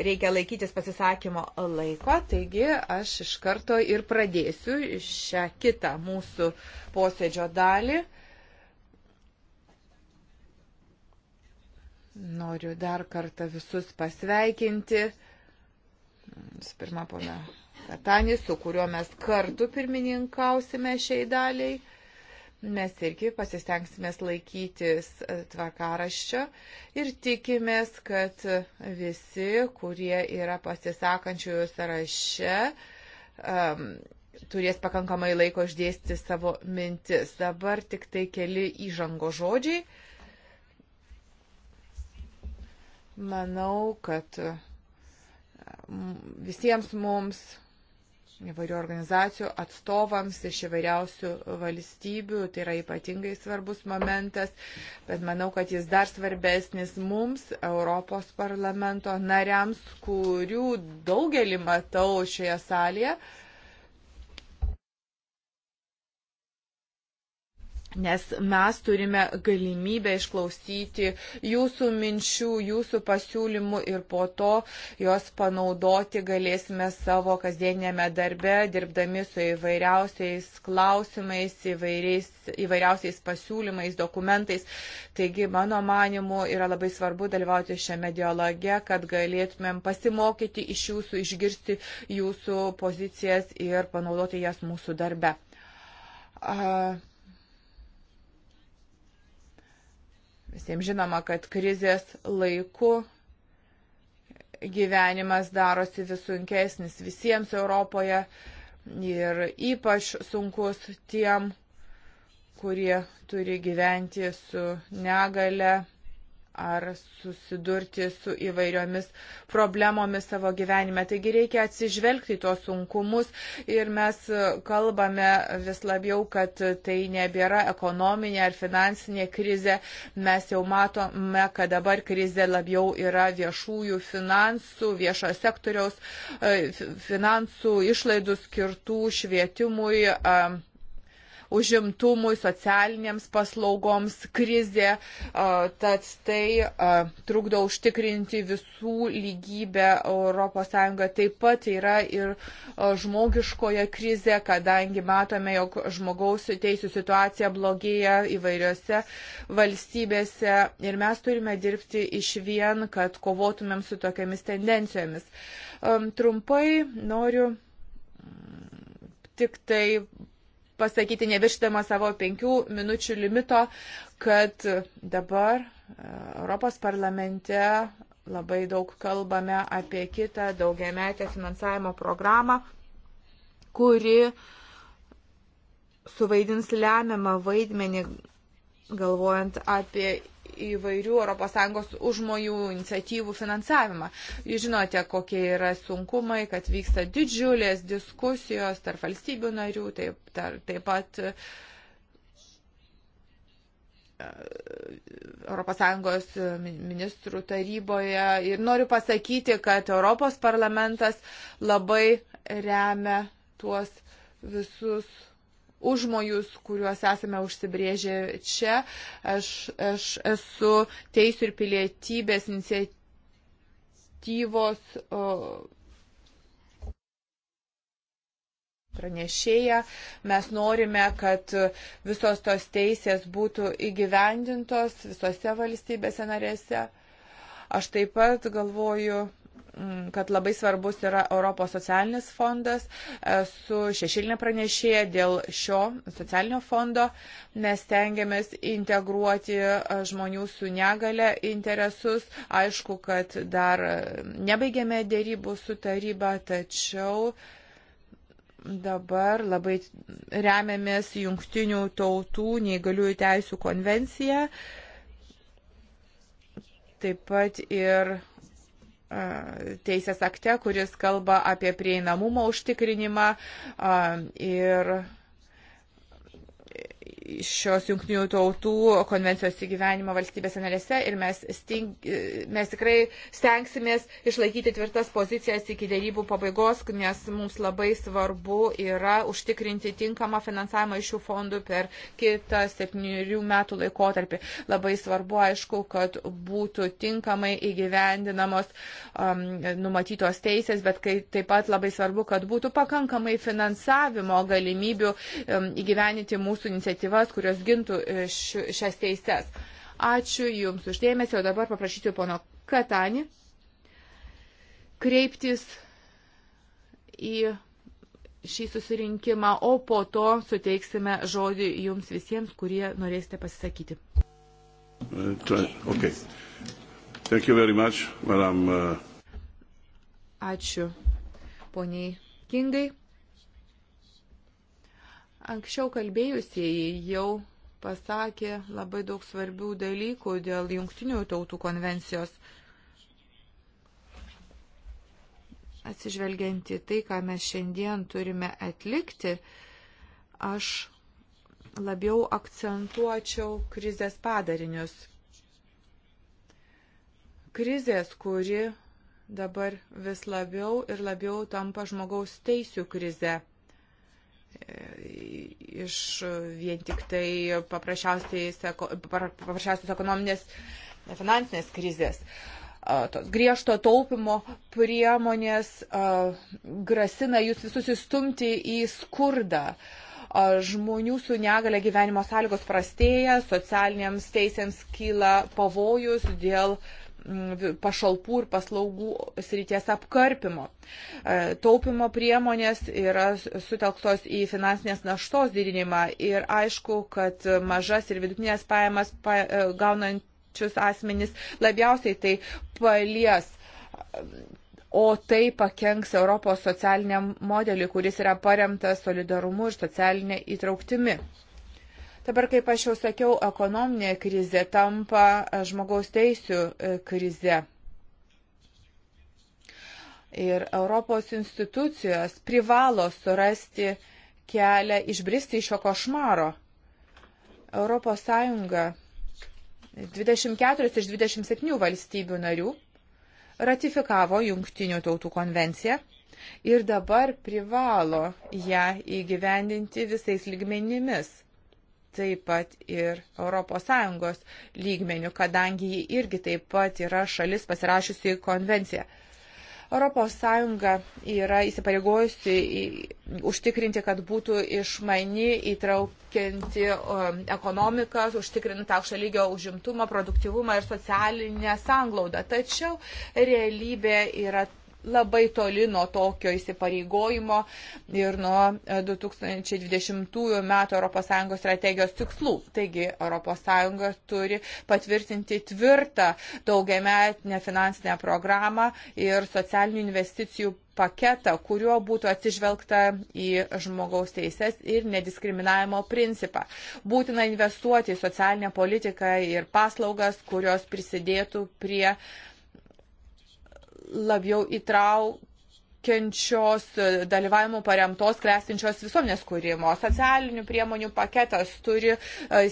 reikia laikytis pasisakymo laiko, taigi aš iš karto ir pradėsiu šią kitą mūsų posėdžio dalį. Noriu dar kartą visus pasveikinti Visų pirma, pana Katanis, su kuriuo mes kartu pirmininkausime šiai daliai. Mes irgi pasistengsime laikytis tvarkaraščio ir tikimės, kad visi, kurie yra pasisakančiųjų sąraše, um, turės pakankamai laiko išdėsti savo mintis. Dabar tik tai keli įžango žodžiai. Manau, kad visiems mums, įvairių organizacijų atstovams iš įvairiausių valstybių. Tai yra ypatingai svarbus momentas, bet manau, kad jis dar svarbesnis mums, Europos parlamento nariams, kurių daugelį matau šioje salėje. Nes mes turime galimybę išklausyti jūsų minčių, jūsų pasiūlymų ir po to juos panaudoti galėsime savo kasdienėme darbe, dirbdami su įvairiausiais klausimais, įvairiais, įvairiausiais pasiūlymais, dokumentais. Taigi, mano manimu, yra labai svarbu dalyvauti šiame dialoge, kad galėtumėm pasimokyti iš jūsų, išgirsti jūsų pozicijas ir panaudoti jas mūsų darbe. Uh Visiems žinoma, kad krizės laiku gyvenimas darosi vis sunkesnis visiems Europoje ir ypač sunkus tiem, kurie turi gyventi su negale ar susidurti su įvairiomis problemomis savo gyvenime. Taigi reikia atsižvelgti tuos sunkumus ir mes kalbame vis labiau, kad tai nebėra ekonominė ar finansinė krizė. Mes jau matome, kad dabar krizė labiau yra viešųjų finansų, viešo sektoriaus e, finansų išlaidų skirtų švietimui užimtumui, socialinėms paslaugoms, krizė, tad tai trukdo užtikrinti visų lygybę ES. Taip pat yra ir žmogiškoje krize, kadangi matome, jog žmogaus teisų situacija blogėja įvairiose valstybėse ir mes turime dirbti iš vien, kad kovotumėm su tokiamis tendencijomis. Trumpai noriu tik tai pasakyti, neviršydama savo penkių minučių limito, kad dabar e, Europos parlamente labai daug kalbame apie kitą daugiametę finansavimo programą, kuri suvaidins lemiamą vaidmenį galvojant apie įvairių ES užmojų iniciatyvų finansavimą. Jūs žinote, kokie yra sunkumai, kad vyksta didžiulės diskusijos tarp valstybių narių, taip, tar, taip pat e, ES ministrų taryboje. Ir noriu pasakyti, kad Europos parlamentas labai remia tuos visus užmojus, kuriuos esame užsibrėžę čia. Aš, aš esu teisų ir pilietybės iniciatyvos. Uh, pranešėja. Mes norime, kad visos tos teisės būtų įgyvendintos visose valstybėse narėse. Aš taip pat galvoju Mm, kad labai svarbus yra Europos socialinis fondas. Su šešilinė pranešėja dėl šio socialinio fondo mes tengiamės integruoti e, žmonių su negale interesus. Aišku, kad dar e, nebaigėme dėrybų su taryba, tačiau dabar labai remiamės jungtinių tautų neįgaliųjų teisų konvenciją. Taip pat ir teisės akte, kuris kalba apie prieinamumo užtikrinimą ir šios jungtinių tautų konvencijos įgyvenimo valstybėse narėse ir mes, sting, mes tikrai stengsimės išlaikyti tvirtas pozicijas iki dėrybų pabaigos, nes mums labai svarbu yra užtikrinti tinkamą finansavimą iš šių fondų per kitą septynių metų laikotarpį. Labai svarbu, aišku, kad būtų tinkamai įgyvendinamos um, numatytos teisės, bet kai, taip pat labai svarbu, kad būtų pakankamai finansavimo galimybių um, įgyveninti mūsų iniciatyvą iniciatyvas, kurios gintų e, šias teises. Ačiū Jums uždėmesio, o dabar paprašysiu pono Katani kreiptis į šį susirinkimą, o po to suteiksime žodį Jums visiems, kurie norėsite pasisakyti. Okay. Thank you very much, madam. Uh, Ačiū, poniai Kingai. Anksčiau kalbėjusieji jau pasakė labai daug svarbių dalykų dėl jungtinių tautų konvencijos. Atsižvelgiant į tai, ką mes šiandien turime atlikti, aš labiau akcentuočiau krizės padarinius. Krizės, kuri dabar vis labiau ir labiau tampa žmogaus teisų krize iš vien tik tai paprasčiausios ekonominės finansinės krizės. Tos griežto taupimo priemonės grasina jūs visus įstumti į skurdą. Žmonių su negale gyvenimo sąlygos prastėja, socialiniams teisėms kyla pavojus dėl uh, Mm, pašalpų ir paslaugų srities apkarpimo. E, taupimo priemonės yra sutelktos į finansinės naštos didinimą ir aišku, kad mažas ir vidutinės pajamas pa, e, gaunančius asmenys labiausiai tai palies o tai pakenks Europos socialiniam modeliui, kuris yra paremtas solidarumu ir socialinė įtrauktimi. Dabar, kaip aš jau sakiau, ekonominė krizė tampa e, žmogaus teisų e, krize. Ir Europos institucijos privalo surasti kelią išbristi iš šio košmaro. Europos Sąjunga 24 iš 27 valstybių narių ratifikavo Junktinių tautų konvenciją ir dabar privalo ją įgyvendinti visais ligmenimis taip pat ir ES lygmenių, kadangi ji irgi taip pat yra šalis pasirašiusi konvenciją. ES yra įsipareigojusi užtikrinti, kad būtų išmani įtraukianti um, ekonomiką, užtikrinti aukštą lygio užimtumą, produktivumą ir socialinę sanglaudą. Tačiau realybė yra labai toli nuo tokio įsipareigojimo ir nuo 2020 e, metų ES strategijos tikslų. Taigi ES turi patvirtinti tvirtą daugiametinę finansinę programą ir socialinių investicijų paketą, kuriuo būtų atsižvelgta į žmogaus teises ir nediskriminavimo principą. Būtina investuoti į socialinę politiką ir paslaugas, kurios prisidėtų prie uh, labiau įtraukiančios, e, dalyvavimo paremtos, klestinčios visuomenės kūrimo. Socialinių priemonių paketas turi e,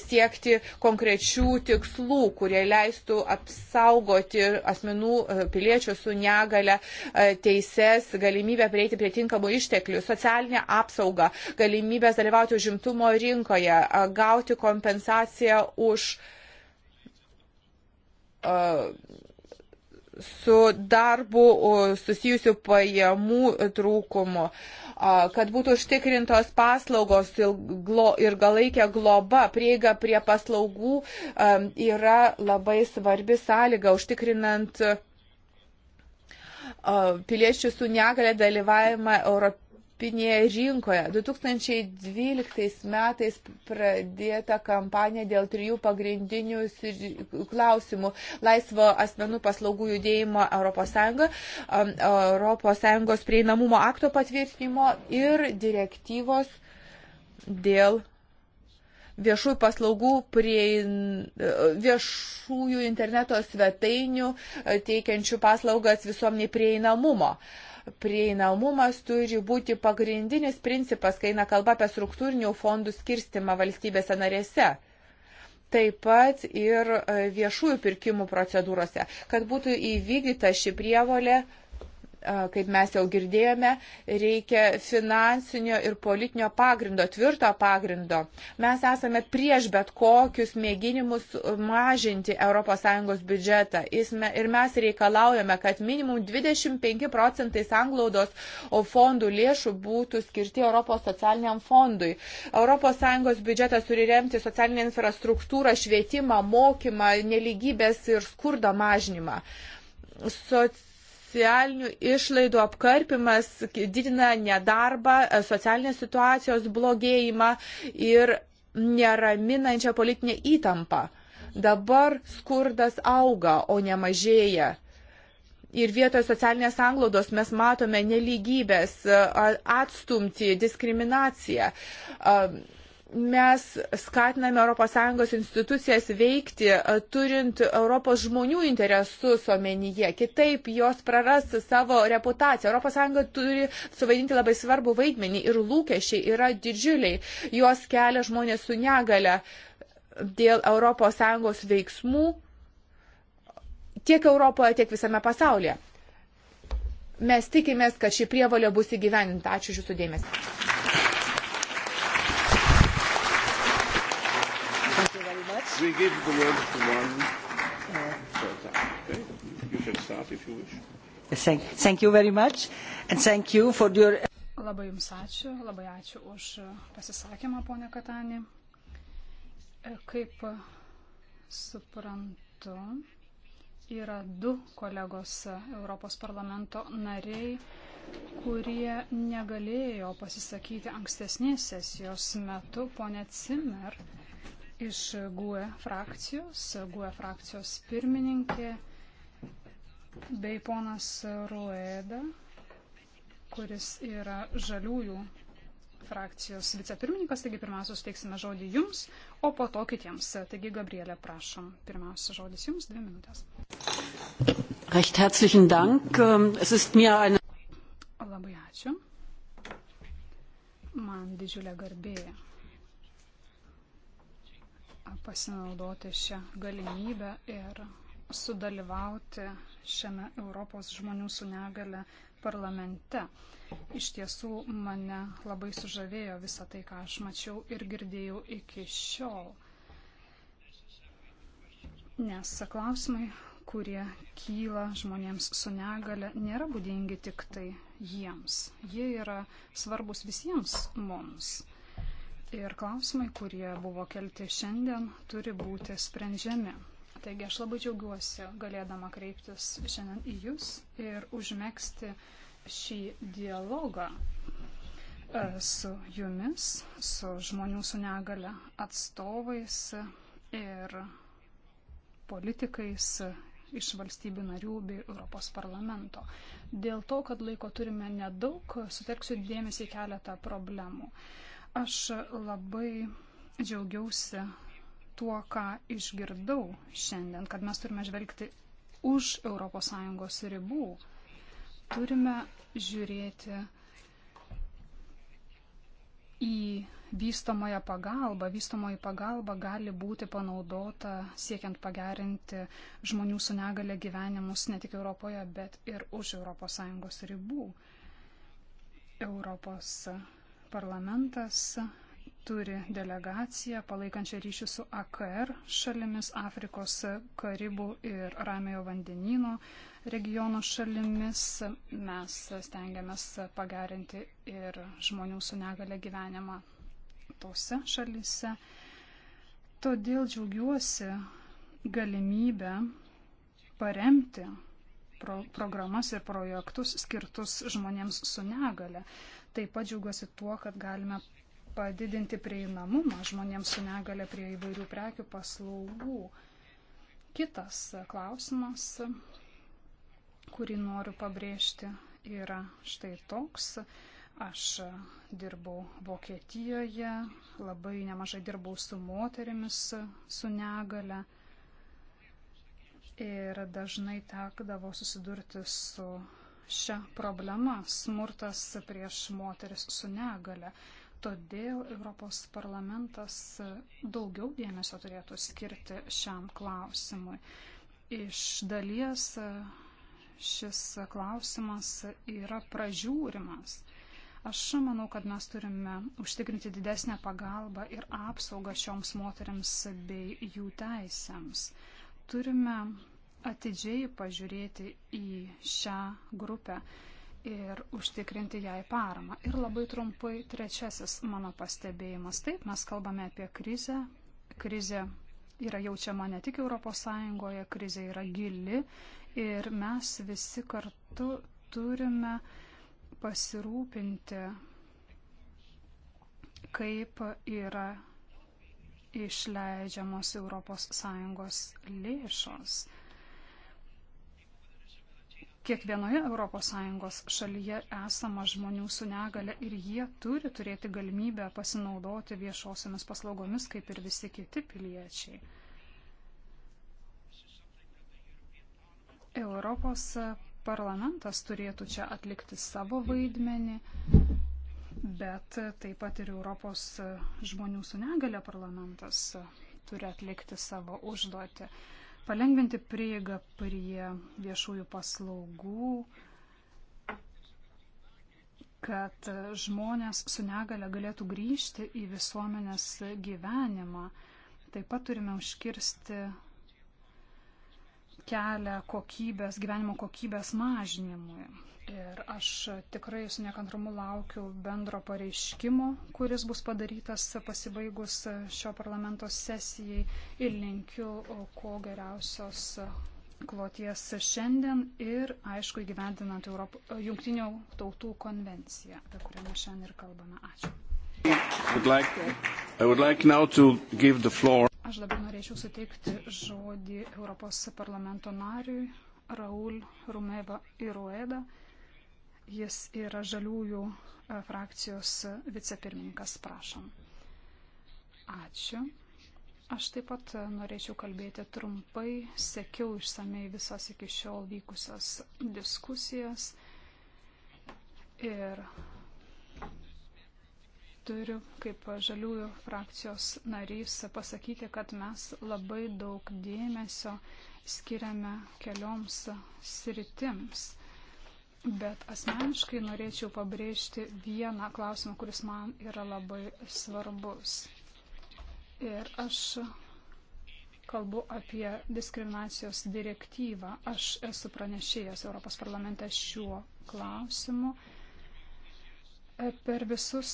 siekti konkrečių tikslų, kurie leistų apsaugoti asmenų e, piliečių su negale teises, galimybę prieiti prie tinkamų išteklių, socialinę apsaugą, galimybės dalyvauti užimtumo rinkoje, gauti kompensaciją už su darbu susijusių pajamų trūkumu, kad būtų užtikrintos paslaugos ir galaikė globa, prieiga prie paslaugų yra labai svarbi sąlyga užtikrinant piliečių su negale dalyvavimą Europos europinėje rinkoje. 2012 metais pradėta kampanija dėl trijų pagrindinių klausimų - laisvo asmenų paslaugų judėjimo ES, ES prieinamumo akto patvirtinimo ir direktyvos dėl viešųjų paslaugų prie viešųjų interneto svetainių teikiančių paslaugas visuomeniai prieinamumo. Uh, prieinamumas turi būti pagrindinis principas, kai eina kalba apie struktūrinių fondų skirstimą valstybėse narėse. Taip pat ir e, viešųjų pirkimų procedūrose, kad būtų įvykdyta ši prievolė kaip mes jau girdėjome, reikia finansinio ir politinio pagrindo, tvirto pagrindo. Mes esame prieš bet kokius mėginimus mažinti ES biudžetą ir mes reikalaujame, kad minimum 25 procentai sanglaudos fondų lėšų būtų skirti Europos socialiniam fondui. ES biudžetas turi remti socialinę infrastruktūrą, švietimą, mokymą, neligybės ir skurdo mažinimą. Soci socialinių išlaidų apkarpimas didina nedarbą, socialinės situacijos blogėjimą ir neraminančią politinę įtampą. Dabar skurdas auga, o ne mažėja ir vietoje socialinės anglodos mes matome neligybės, atstumti, diskriminaciją mes skatiname ES institucijas veikti, e, turint Europos žmonių interesus omenyje. Kitaip jos praras savo reputaciją. ES turi suvaidinti labai svarbų vaidmenį ir lūkesčiai yra didžiuliai. Juos kelia žmonės su negale dėl ES veiksmų tiek Europoje, tiek visame pasaulyje. Mes tikimės, kad ši prievalė bus įgyveninta. Ačiū iš jūsų dėmesį. we give the word to one. Okay. You can start if you wish. Thank, thank you very much and thank you for your. Labai Jums ačiū, labai ačiū už pasisakymą, ponia Katanė. Kaip suprantu, yra du kolegos Europos parlamento nariai, kurie negalėjo pasisakyti ankstesnės sesijos metu, ponia Cimer iš GUE frakcijos, GUE frakcijos pirmininkė bei ponas Rueda, kuris yra žaliųjų frakcijos vicepirmininkas. Taigi pirmiausia, suteiksime žodį jums, o po to kitiems. Taigi, Gabrielė, prašom. Pirmiausia, žodis jums, dvi minutės. Recht herzlichen Dank. Ähm, es ist mir eine. Labai ačiū. Man didžiulė garbėja pasinaudoti šią galimybę ir sudalyvauti šiame Europos žmonių su negale parlamente. Iš tiesų mane labai sužavėjo visą tai, ką aš mačiau ir girdėjau iki šiol. Nes klausimai, kurie kyla žmonėms su negale, nėra būdingi tik tai jiems. Jie yra svarbus visiems mums ir klausimai, kurie buvo kelti šiandien, turi būti sprendžiami. Taigi aš labai džiaugiuosi galėdama kreiptis šiandien į Jūs ir užmėgsti šį dialogą e, su Jumis, su žmonių su negale atstovais ir politikais iš valstybių narių bei Europos parlamento. Dėl to, kad laiko turime nedaug, sutelksiu dėmesį keletą problemų. Uh, Aš labai džiaugiausi tuo, ką išgirdau šiandien, kad mes turime žvelgti už ES ribų. Turime žiūrėti į vystamąją pagalbą. Vystamoji pagalba gali būti panaudota siekiant pagerinti žmonių su negale gyvenimus ne tik Europoje, bet ir už ES ribų. Europos parlamentas turi delegaciją palaikančią ryšių su AKR šalimis, Afrikos, Karibų ir Ramiojo vandenino regiono šalimis. Mes stengiamės pagerinti ir žmonių su negale gyvenimą tose šalise. Todėl džiaugiuosi galimybę paremti pro programas ir projektus skirtus žmonėms su negale. Taip pat džiaugiuosi tuo, kad galime padidinti prieinamumą žmonėms su negale prie įvairių prekių paslaugų. Kitas klausimas, kurį noriu pabrėžti, yra štai toks. Aš dirbau Vokietijoje, labai nemažai dirbau su moterimis su negale ir dažnai tekdavo susidurti su šią problemą - smurtas prieš moteris su negale. Todėl Europos parlamentas daugiau dėmesio turėtų skirti šiam klausimui. Iš dalies šis klausimas yra pražiūrimas. Aš manau, kad mes turime užtikrinti didesnę pagalbą ir apsaugą šioms moteriams bei jų teisėms. Turime atidžiai pažiūrėti į šią grupę ir užtikrinti jai paramą. Ir labai trumpai trečiasis mano pastebėjimas. Taip, mes kalbame apie krizę. Krizė yra jaučiama ne tik ES, krizė yra gili ir mes visi kartu turime pasirūpinti, kaip yra išleidžiamos ES lėšos kiekvienoje ES šalyje esama žmonių su negale ir jie turi turėti galimybę pasinaudoti viešosiomis paslaugomis kaip ir visi kiti piliečiai. Europos parlamentas turėtų čia atlikti savo vaidmenį, bet taip pat ir Europos žmonių su negale parlamentas turi atlikti savo užduotį palengvinti prieigą prie viešųjų paslaugų, kad žmonės su negale galėtų grįžti į visuomenės gyvenimą. Taip pat turime užkirsti kelią kokybės, gyvenimo kokybės mažinimui. Ir aš tikrai su nekantrumu laukiu bendro pareiškimo, kuris bus padarytas pasibaigus šio parlamento sesijai ir linkiu kuo geriausios kloties šiandien ir, aišku, įgyvendinant Europ... Jungtinių tautų konvenciją, apie kurią mes šiandien ir kalbame. Ačiū. Like, like Aš dabar norėčiau suteikti žodį Europos parlamento nariui Raul Rumeva Irueda. Jis yra žaliųjų e, frakcijos vicepirmininkas, prašom. Ačiū. Aš taip pat norėčiau kalbėti trumpai, sekiau išsamei visas iki šiol vykusias diskusijas ir turiu kaip žaliųjų frakcijos narys pasakyti, kad mes labai daug dėmesio skiriame kelioms sritims Bet asmeniškai norėčiau pabrėžti vieną klausimą, kuris man yra labai svarbus. Ir aš kalbu apie diskriminacijos direktyvą. Aš esu pranešėjęs Europos parlamente šiuo klausimu. Per visus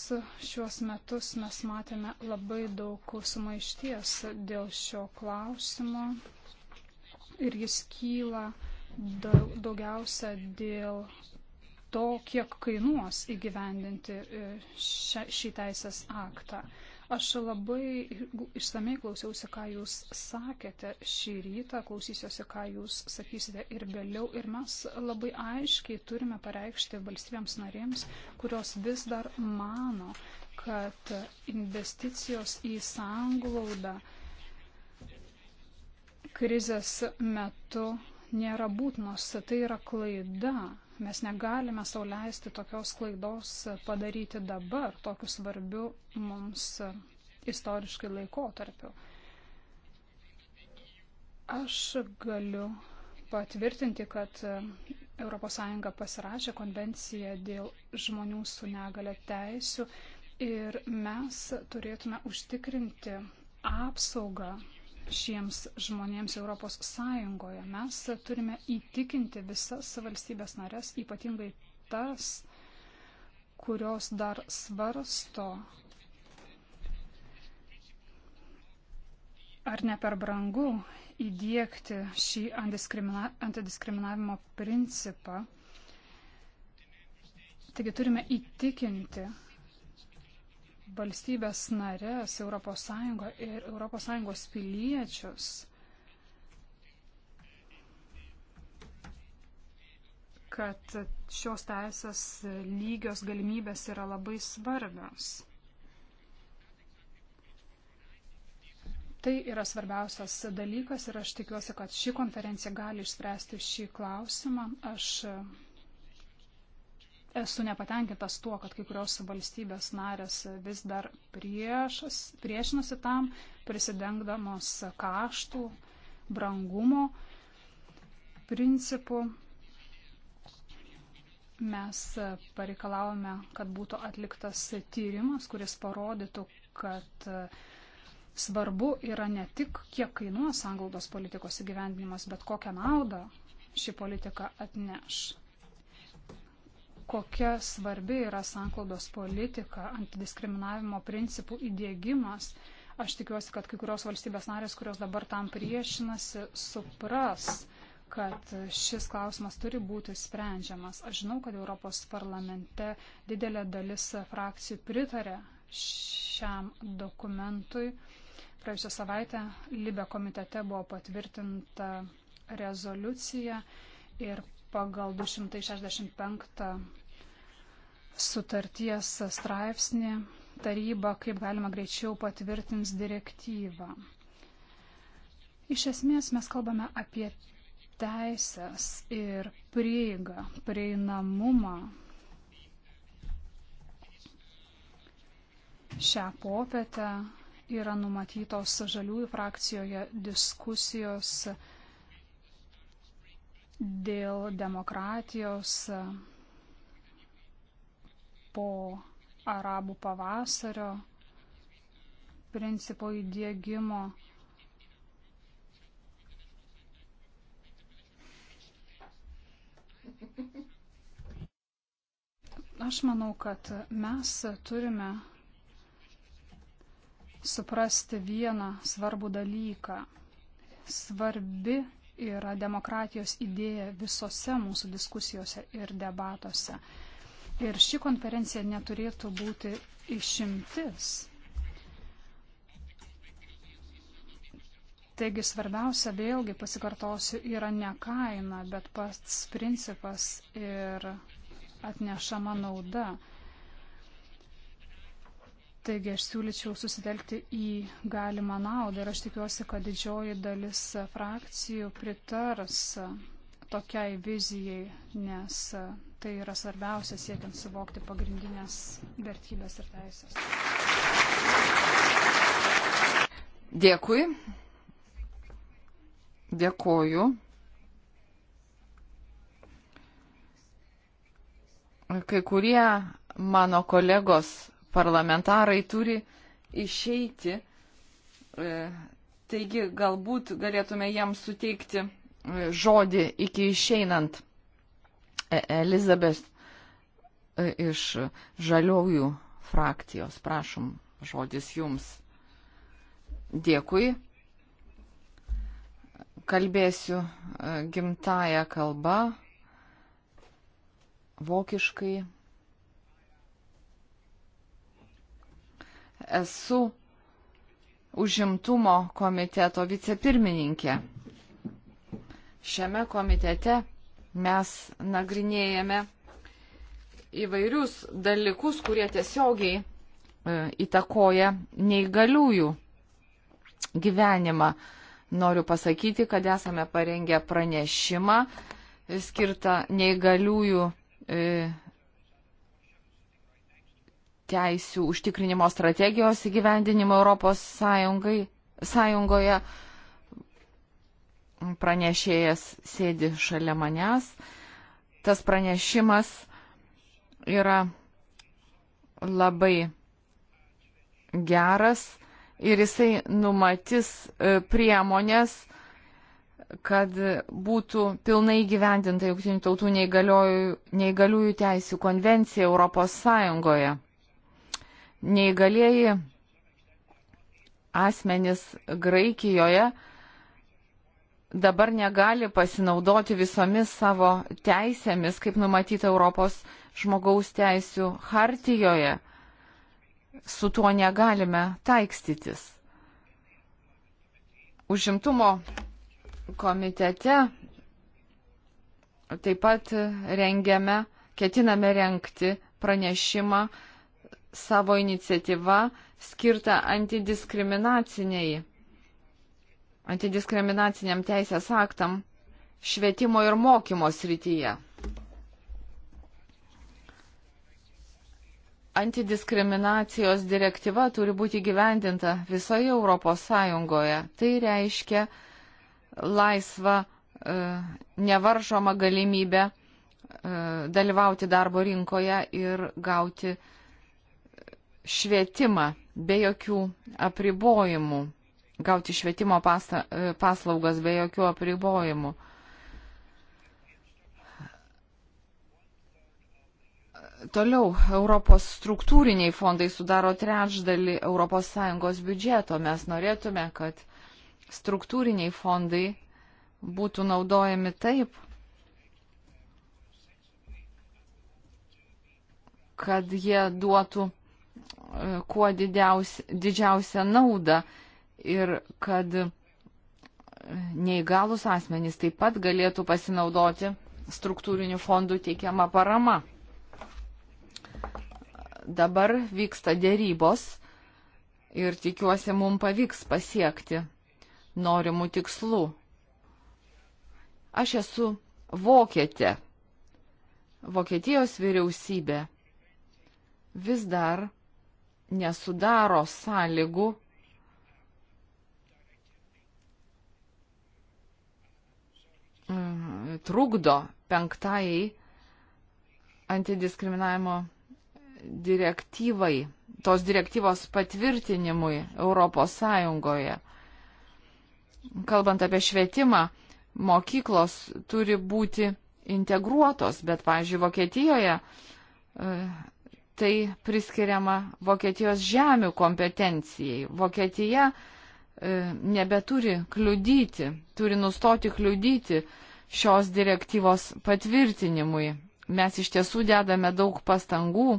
šiuos metus mes matėme labai daug sumaišties dėl šio klausimo ir jis kyla uh, daugiausia dėl to, kiek kainuos įgyvendinti e, šią, šį teisės aktą. Aš labai išsamei klausiausi, ką jūs sakėte šį rytą, klausysiuosi, ką jūs sakysite ir vėliau. Ir mes labai aiškiai turime pareikšti valstybėms narėms, kurios vis dar mano, kad investicijos į sanglaudą krizės metu nėra būtinos. Tai yra klaida. Mes negalime sauliaisti tokios klaidos padaryti dabar, tokiu svarbiu mums istoriškai laikotarpiu. Aš galiu patvirtinti, kad ES pasirašė konvenciją dėl žmonių su negale teisių ir mes turėtume užtikrinti apsaugą šiems žmonėms Europos Sąjungoje. Mes turime įtikinti visas valstybės narės, ypatingai tas, kurios dar svarsto, ar ne per brangu įdėkti šį antidiskriminavimo principą. Taigi turime įtikinti valstybės narės, ES ir ES piliečius, kad šios teisės lygios galimybės yra labai svarbios. Tai yra svarbiausias dalykas ir aš tikiuosi, kad ši konferencija gali išspręsti šį klausimą. Aš esu nepatenkintas tuo, kad kai kurios valstybės narės vis dar priešas, priešinasi tam, prisidengdamos kaštų, brangumo principų. Mes pareikalavome, kad būtų atliktas tyrimas, kuris parodytų, kad svarbu yra ne tik, kiek kainuos sanglaudos politikos įgyvendinimas, bet kokią naudą ši politika atneš kokia svarbi yra sanklaudos politika, antidiskriminavimo principų įdėgymas. Aš tikiuosi, kad kai kurios valstybės narės, kurios dabar tam priešinasi, supras, kad šis klausimas turi būti sprendžiamas. Aš žinau, kad Europos parlamente didelė dalis frakcijų pritarė šiam dokumentui. Praėjusią savaitę Libe komitete buvo patvirtinta rezoliucija ir pagal 265 sutarties straipsnį taryba kaip galima greičiau patvirtins direktyvą. Iš esmės mes kalbame apie teisės ir prieigą, prieinamumą. Šią popietę yra numatytos žaliųjų frakcijoje diskusijos dėl demokratijos, po arabų pavasario principo įdėgymo. Aš manau, kad mes turime suprasti vieną svarbų dalyką. Svarbi yra demokratijos idėja visose mūsų diskusijose ir debatuose. Ir ši konferencija neturėtų būti išimtis. Taigi svarbiausia, vėlgi pasikartosiu, yra ne kaina, bet pats principas ir atnešama nauda. Taigi aš siūlyčiau susitelkti į galimą naudą ir aš tikiuosi, kad didžioji dalis frakcijų pritars tokiai vizijai, nes tai yra svarbiausia siekiant suvokti pagrindinės vertybės ir teisės. Dėkui. Dėkoju. Kai kurie mano kolegos parlamentarai turi išeiti, e, taigi galbūt galėtume jiems suteikti žodį iki išeinant e, Elizabeth e, iš žaliųjų frakcijos. Prašom, žodis jums. Dėkui. Kalbėsiu e, gimtają kalbą, vokiškai. Esu užimtumo komiteto vicepirmininkė šiame komitete mes nagrinėjame įvairius dalykus, kurie tiesiogiai e, įtakoja neįgaliųjų gyvenimą. Noriu pasakyti, kad esame parengę pranešimą skirtą neįgaliųjų e, teisių užtikrinimo strategijos įgyvendinimo Europos Sąjungai, Sąjungoje pranešėjas sėdi šalia manęs. Tas pranešimas yra labai geras ir jisai numatys e, priemonės, kad būtų pilnai gyvendinta Junktinių tautų neįgaliųjų teisų konvencija Europos Sąjungoje. Neįgalieji asmenys Graikijoje dabar negali pasinaudoti visomis savo teisėmis, kaip numatyta Europos žmogaus teisų hartijoje. Su tuo negalime taikstytis. Užimtumo komitete taip pat rengiame, ketiname renkti pranešimą savo iniciatyvą skirtą antidiskriminaciniai antidiskriminaciniam teisės aktam švietimo ir mokymo srityje. Antidiskriminacijos direktyva turi būti gyvendinta visoje Europos Sąjungoje. Tai reiškia laisvą, e, nevaržomą galimybę e, dalyvauti darbo rinkoje ir gauti švietimą be jokių apribojimų gauti švietimo pasta, e, paslaugas be jokių apribojimų. Toliau, Europos struktūriniai fondai sudaro trečdalį ES biudžeto. Mes norėtume, kad struktūriniai fondai būtų naudojami taip, kad jie duotų e, kuo didžiausią naudą ir kad neįgalus asmenys taip pat galėtų pasinaudoti struktūrinių fondų teikiamą paramą. Dabar vyksta dėrybos ir tikiuosi mums pavyks pasiekti norimų tikslų. Aš esu vokietė. Vokietijos vyriausybė vis dar nesudaro sąlygų Mm, trukdo penktajai antidiskriminavimo direktyvai, tos direktyvos patvirtinimui Europos Sąjungoje. Kalbant apie švietimą, mokyklos turi būti integruotos, bet, pavyzdžiui, Vokietijoje e, tai priskiriama Vokietijos žemių kompetencijai. Vokietija uh, E, nebeturi kliudyti, turi nustoti kliudyti šios direktyvos patvirtinimui. Mes iš tiesų dedame daug pastangų,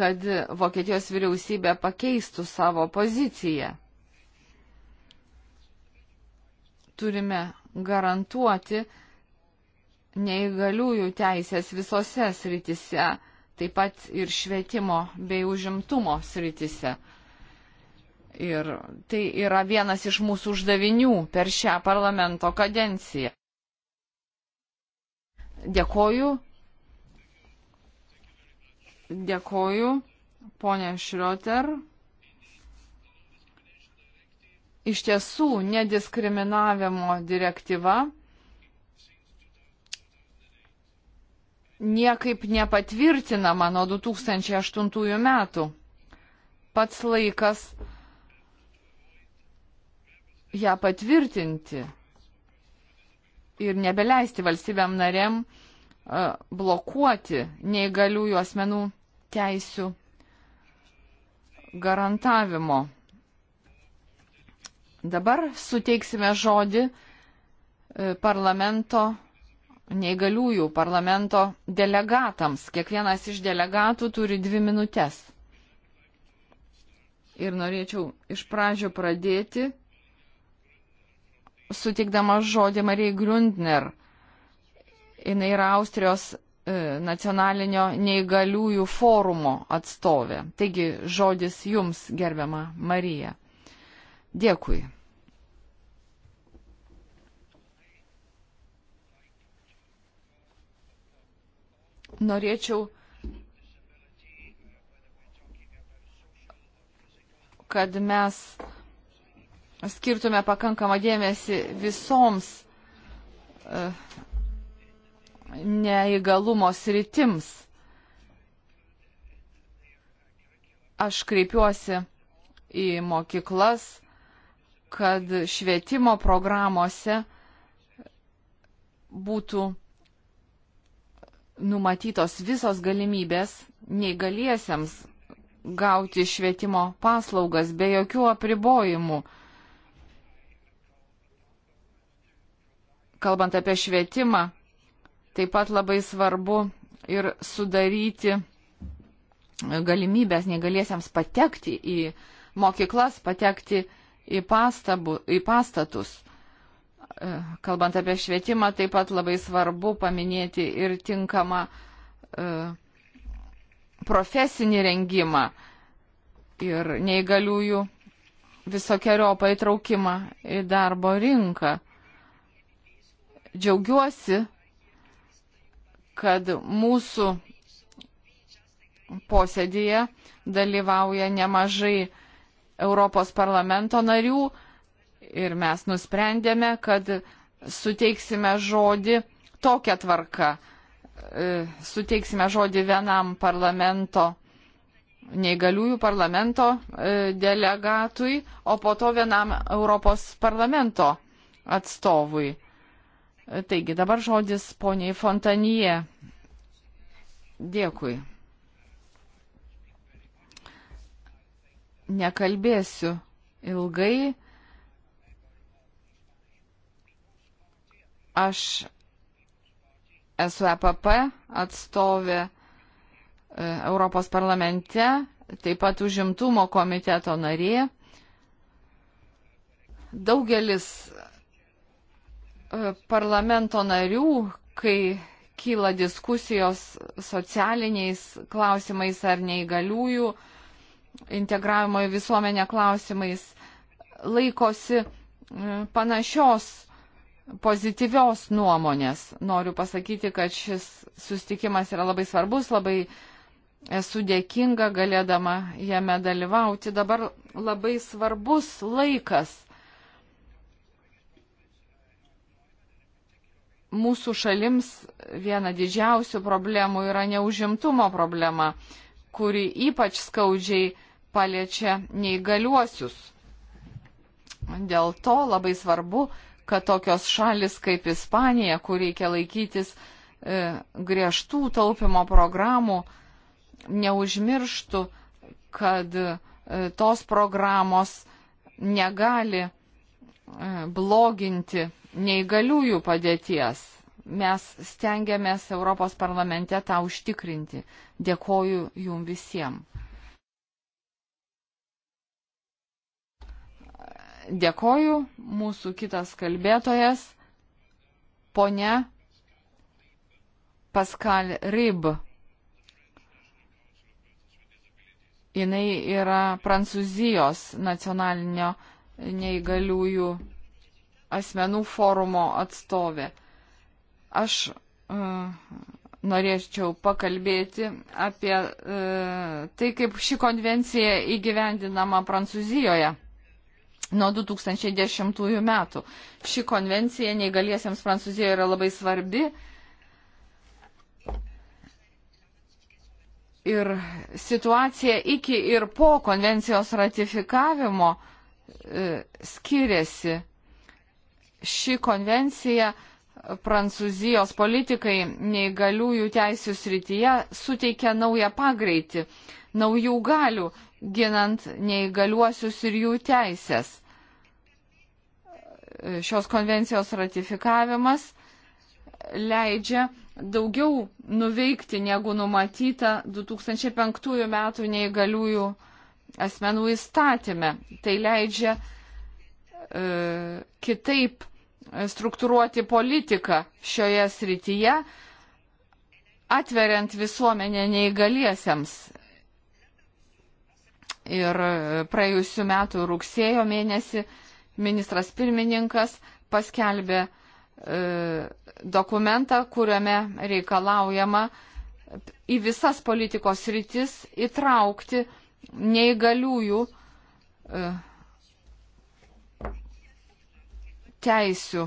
kad Vokietijos vyriausybė pakeistų savo poziciją. Turime garantuoti neįgaliųjų teisės visose sritise taip pat ir švietimo bei užimtumo sritise. Ir tai yra vienas iš mūsų uždavinių per šią parlamento kadenciją. Dėkoju. Dėkoju, ponė Šrioter. Iš tiesų, nediskriminavimo direktyva niekaip nepatvirtinama nuo 2008 metų. Pats laikas ją patvirtinti ir nebeleisti valstybėm narėm e, blokuoti neįgaliųjų asmenų teisių garantavimo. Dabar suteiksime žodį e, parlamento neįgaliųjų parlamento delegatams. Kiekvienas iš delegatų turi dvi minutės. Ir norėčiau iš pradžio pradėti, sutikdama žodį Marijai Grundner. Jis yra Austrijos e, nacionalinio neįgaliųjų forumo atstovė. Taigi žodis jums, gerbiama Marija. Dėkui. norėčiau, kad mes skirtume pakankamą dėmesį visoms e, neįgalumo sritims. Aš kreipiuosi į mokyklas, kad švietimo programuose būtų numatytos visos galimybės neįgaliesiems gauti švietimo paslaugas be jokių apribojimų. Kalbant apie švietimą, taip pat labai svarbu ir sudaryti galimybės negalėsiams patekti į mokyklas, patekti į, pastabų, į pastatus. E, kalbant apie švietimą, taip pat labai svarbu paminėti ir tinkamą e, profesinį rengimą ir neįgaliųjų visokiojo paįtraukimą į darbo rinką. Džiaugiuosi, kad mūsų posėdėje dalyvauja nemažai Europos parlamento narių, Ir mes nusprendėme, kad suteiksime žodį tokią tvarką. E, suteiksime žodį vienam parlamento, neįgaliųjų parlamento e, delegatui, o po to vienam Europos parlamento atstovui. E, taigi dabar žodis poniai Fontanie. Dėkui. Nekalbėsiu ilgai Aš esu EPP atstovė e, Europos parlamente, taip pat užimtumo komiteto narė. Daugelis e, parlamento narių, kai kyla diskusijos socialiniais klausimais ar neįgaliųjų integravimo į visuomenę klausimais, laikosi e, panašios pozityvios nuomonės. Noriu pasakyti, kad šis sustikimas yra labai svarbus, labai esu dėkinga galėdama jame dalyvauti. Dabar labai svarbus laikas. Mūsų šalims viena didžiausių problemų yra neužimtumo problema, kuri ypač skaudžiai paliečia neįgaliuosius. Dėl to labai svarbu, kad tokios šalis kaip Ispanija, kur reikia laikytis e, griežtų taupimo programų, neužmirštų, kad e, tos programos negali e, bloginti neįgaliųjų padėties. Mes stengiamės Europos parlamente tą užtikrinti. Dėkoju jum visiems. Dėkoju, mūsų kitas kalbėtojas, ponia Paskal Rib. Jis yra Prancūzijos nacionalinio neįgaliųjų asmenų forumo atstovė. Aš uh, norėčiau pakalbėti apie uh, tai, kaip ši konvencija įgyvendinama Prancūzijoje nuo 2010 metų. Ši konvencija neįgaliesiems Prancūzijoje yra labai svarbi. Ir situacija iki ir po konvencijos ratifikavimo e, skiriasi. Ši konvencija Prancūzijos politikai neįgaliųjų teisų srityje suteikia naują pagreitį, naujų galių ginant neįgaliuosius ir jų teisės. Šios konvencijos ratifikavimas leidžia daugiau nuveikti, negu numatyta 2005 m. neįgaliųjų asmenų įstatymė. Tai leidžia e, kitaip struktūruoti politiką šioje srityje, atveriant visuomenę neįgaliesiems Ir e, praėjusiu metu rugsėjo mėnesį ministras pirmininkas paskelbė e, dokumentą, kuriame reikalaujama į visas politikos rytis įtraukti neįgaliųjų e, teisių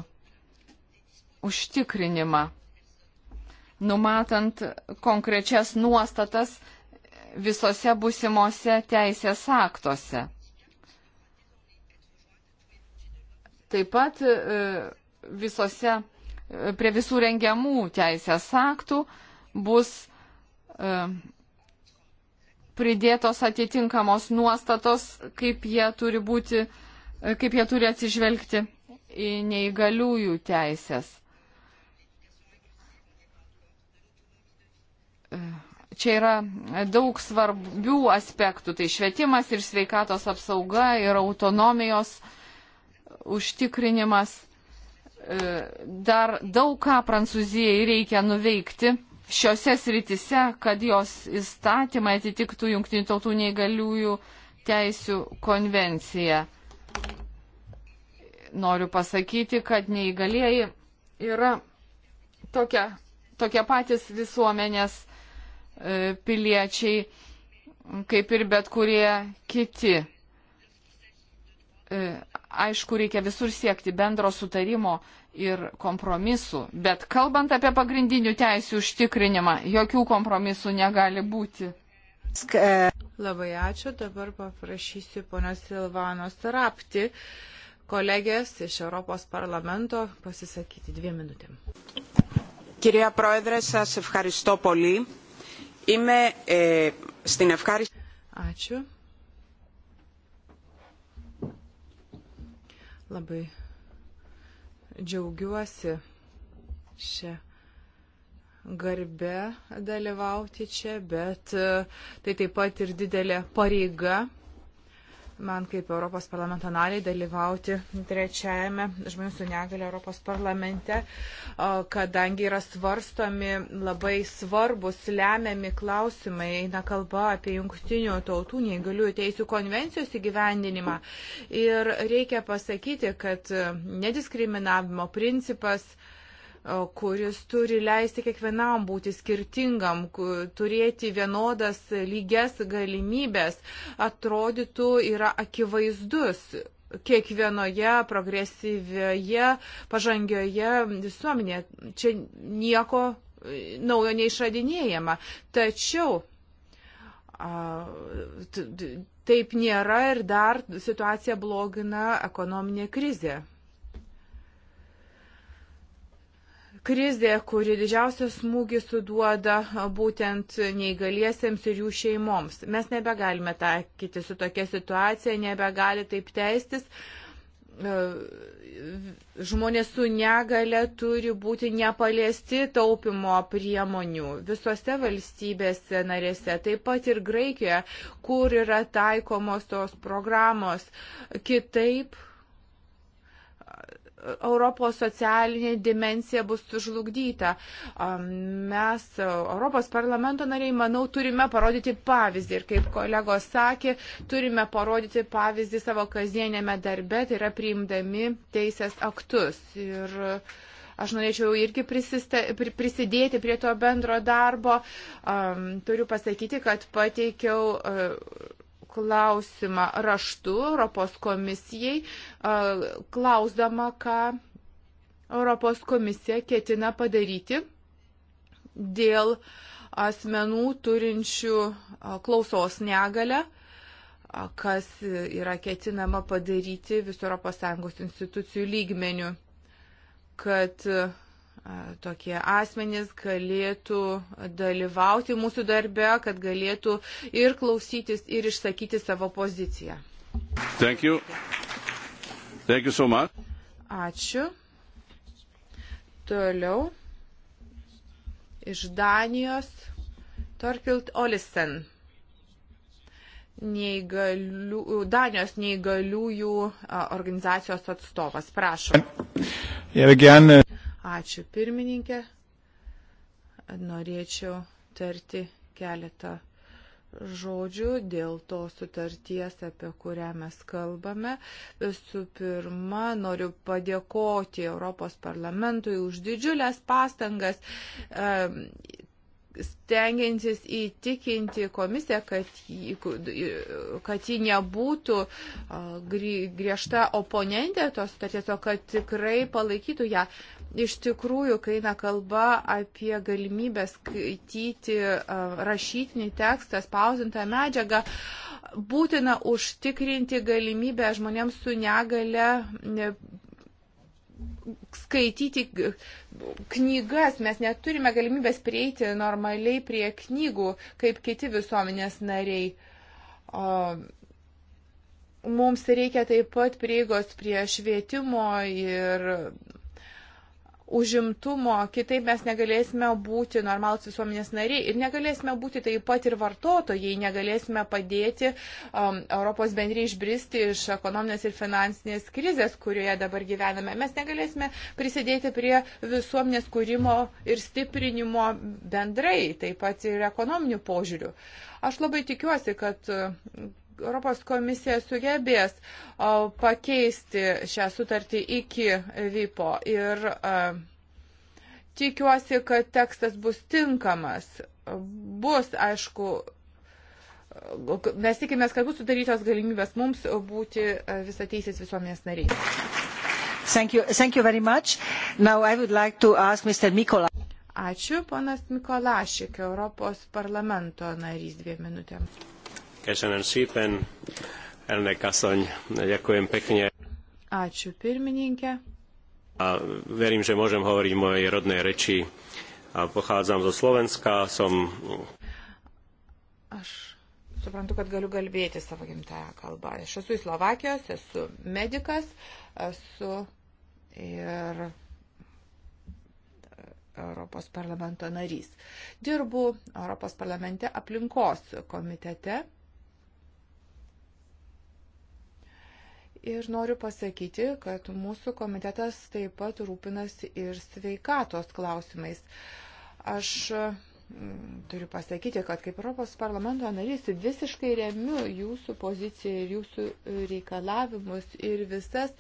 užtikrinimą, numatant konkrečias nuostatas visose busimose teisės aktuose. Taip pat e, visose, e, prie visų rengiamų teisės aktų bus e, pridėtos atitinkamos nuostatos, kaip jie turi būti, kaip jie turi atsižvelgti į neįgaliųjų teisės. Čia yra daug svarbių aspektų, tai švietimas ir sveikatos apsauga ir autonomijos užtikrinimas. E, dar daug ką Prancūzijai reikia nuveikti šiuose sritise, kad jos įstatymai atitiktų Junktinių tautų neįgaliųjų teisių konvenciją. Noriu pasakyti, kad neįgalieji yra tokia, tokie patys visuomenės E, piliečiai, kaip ir bet kurie kiti. E, aišku, reikia visur siekti bendro sutarimo ir kompromisų, bet kalbant apie pagrindinių teisų užtikrinimą, jokių kompromisų negali būti. Labai ačiū, dabar paprašysiu ponios Silvanos Rapti kolegės iš Europos parlamento pasisakyti dviem minutėm. Κυρία Πρόεδρε, σας ευχαριστώ πολύ. Είμαι ε, στην ευχάριστη... Ačiū. Labai džiaugiuosi šią garbę dalyvauti čia, bet e, tai taip pat ir didelė pareiga man kaip Europos parlamento nariai dalyvauti trečiajame žmonių su negaliu Europos parlamente, kadangi yra svarstomi labai svarbus, lemiami klausimai, eina kalba apie jungtinių tautų neįgaliųjų teisų konvencijos įgyvendinimą. Ir reikia pasakyti, kad nediskriminavimo principas kuris turi leisti kiekvienam būti skirtingam, turėti vienodas lygias galimybės, atrodytų yra akivaizdus kiekvienoje progresyvioje, pažangioje visuomenėje. Čia nieko e, naujo neišradinėjama. Tačiau taip nėra ir dar situaciją blogina ekonominė krizė. krizė, kuri didžiausią smūgį suduoda būtent neįgaliesiems ir jų šeimoms. Mes nebegalime taikyti su tokia situacija, nebegali taip teistis. E, žmonės su negale turi būti nepaliesti taupimo priemonių visose valstybėse narėse, taip pat ir Graikijoje, kur yra taikomos tos programos. Kitaip Europos socialinė dimensija bus sužlugdyta. Mes, Europos parlamento nariai, manau, turime parodyti pavyzdį. Ir kaip kolegos sakė, turime parodyti pavyzdį savo kasdienėme darbe, tai yra priimdami teisės aktus. Ir aš norėčiau irgi prisiste, prisidėti prie to bendro darbo. Turiu pasakyti, kad pateikiau klausimą raštu Europos komisijai, klausdama, ką Europos komisija ketina padaryti dėl asmenų turinčių klausos negalę, kas yra ketinama padaryti visų ES institucijų lygmenių, kad tokie asmenys galėtų dalyvauti mūsų darbe, kad galėtų ir klausytis, ir išsakyti savo poziciją. Thank you. Thank you so much. Ačiū. Toliau. Iš Danijos. Torkilt Olisen. Neįgalių, Danijos neįgaliųjų organizacijos atstovas. Prašom. Ja, gerne. Äh, Ačiū pirmininkė. Norėčiau tarti keletą žodžių dėl tos sutarties, apie kurią mes kalbame. Visų pirma, noriu padėkoti Europos parlamentui už didžiulės pastangas. Um, stengiantis įtikinti komisiją, kad, kad ji nebūtų griežta oponentė tos sutarties, o kad tikrai palaikytų ją iš tikrųjų, kai eina kalba apie galimybę skaityti rašytinį tekstą, spausintą medžiagą, būtina užtikrinti galimybę žmonėms su negale skaityti knygas, mes neturime galimybės prieiti normaliai prie knygų, kaip kiti visuomenės nariai. O, mums reikia taip pat prieigos prie švietimo ir užimtumo, kitaip mes negalėsime būti normalus visuomenės nariai ir negalėsime būti taip pat ir vartotojai, negalėsime padėti um, Europos bendriai išbristi iš ekonominės ir finansinės krizės, kurioje dabar gyvename. Mes negalėsime prisidėti prie visuomenės kūrimo ir stiprinimo bendrai, taip pat ir ekonominių požiūrių. Aš labai tikiuosi, kad Europos komisija sugebės pakeisti šią sutartį iki VIPO ir tikiuosi, kad tekstas bus tinkamas. Bus, aišku, mes tikimės, kad bus sudarytos galimybės mums būti visateisės visuomenės nariais. Thank you, thank you very much. Now I would like to ask Mr. Mikola. Ačiū, ponas Mikolašik, Europos parlamento narys dviem minutėms. Köszönöm szépen, elnök asszony, ďakujem pekne. Ačiū pirmininkė. A verím, že môžem hovoriť mojej rodnej reči. A pochádzam zo Slovenska, som... Aš suprantu, kad galiu kalbėti savo gimtają kalbą. Aš esu iš Slovakijos, esu medikas, esu ir e, Europos parlamento narys. Dirbu Europos parlamente aplinkos komitete Ir noriu pasakyti, kad mūsų komitetas taip pat rūpinasi ir sveikatos klausimais. Aš turiu pasakyti, kad kaip Europos parlamento narys visiškai remiu jūsų poziciją ir jūsų reikalavimus ir visas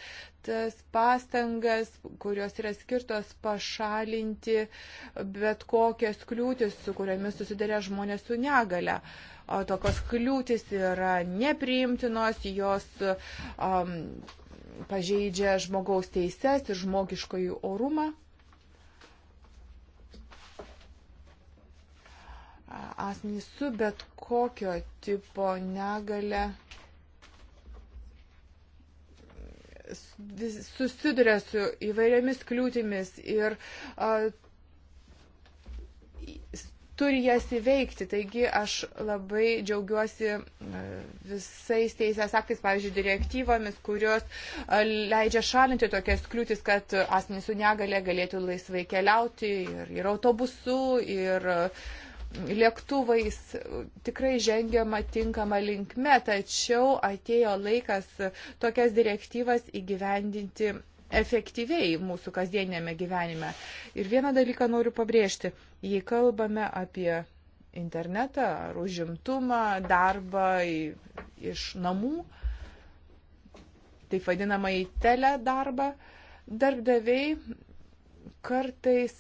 tas pastangas, kurios yra skirtos pašalinti bet kokias kliūtis, su kuriamis susidarė žmonės su negale. Tokios kliūtis yra nepriimtinos, jos um, pažeidžia žmogaus teises ir žmogiškojų orumą. asmenys su bet kokio tipo negale susiduria su įvairiomis kliūtimis ir a, turi jas įveikti. Taigi aš labai džiaugiuosi visais teisės aktais, pavyzdžiui, direktyvomis, kurios leidžia šalinti tokias kliūtis, kad asmenys su negale galėtų laisvai keliauti ir, ir autobusu, ir uh, lėktuvais tikrai žengiama tinkama linkme, tačiau atėjo laikas tokias direktyvas įgyvendinti efektyviai mūsų kasdienėme gyvenime. Ir vieną dalyką noriu pabrėžti. Jei kalbame apie internetą ar užimtumą, darbą iš namų, taip vadinamą į teledarbą, darbdaviai kartais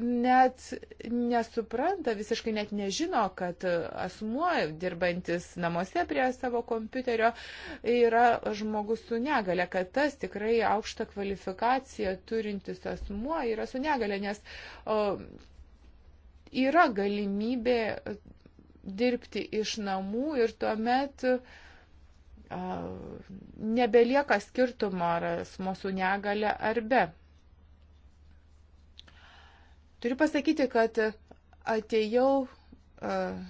net nesupranta, visiškai net nežino, kad asmuo dirbantis namuose prie savo kompiuterio yra žmogus su negale, kad tas tikrai aukštą kvalifikaciją turintis asmuo yra su negale, nes o, yra galimybė dirbti iš namų ir tuomet nebelieka skirtumo ar asmo su negale ar be. Turiu pasakyti, kad atėjau uh,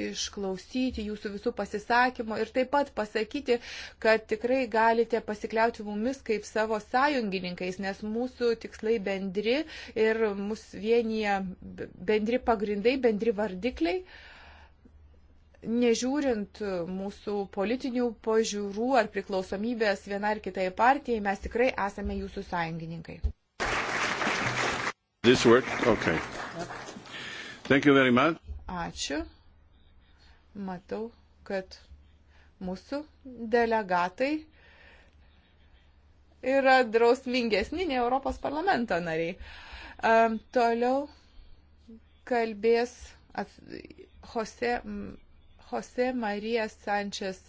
išklausyti jūsų visų pasisakymų ir taip pat pasakyti, kad tikrai galite pasikliauti mumis kaip savo sąjungininkais, nes mūsų tikslai bendri ir mus vienyje bendri pagrindai, bendri vardikliai. Nežiūrint mūsų politinių požiūrų ar priklausomybės vienai ar kitai partijai, mes tikrai esame jūsų sąjungininkai. This work? Okay. Thank you very much. Ačiū. Matau, kad mūsų delegatai yra drausmingesni nei Europos parlamento nariai. Um, toliau kalbės as, Jose, Jose Marija Sančias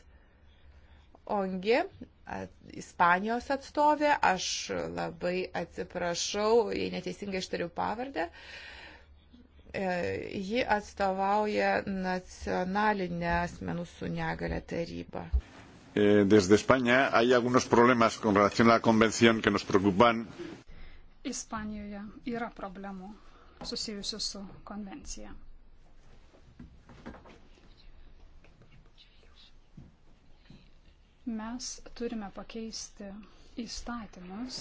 Ongi, at, Ispanijos atstovė, aš labai atsiprašau, jei neteisingai ištariu pavardę. E, ji atstovauja nacionalinę asmenų su negale tarybą. E, desde España hay algunos problemas con relación a la convención que nos preocupan. Ispanijoje yra problemų susijusių su konvencija. Mes turime pakeisti įstatymus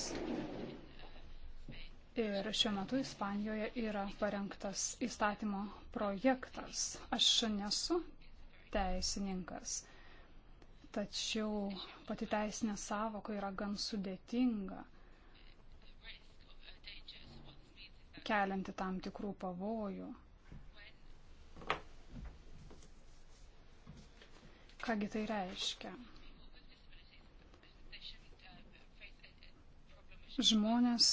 ir šiuo metu Ispanijoje yra parengtas įstatymo projektas. Aš nesu teisininkas, tačiau pati teisinė savoka yra gan sudėtinga, kelianti tam tikrų pavojų. Kągi tai reiškia? Žmonės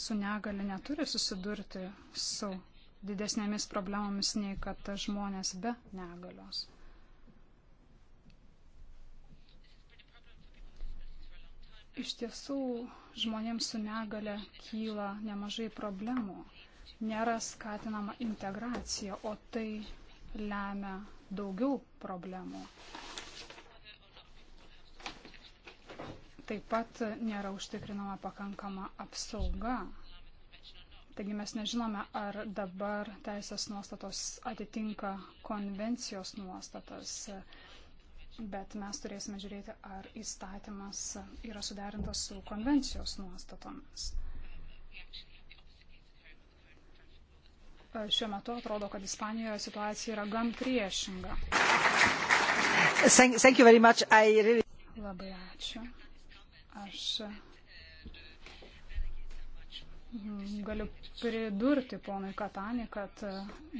su negali neturi susidurti su didesnėmis problemomis nei kad žmonės be negalios. Iš tiesų, žmonėms su negale kyla nemažai problemų. Nėra skatinama integracija, o tai lemia daugiau problemų. taip pat nėra užtikrinama pakankama apsauga. Taigi mes nežinome, ar dabar teisės nuostatos atitinka konvencijos nuostatas, bet mes turėsime žiūrėti, ar įstatymas yra suderintas su konvencijos nuostatomis. Šiuo metu atrodo, kad Ispanijoje situacija yra gan priešinga. Thank, thank you very much. I really... Labai ačiū. Aš galiu pridurti ponui Katani, kad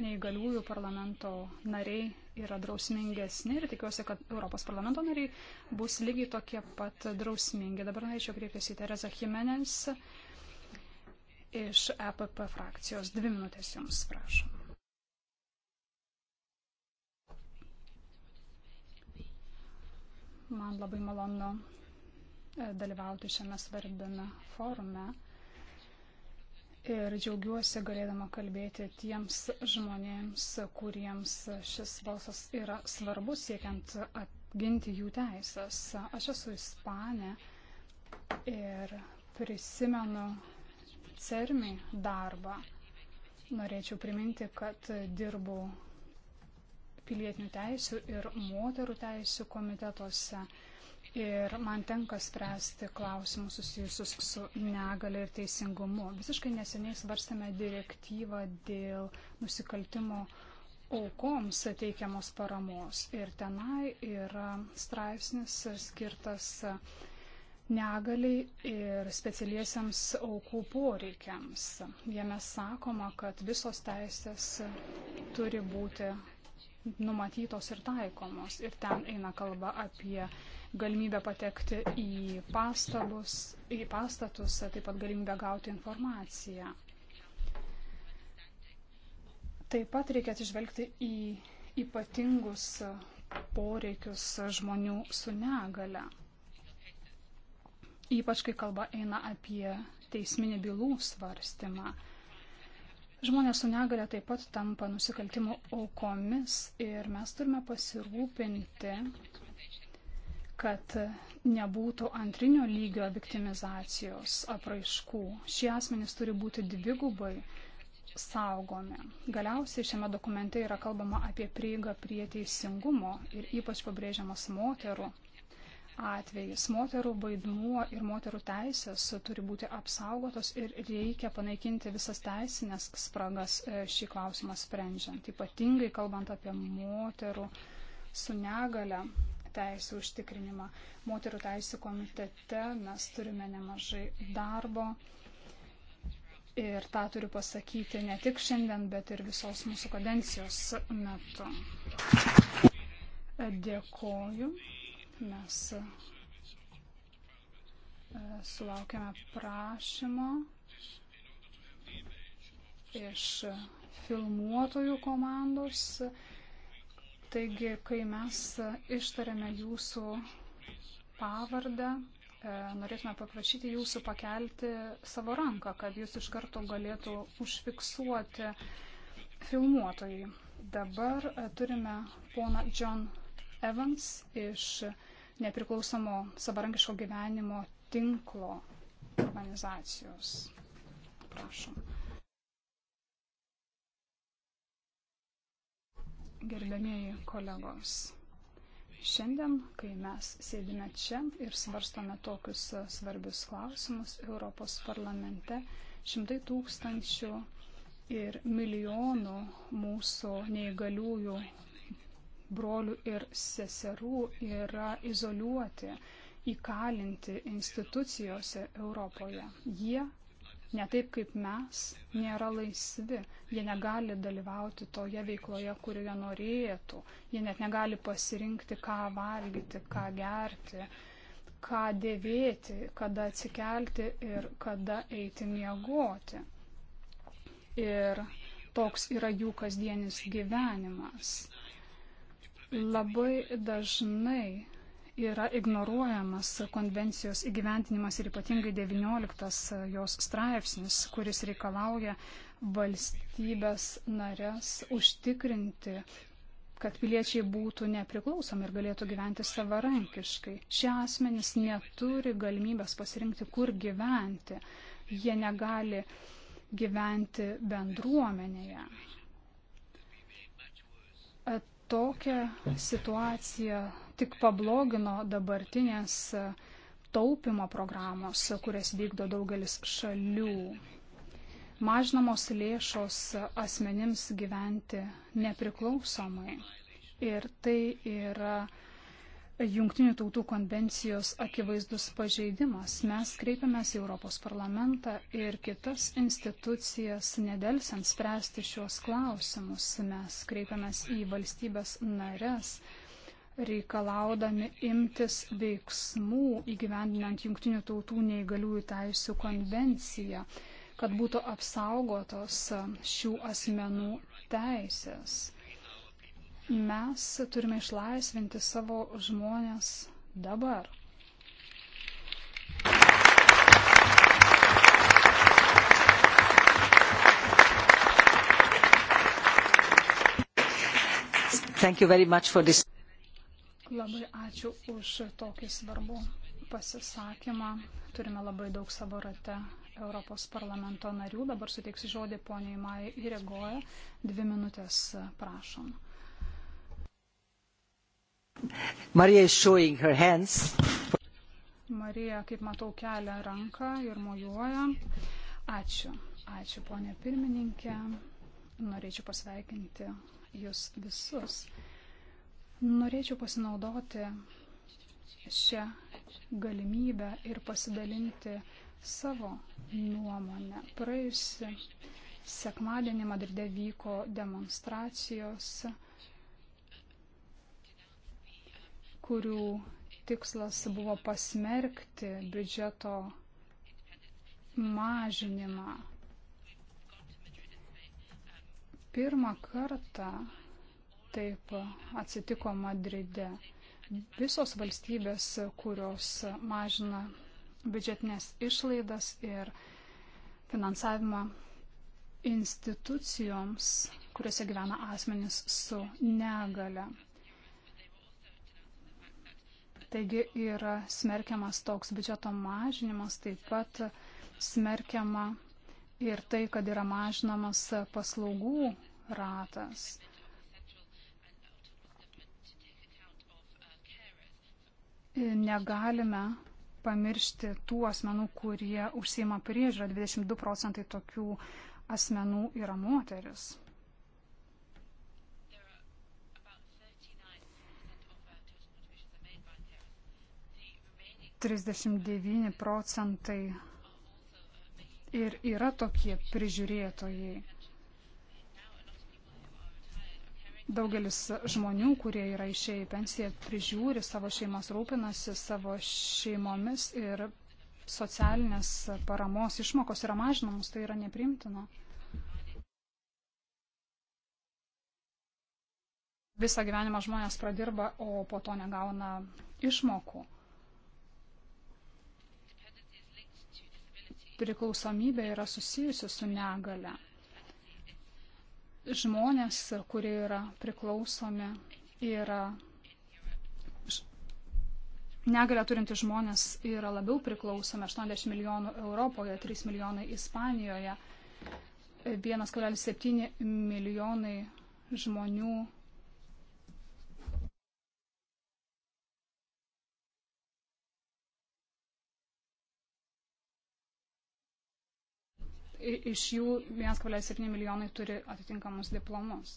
neįgaliųjų parlamento nariai yra drausmingesni ir tikiuosi, kad Europos parlamento nariai bus lygiai tokie pat drausmingi. Dabar norėčiau kreiptis į Terezą Jimenez iš EPP frakcijos. Dvi minutės jums, prašom. Man labai malonu dalyvauti šiame svarbiame forume. Ir džiaugiuosi galėdama kalbėti tiems žmonėms, kuriems šis balsas yra svarbus, siekiant apginti jų teisės. Aš esu ispanė ir prisimenu CERMI darbą. Norėčiau priminti, kad dirbau pilietinių teisų ir moterų teisų komitetuose. Ir man tenka spręsti klausimus susijusius su negale ir teisingumu. Visiškai neseniai svarstėme direktyvą dėl nusikaltimo aukoms teikiamos paramos. Ir tenai yra straipsnis skirtas negaliai ir specialiesiams aukų poreikiams. Jame sakoma, kad visos teisės turi būti numatytos ir taikomos. Ir ten eina kalba apie galimybę patekti į, pastabus, į pastatus, taip pat galimybę gauti informaciją. Taip pat reikia atsižvelgti į ypatingus poreikius žmonių su negale. Ypač kai kalba eina apie teisminį bylų svarstymą. Žmonės su negale taip pat tampa nusikaltimo aukomis ir mes turime pasirūpinti, kad nebūtų antrinio lygio viktimizacijos apraiškų. Šie asmenys turi būti dvigubai saugomi. Galiausiai šiame dokumente yra kalbama apie prieigą prie teisingumo ir ypač pabrėžiamas moterų atvejis. Moterų vaidmuo ir moterų teisės turi būti apsaugotos ir reikia panaikinti visas teisinės spragas e, šį klausimą sprendžiant, ypatingai kalbant apie moterų su negale teisų užtikrinimą. Moterų teisų komitete mes turime nemažai darbo. Ir tą turiu pasakyti ne tik šiandien, bet ir visos mūsų kadencijos metu. Dėkoju. Mes e, sulaukėme prašymo iš filmuotojų komandos Taigi, kai mes ištarėme jūsų pavardę, e, norėtume paprašyti jūsų pakelti savo ranką, kad jūs iš karto galėtų užfiksuoti filmuotojai. Dabar e, turime poną John Evans iš nepriklausomo savarankiško gyvenimo tinklo organizacijos. Prašom. gerbėmėjai kolegos. Šiandien, kai mes sėdime čia ir svarstome tokius svarbius klausimus Europos parlamente, šimtai tūkstančių ir milijonų mūsų neįgaliųjų brolių ir seserų yra izoliuoti, įkalinti institucijose Europoje. Jie ne taip kaip mes, nėra laisvi. Jie negali dalyvauti toje veikloje, kurioje norėtų. Jie net negali pasirinkti, ką valgyti, ką gerti, ką dėvėti, kada atsikelti ir kada eiti miegoti. Ir toks yra jų kasdienis gyvenimas. Labai dažnai yra ignoruojamas konvencijos įgyventinimas ir ypatingai 19 e, jos straipsnis, kuris reikalauja valstybės narės užtikrinti kad piliečiai būtų nepriklausomi ir galėtų gyventi savarankiškai. Šie asmenys neturi galimybės pasirinkti, kur gyventi. Jie negali gyventi bendruomenėje. E, Tokią situaciją tik pablogino dabartinės e, taupimo programos, kurias vykdo daugelis šalių. Mažinamos lėšos asmenims gyventi nepriklausomai. Ir tai yra Junktinių tautų konvencijos akivaizdus pažeidimas. Mes kreipiamės į Europos parlamentą ir kitas institucijas nedelsiant spręsti šios klausimus. Mes kreipiamės į valstybės nares reikalaudami imtis veiksmų įgyvendinant Junktinių tautų neįgaliųjų teisų konvenciją, kad būtų apsaugotos šių asmenų teisės. Mes turime išlaisvinti savo žmonės dabar. Thank you very much for this. Labai ačiū už tokį svarbų pasisakymą. Turime labai daug savo rate Europos parlamento narių. Dabar suteiksiu žodį poniai Mai Iregoja. Dvi minutės, prašom. Marija is showing her hands. Marija, kaip matau, kelia ranką ir mojuoja. Ačiū. Ačiū, ponė pirmininkė. Norėčiau pasveikinti jūs visus. Norėčiau pasinaudoti šią galimybę ir pasidalinti savo nuomonę. Praėjusi sekmadienį Madride vyko demonstracijos, kurių tikslas buvo pasmerkti biudžeto mažinimą. Pirmą kartą taip atsitiko Madride. Visos valstybės, kurios mažina biudžetinės išlaidas ir finansavimą institucijoms, kuriuose gyvena asmenys su negale. Taigi yra smerkiamas toks biudžeto mažinimas, taip pat smerkiama ir tai, kad yra mažinamas paslaugų ratas. negalime pamiršti tų asmenų, kurie užsima priežiūrą. 22 procentai tokių asmenų yra moteris. Trisdešimt devyni procentai ir yra tokie prižiūrėtojai. Daugelis žmonių, kurie yra išėję į pensiją, prižiūri savo šeimas, rūpinasi savo šeimomis ir socialinės paramos išmokos yra mažinamos, tai yra neprimtina. Visą gyvenimą žmonės pradirba, o po to negauna išmokų. priklausomybė yra susijusi su negale žmonės, kurie yra priklausomi, yra Negalę turinti žmonės yra labiau priklausomi 80 milijonų Europoje, 3 milijonai Ispanijoje, 1,7 milijonai žmonių iš jų 1,7 milijonai turi atitinkamus diplomus.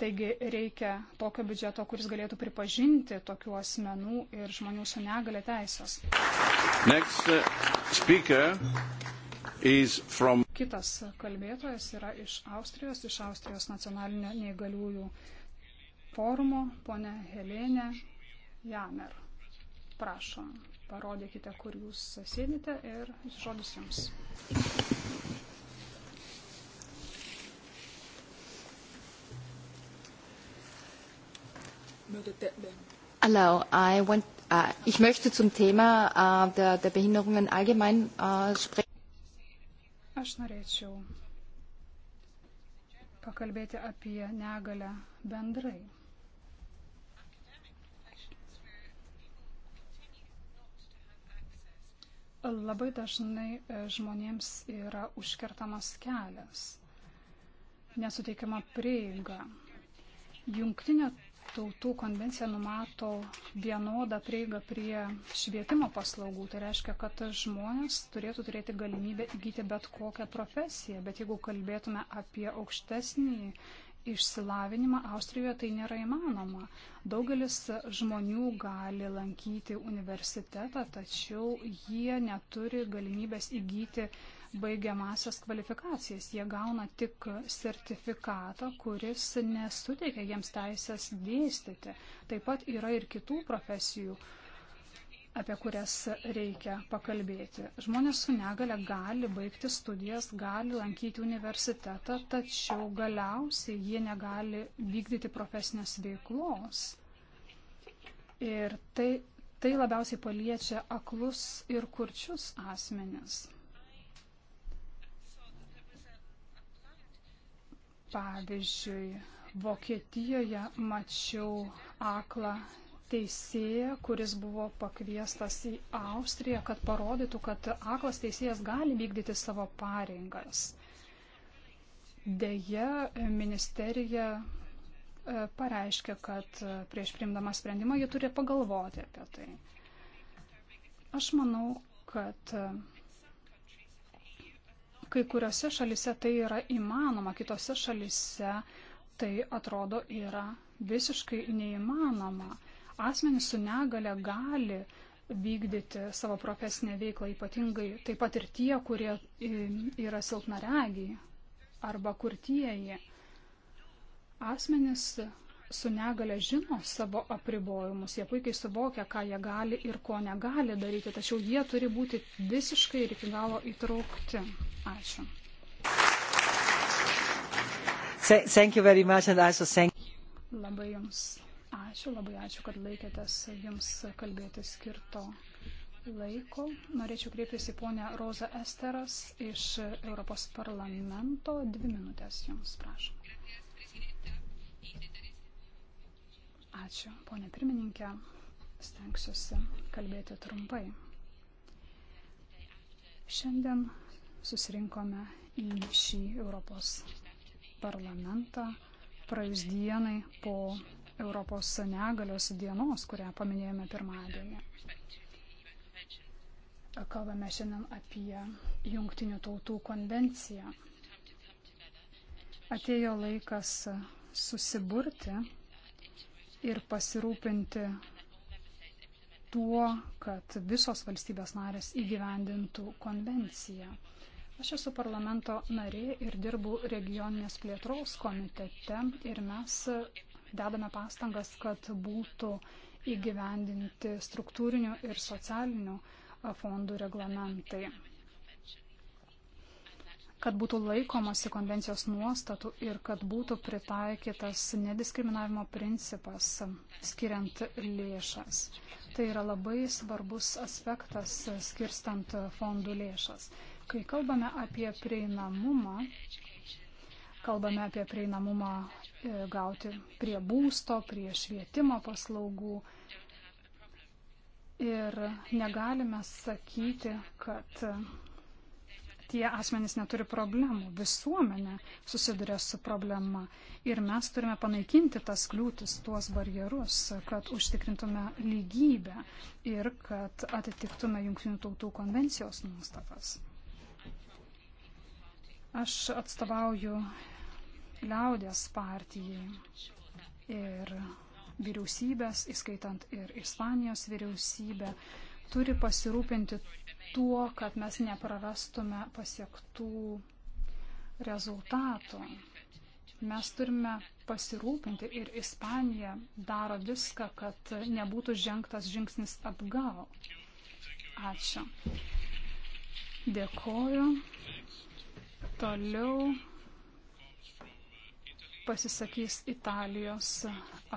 Taigi reikia tokio biudžeto, kuris galėtų pripažinti tokių asmenų ir žmonių su negale teisės. Next, uh, from... Kitas kalbėtojas yra iš Austrijos, iš Austrijos nacionalinio neįgaliųjų forumo, ponė Helene Jamer. Prašom parodykite, kur jūs sėdite ir žodis jums. Hello, I want, uh, ich möchte zum Thema uh, der, der Behinderungen allgemein uh, sprechen. Aš norėčiau pakalbėti apie negalę bendrai. Labai dažnai e, žmonėms yra užkertamas kelias, nesuteikiama prieiga. Jungtinė tautų konvencija numato vienodą prieigą prie švietimo paslaugų. Tai reiškia, kad žmonės turėtų turėti galimybę įgyti bet kokią profesiją. Bet jeigu kalbėtume apie aukštesnį išsilavinimą, Austrijoje tai nėra įmanoma. Daugelis žmonių gali lankyti universitetą, tačiau jie neturi galimybės įgyti baigiamasias kvalifikacijas. Jie gauna tik sertifikatą, kuris nesuteikia jiems teisės dėstyti. Taip pat yra ir kitų profesijų, apie kurias reikia pakalbėti. Žmonės su negale gali baigti studijas, gali lankyti universitetą, tačiau galiausiai jie negali vykdyti profesinės veiklos. Ir tai, tai labiausiai paliečia aklus ir kurčius asmenis. Pavyzdžiui, Vokietijoje mačiau aklą teisėją, kuris buvo pakviestas į Austriją, kad parodytų, kad aklas teisėjas gali vykdyti savo pareigas. Deja, ministerija e, pareiškia, kad e, prieš priimdama sprendimą jie turi pagalvoti apie tai. Aš manau, kad e, kai kuriuose šalise tai yra įmanoma, kitose šalise tai atrodo yra visiškai neįmanoma asmenys su negale gali vykdyti savo profesinę veiklą, ypatingai taip pat ir tie, kurie e, yra silpnaregiai arba kurtieji. Asmenys su negale žino savo apribojimus, jie puikiai suvokia, ką jie gali ir ko negali daryti, tačiau jie turi būti visiškai ir iki galo įtraukti. Ačiū. Labai Jums Ačiū, labai ačiū, kad laikėtės jums kalbėti skirto laiko. Norėčiau kreiptis į ponę Rozą Esteras iš Europos parlamento. Dvi minutės jums, prašom. Ačiū, ponė pirmininkė. Stengsiuosi kalbėti trumpai. Šiandien susirinkome į šį Europos parlamentą praėjus dienai po Europos negalios dienos, kurią paminėjome pirmadienį. Kalbame šiandien apie Junktinių tautų konvenciją. Atėjo laikas susiburti ir pasirūpinti tuo, kad visos valstybės narės įgyvendintų konvenciją. Aš esu parlamento narė ir dirbu regioninės plėtros komitete ir mes dedame pastangas, kad būtų įgyvendinti struktūrinių ir socialinių fondų reglamentai kad būtų laikomasi konvencijos nuostatų ir kad būtų pritaikytas nediskriminavimo principas skiriant lėšas. Tai yra labai svarbus aspektas skirstant fondų lėšas. Kai kalbame apie prieinamumą, Kalbame apie prieinamumą e, gauti prie būsto, prie švietimo paslaugų. Ir negalime sakyti, kad tie asmenys neturi problemų. Visuomenė susiduria su problema. Ir mes turime panaikinti tas kliūtis, tuos barjerus, kad užtikrintume lygybę ir kad atitiktume Junktinių tautų konvencijos nuostatas. Aš atstovauju liaudės partijai ir vyriausybės, įskaitant ir Ispanijos vyriausybę, turi pasirūpinti tuo, kad mes neprarastume pasiektų rezultatų. Mes turime pasirūpinti ir Ispanija daro viską, kad nebūtų žengtas žingsnis atgal. Ačiū. Dėkoju. Toliau pasisakys Italijos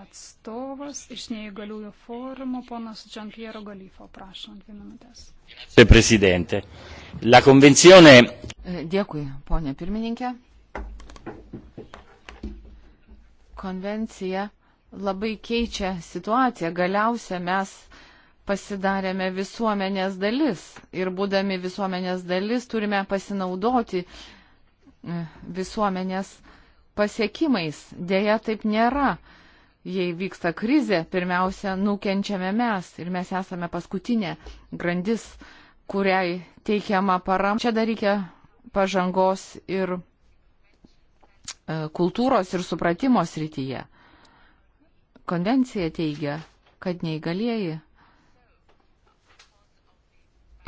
atstovas iš neįgaliųjų forumo, ponas Giampiero Galifo, prašom, dvi minutės. Convenzione... Dėkui, ponė pirmininkė. Konvencija labai keičia situaciją. Galiausia mes pasidarėme visuomenės dalis ir būdami visuomenės dalis turime pasinaudoti uh, visuomenės pasiekimais. Deja, taip nėra. Jei vyksta krizė, pirmiausia, nukenčiame mes ir mes esame paskutinė grandis, kuriai teikiama parama. Čia dar reikia pažangos ir e, kultūros ir supratimo srityje. Konvencija teigia, kad neįgalieji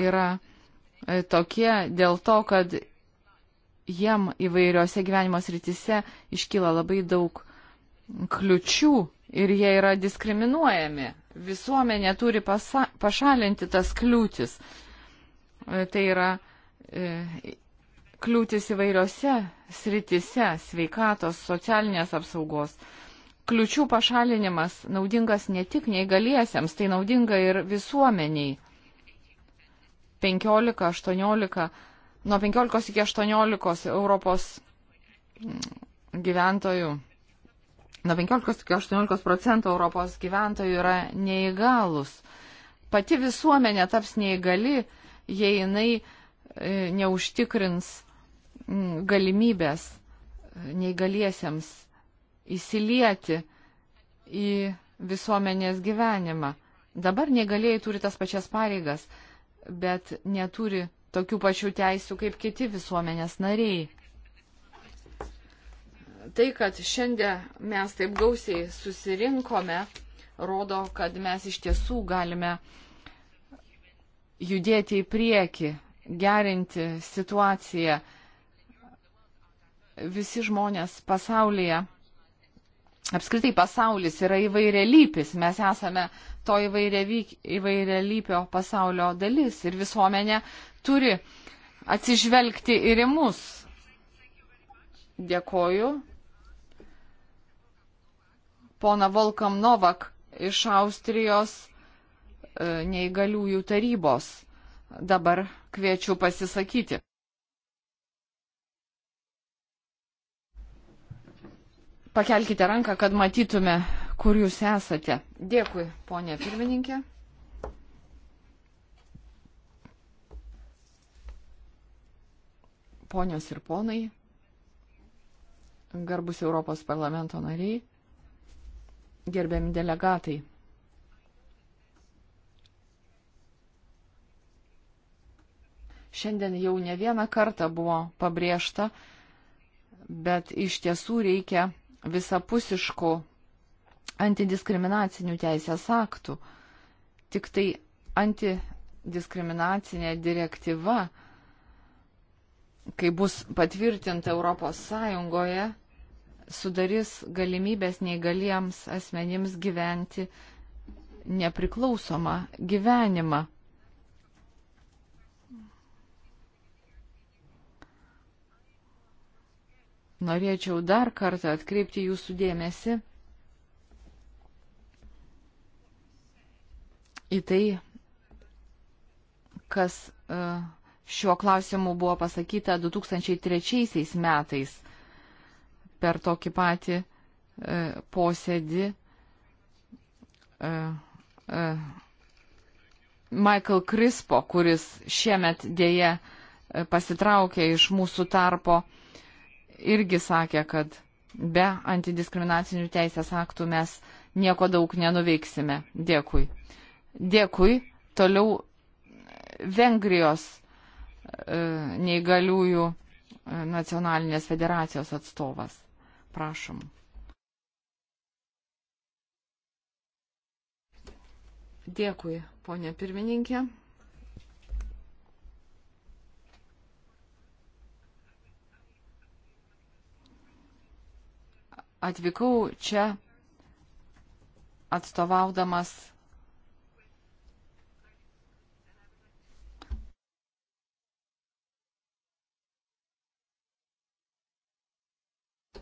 yra e, tokie dėl to, kad jiem įvairiose gyvenimo srityse iškyla labai daug kliučių ir jie yra diskriminuojami. Visuomenė turi pasa, pašalinti tas kliūtis. E, tai yra e, kliūtis įvairiose srityse - sveikatos, socialinės apsaugos. Kliučių pašalinimas naudingas ne tik neįgaliesiems, tai naudinga ir visuomeniai. 15, 18 nuo 15 iki 18 Europos gyventojų, nuo 15 iki 18 procentų Europos gyventojų yra neįgalus. Pati visuomenė taps neįgali, jei jinai e, neužtikrins galimybės e, neįgaliesiems įsilieti į visuomenės gyvenimą. Dabar negalėjai turi tas pačias pareigas, bet neturi tokių pačių teisių kaip kiti visuomenės nariai. Tai, kad šiandien mes taip gausiai susirinkome, rodo, kad mes iš tiesų galime judėti į priekį, gerinti situaciją. Visi žmonės pasaulyje, apskritai pasaulis yra įvairialypis, mes esame to įvairialypio pasaulio dalis ir visuomenė turi atsižvelgti ir į mus. Dėkoju. Pona Volkam Novak iš Austrijos e, neįgaliųjų tarybos. Dabar kviečiu pasisakyti. Pakelkite ranką, kad matytume, kur jūs esate. Dėkui, ponė pirmininkė. Ponios ir ponai, garbus Europos parlamento nariai, gerbiami delegatai. Šiandien jau ne vieną kartą buvo pabrėžta, bet iš tiesų reikia visapusiškų antidiskriminacinių teisės aktų. Tik tai antidiskriminacinė direktyva kai bus patvirtinta Europos Sąjungoje, sudarys galimybės neįgaliems asmenims gyventi nepriklausomą gyvenimą. Norėčiau dar kartą atkreipti jūsų dėmesį į tai, kas uh, šiuo klausimu buvo pasakyta 2003 metais per tokį patį e, posėdį. E, e, Michael Crispo, kuris šiemet dėje e, pasitraukė iš mūsų tarpo, irgi sakė, kad be antidiskriminacinių teisės aktų mes nieko daug nenuveiksime. Dėkui. Dėkui. Toliau Vengrijos E, neįgaliųjų e, nacionalinės federacijos atstovas. Prašom. Dėkui, ponė pirmininkė. Atvykau čia atstovaudamas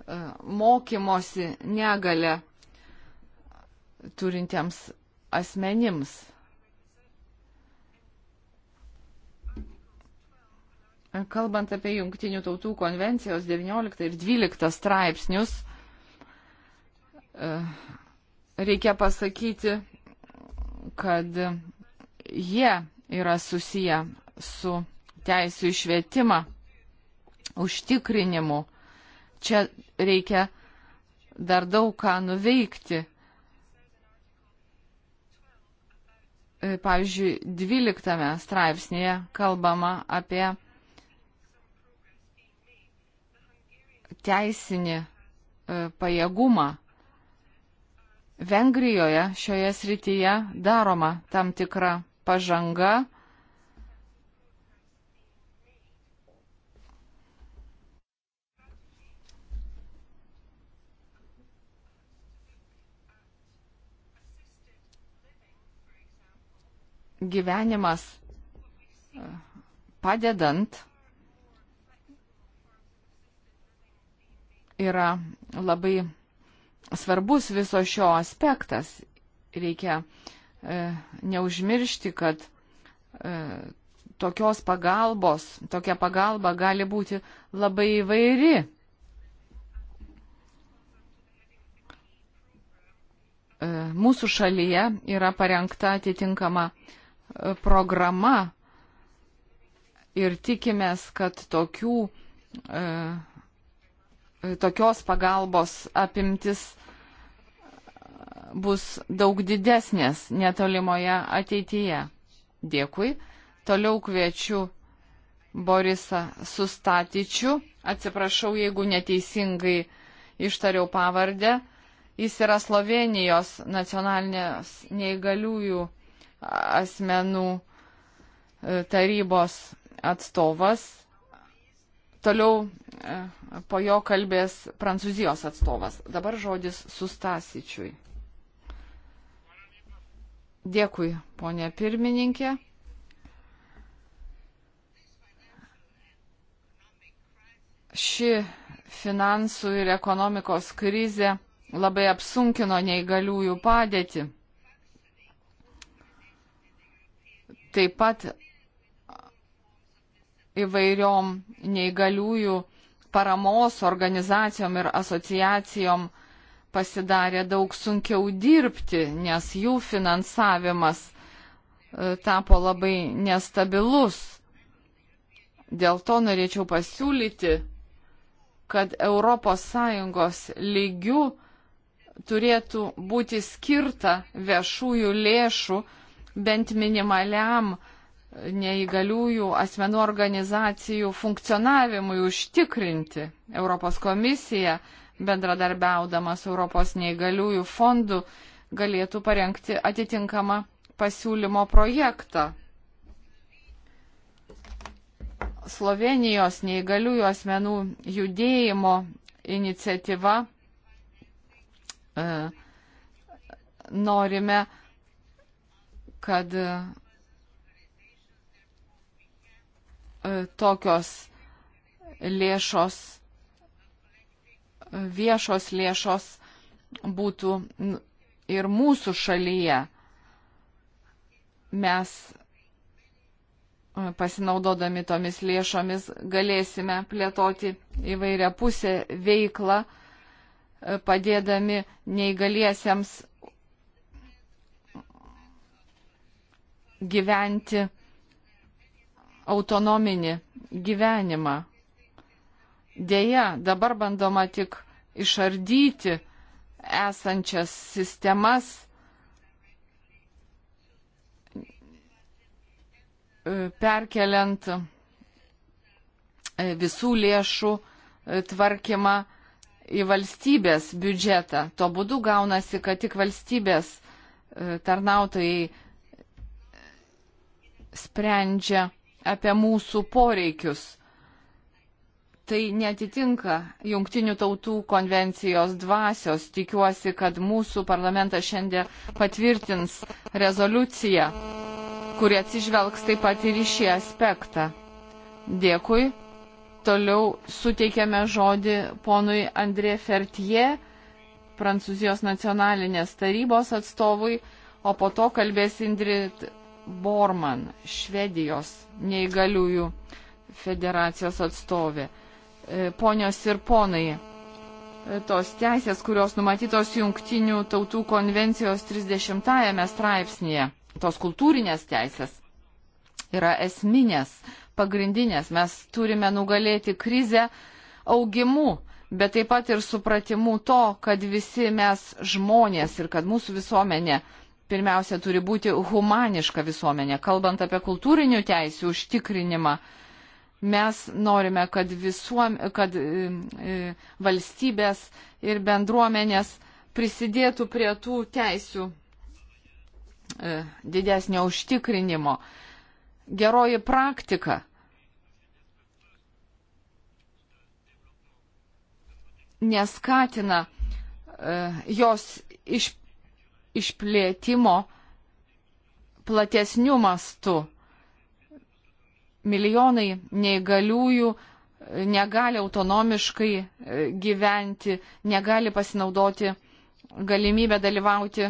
E, mokymosi negalę turintiems asmenims. Kalbant apie Junktinių tautų konvencijos 19 ir 12 straipsnius, e, reikia pasakyti, kad jie yra susiję su teisų išvietimą, užtikrinimu čia reikia dar daug ką nuveikti. E, pavyzdžiui, 12 straipsnėje kalbama apie teisinį e, pajėgumą. Vengrijoje šioje srityje daroma tam tikra pažanga gyvenimas e, padedant yra labai svarbus viso šio aspektas. Reikia e, neužmiršti, kad e, tokios pagalbos, tokia pagalba gali būti labai įvairi. E, mūsų šalyje yra parengta atitinkama programa ir tikimės, kad tokių, e, tokios pagalbos apimtis bus daug didesnės netolimoje ateityje. Dėkui. Toliau kviečiu Borisą Sustatyčių. Atsiprašau, jeigu neteisingai ištariau pavardę. Jis yra Slovenijos nacionalinės neįgaliųjų asmenų e, tarybos atstovas. Toliau e, po jo kalbės Prancūzijos atstovas. Dabar žodis sustasičiui. Dėkui, ponė pirmininkė. Ši finansų ir ekonomikos krizė labai apsunkino neįgaliųjų padėtį. taip pat įvairiom neįgaliųjų paramos organizacijom ir asociacijom pasidarė daug sunkiau dirbti, nes jų finansavimas e, tapo labai nestabilus. Dėl to norėčiau pasiūlyti, kad ES lygių turėtų būti skirta viešųjų lėšų bent minimaliam neįgaliųjų asmenų organizacijų funkcionavimui užtikrinti. Europos komisija, bendradarbiaudama su Europos neįgaliųjų fondu, galėtų parengti atitinkamą pasiūlymo projektą. Slovenijos neįgaliųjų asmenų judėjimo iniciatyva e, norime e, kad e, tokios lėšos, viešos lėšos būtų ir mūsų šalyje. Mes e, pasinaudodami tomis lėšomis galėsime plėtoti įvairią pusę veiklą, e, padėdami neįgaliesiems gyventi autonominį gyvenimą. Deja, dabar bandoma tik išardyti esančias sistemas, e, perkeliant e, visų lėšų e, tvarkymą į valstybės biudžetą. Tuo būdu gaunasi, kad tik valstybės tarnautojai sprendžia apie mūsų poreikius. Tai netitinka Junktinių tautų konvencijos dvasios. Tikiuosi, kad mūsų parlamentas šiandien patvirtins rezoliuciją, kuri atsižvelgs taip pat ir į šį aspektą. Dėkui. Toliau suteikėme žodį ponui Andrė Fertie, Prancūzijos nacionalinės tarybos atstovui, o po to kalbės Indrit Borman, Švedijos neįgaliųjų federacijos atstovė. E, ponios ir ponai, e, tos teisės, kurios numatytos Junktinių tautų konvencijos 30-ame straipsnėje, tos kultūrinės teisės, yra esminės, pagrindinės. Mes turime nugalėti krizę augimu, bet taip pat ir supratimu to, kad visi mes žmonės ir kad mūsų visuomenė pirmiausia turi būti humaniška visuomenė. Kalbant apie kultūrinių teisų užtikrinimą, mes norime, kad, visuom, kad e, e, valstybės ir bendruomenės prisidėtų prie tų teisių e, didesnio užtikrinimo. Geroji praktika. Neskatina jos iš išplėtimo platesnių mastų. Milijonai neįgaliųjų e, negali autonomiškai e, gyventi, negali pasinaudoti galimybę dalyvauti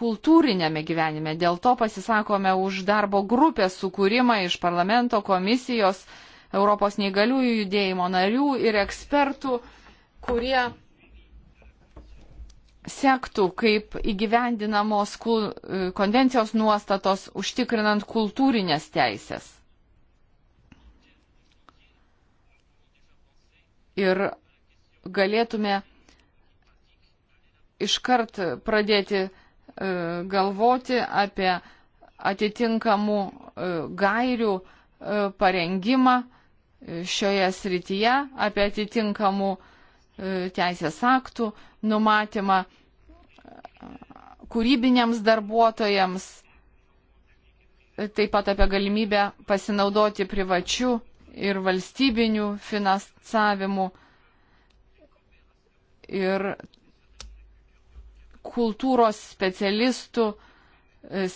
kultūrinėme gyvenime. Dėl to pasisakome už darbo grupės sukūrimą iš parlamento komisijos, Europos neįgaliųjų judėjimo narių ir ekspertų, kurie sektų, kaip įgyvendinamos e, konvencijos nuostatos užtikrinant kultūrinės teisės. Ir galėtume iškart pradėti e, galvoti apie atitinkamų e, gairių parengimą šioje srityje, apie atitinkamų teisės aktų numatymą kūrybiniams darbuotojams, taip pat apie galimybę pasinaudoti privačių ir valstybinių finansavimų ir kultūros specialistų,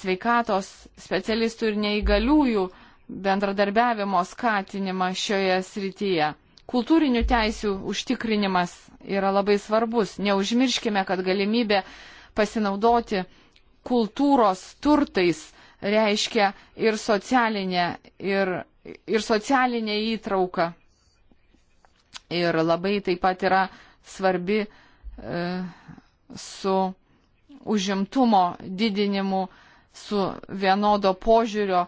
sveikatos specialistų ir neįgaliųjų bendradarbiavimo skatinimą šioje srityje kultūrinių teisių užtikrinimas yra labai svarbus. Neužmirškime, kad galimybė pasinaudoti kultūros turtais reiškia ir socialinę, ir, ir socialinę įtrauką. Ir labai taip pat yra svarbi e, su užimtumo didinimu, su vienodo požiūrio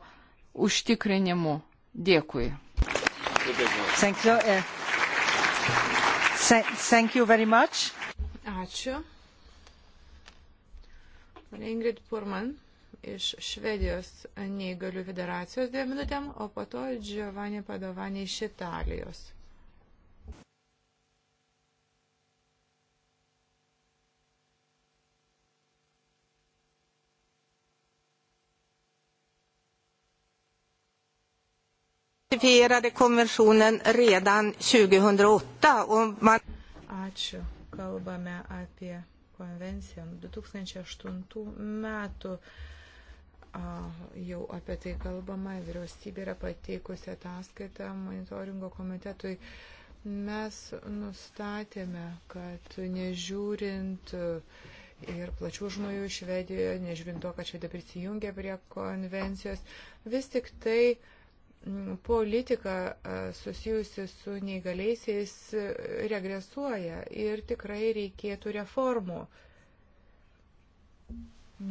užtikrinimu. Dėkui. Thank you. Eh, thank you very much. Ačiū. Ingrid Purman iš Švedijos neįgalių federacijos dviem minutėm, o po to Giovanni Padovani iš Italijos. ratifierade konventionen redan 2008. Och man... Ačiū. Kalbame apie konvenciją 2008 metų. Jau apie tai kalbama. Vyriausybė yra pateikusi ataskaitą monitoringo komitetui. Mes nustatėme, kad nežiūrint ir plačių žmonių Švedijoje, nežiūrint to, kad Švedija prisijungė prie konvencijos, vis tik tai uh, politika susijusi su neįgaliaisiais e, regresuoja ir tikrai reikėtų reformų.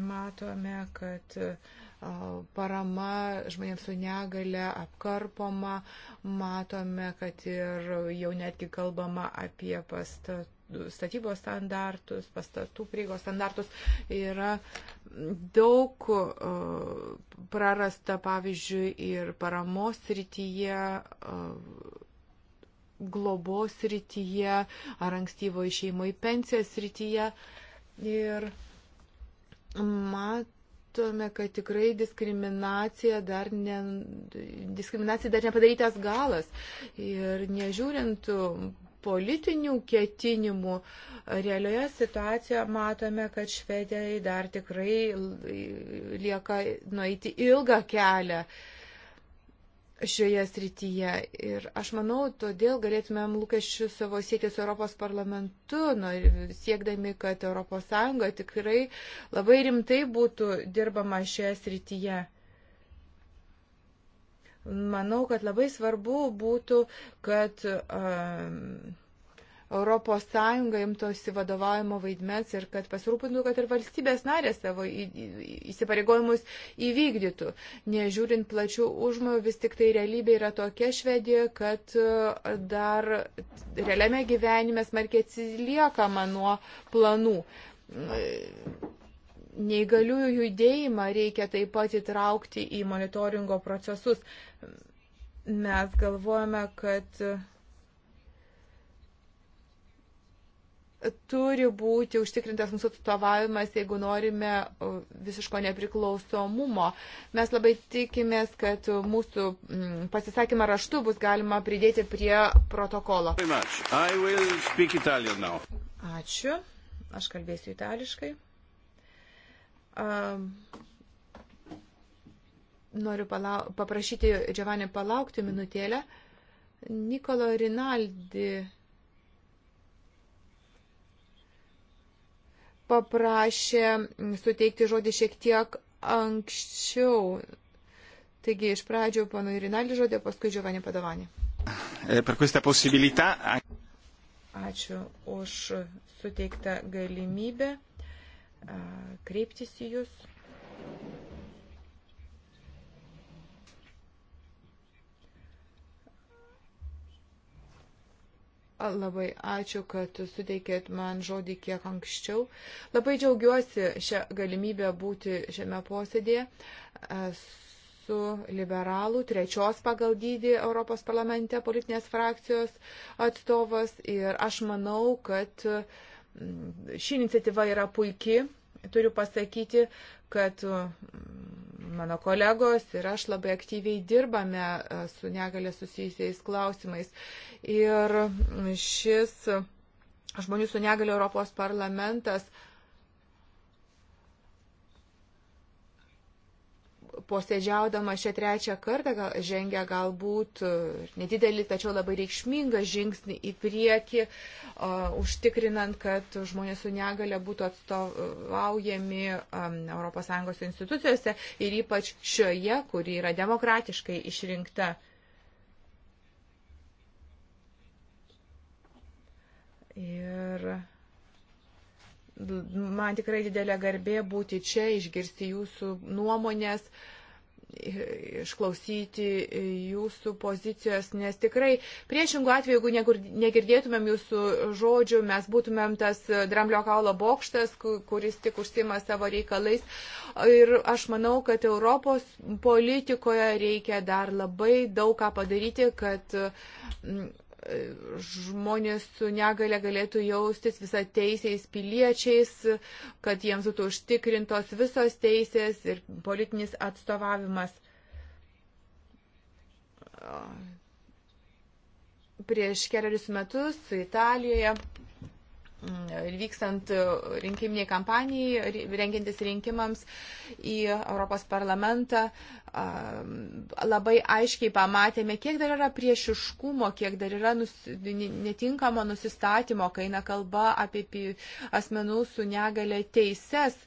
Matome, kad e, parama žmonėms su negale apkarpoma, matome, kad ir jau netgi kalbama apie pastatų statybos standartus, pastatų prieigos standartus, yra daug prarasta, pavyzdžiui, ir paramos rytyje, globos rytyje, ar ankstyvo išeimo į pensijas rytyje. Ir matome, kad tikrai diskriminacija dar, ne, diskriminacija dar nepadarytas galas. Ir nežiūrint politinių ketinimų, realioje situacijoje matome, kad švedijai dar tikrai lieka nueiti ilgą kelią šioje srityje. Ir aš manau, todėl galėtumėm lūkesčių savo siekti su Europos parlamentu, nu, siekdami, kad ES tikrai labai rimtai būtų dirbama šioje srityje. Manau, kad labai svarbu būtų, kad um, Europos Sąjunga imtųsi vadovavimo vaidmens ir kad pasirūpintų, kad ir valstybės narės savo įsipareigojimus įvykdytų. Nežiūrint plačių užmojų, vis tik tai realybė yra tokia Švedijoje, kad uh, dar realiame gyvenime smarkiai atsiliekama nuo planų. Neįgaliųjų judėjimą reikia taip pat įtraukti į monitoringo procesus. Mes galvojame, kad turi būti užtikrintas mūsų atstovavimas, jeigu norime visiško nepriklausomumo. Mes labai tikimės, kad mūsų mm, pasisakymą raštu bus galima pridėti prie protokolo. Ačiū. Aš kalbėsiu itališkai. Um, noriu palau, paprašyti Džiovanį palaukti minutėlę. Nikolo Rinaldi paprašė suteikti žodį šiek tiek anksčiau. Taigi iš pradžio panui Rinaldi žodį, paskui Džiovanį Padavanį. Eh, Ačiū už suteiktą galimybę kreiptis į jūs. Labai ačiū, kad suteikėt man žodį kiek anksčiau. Labai džiaugiuosi šią galimybę būti šiame posėdėje su liberalų, trečios pagal dydį Europos parlamente politinės frakcijos atstovas ir aš manau, kad uh, Ši iniciatyva yra puikia. Turiu pasakyti, kad mm, mano kolegos ir aš labai aktyviai dirbame e, su negalė susijusiais klausimais. Ir šis žmonių su negalė Europos parlamentas uh, posėdžiaudama šią trečią kartą gal, žengia galbūt e, nedidelį, tačiau labai reikšmingą žingsnį į priekį, o, e, užtikrinant, kad žmonės su negale būtų atstovaujami o, ES institucijose ir ypač šioje, kuri yra demokratiškai išrinkta. Ir Man tikrai didelė garbė būti čia, išgirsti jūsų nuomonės, išklausyti jūsų pozicijos, nes tikrai priešingų atveju, jeigu niekur, negirdėtumėm jūsų žodžių, mes būtumėm tas dramblio kaulo bokštas, kuris tik užsima savo reikalais. Ir aš manau, kad Europos politikoje reikia dar labai daug ką padaryti, kad žmonės su negale galėtų jaustis visą teisės piliečiais, kad jiems būtų užtikrintos visos teisės ir politinis atstovavimas. Prieš keliarius metus Italijoje Mm, vykstant rinkiminiai kampanijai, rengiantis rinkimams į Europos parlamentą, labai aiškiai pamatėme, kiek dar yra priešiškumo, kiek dar yra nus, netinkamo nusistatymo, kai eina kalba apie asmenų su negale teises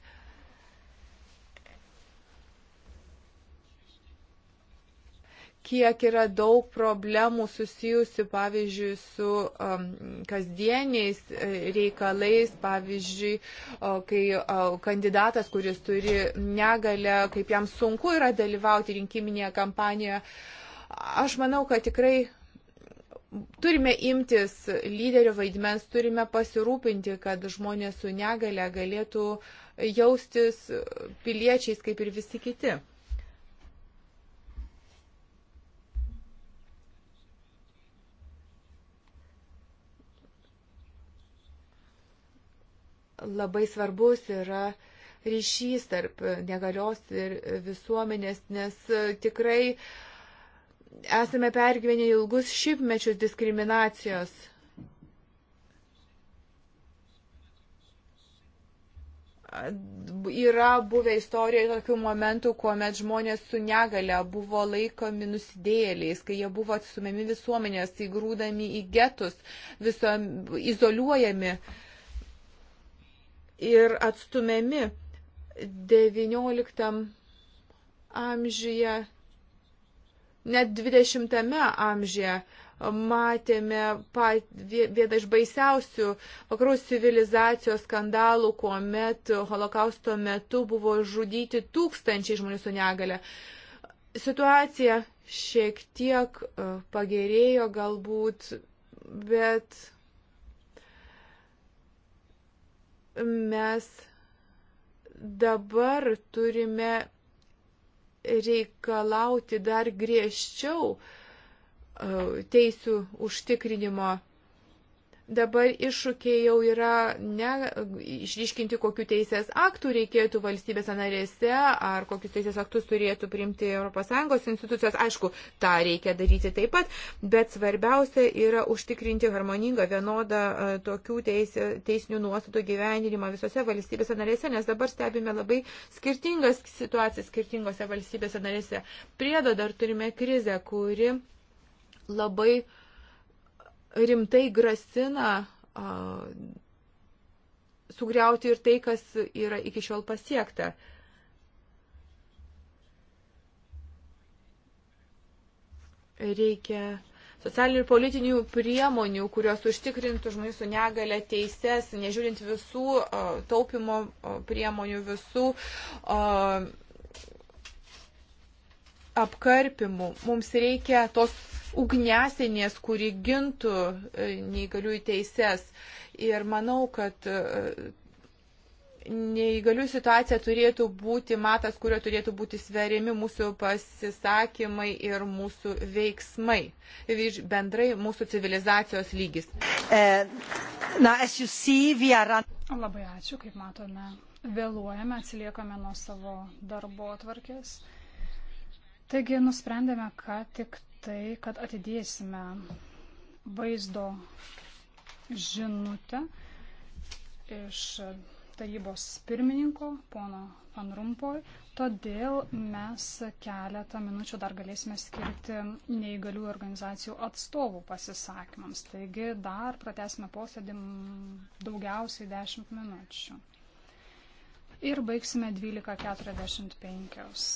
kiek yra daug problemų susijusių, pavyzdžiui, su um, kasdieniais e, reikalais, pavyzdžiui, o, kai o, kandidatas, kuris turi negalę, kaip jam sunku yra dalyvauti rinkiminėje kampanijoje. Aš manau, kad tikrai turime imtis lyderio vaidmens, turime pasirūpinti, kad žmonės su negale galėtų jaustis piliečiais kaip ir visi kiti. labai svarbus yra ryšys tarp negalios ir visuomenės, nes e, tikrai esame pergyvenę ilgus šimtmečius diskriminacijos. Yra buvę istorijoje tokių momentų, kuomet žmonės su negale buvo laikomi nusidėliais, kai jie buvo atsumiami visuomenės, įgrūdami į getus, viso, izoliuojami. Uh, ir atstumiami XIX amžiuje, net XX amžiuje matėme vieną iš baisiausių vakarų civilizacijos skandalų, kuomet holokausto metu buvo žudyti tūkstančiai žmonių su negale. Situacija šiek tiek e, pagerėjo galbūt, bet mes dabar turime reikalauti dar griežčiau e, teisų užtikrinimo Dabar iššūkiai jau yra ne išryškinti, kokiu teisės aktų reikėtų valstybėse narėse ar kokius teisės aktus turėtų priimti ES institucijos. Aišku, tą reikia daryti taip pat, bet svarbiausia yra užtikrinti harmoningą, vienodą e, tokių teisė, teisinių nuostatų gyvenimą visose valstybėse narėse, nes dabar stebime labai skirtingas situacijas skirtingose valstybėse narėse. Priedo dar turime krizę, kuri labai uh, rimtai grasina sugriauti ir tai, kas yra iki šiol pasiekta. Reikia socialinių ir politinių priemonių, kurios užtikrintų žmonių su negale teises, nežiūrint visų o, taupimo priemonių, visų o, apkarpimų. Mums reikia tos ugnesinės, kuri gintų e, neįgaliųjų teises. Ir manau, kad e, neįgalių situacija turėtų būti matas, kurio turėtų būti sveriami mūsų pasisakymai ir mūsų veiksmai. Bendrai mūsų civilizacijos lygis. E, na, see, are... Labai ačiū, kaip matome. Vėluojame, atsiliekame nuo savo darbo atvarkės. Taigi nusprendėme, kad tik tai, kad atidėsime vaizdo žinutę iš tarybos pirmininko, pono Van Rumpoj, todėl mes keletą minučių dar galėsime skirti neįgalių organizacijų atstovų pasisakymams. Taigi dar pratesime posėdį daugiausiai 10 minučių. Ir baigsime 12.45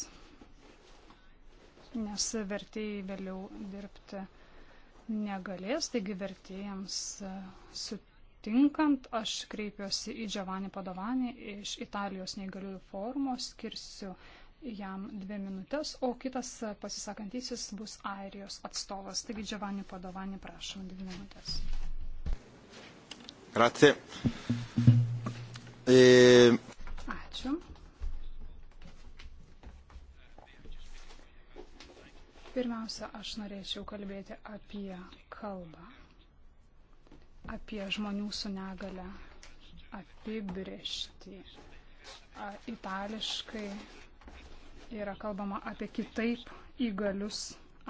nes vertėjai vėliau dirbti negalės, taigi vertėjams e, sutinkant aš kreipiuosi į Giovanni Padovanį iš Italijos neįgaliųjų forumo, skirsiu jam dvi minutės, o kitas e, pasisakantysis bus Airijos atstovas. Taigi Giovanni Padovanį prašom dvi minutės. Grazie. E... Ačiū. Pirmiausia, aš norėčiau kalbėti apie kalbą, apie žmonių su negale apibriežtį. Itališkai yra kalbama apie kitaip įgalius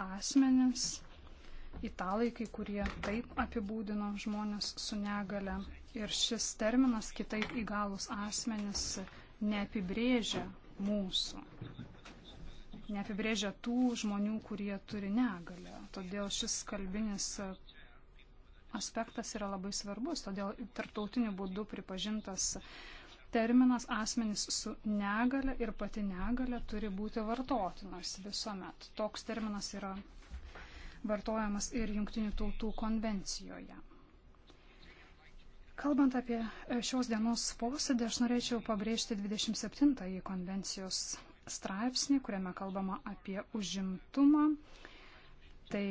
asmenis. Italai, kai kurie taip apibūdino žmonės su negale. Ir šis terminas kitaip įgalus asmenis neapibrėžia mūsų neapibrėžia tų žmonių, kurie turi negalę. Todėl šis kalbinis aspektas yra labai svarbus. Todėl tarptautiniu būdu pripažintas terminas asmenys su negale ir pati negale turi būti vartotinas visuomet. Toks terminas yra vartojamas ir Junktinių tautų konvencijoje. Kalbant apie šios dienos posėdį, aš norėčiau pabrėžti 27-ąjį konvencijos straipsnį, kuriame kalbama apie užimtumą. Tai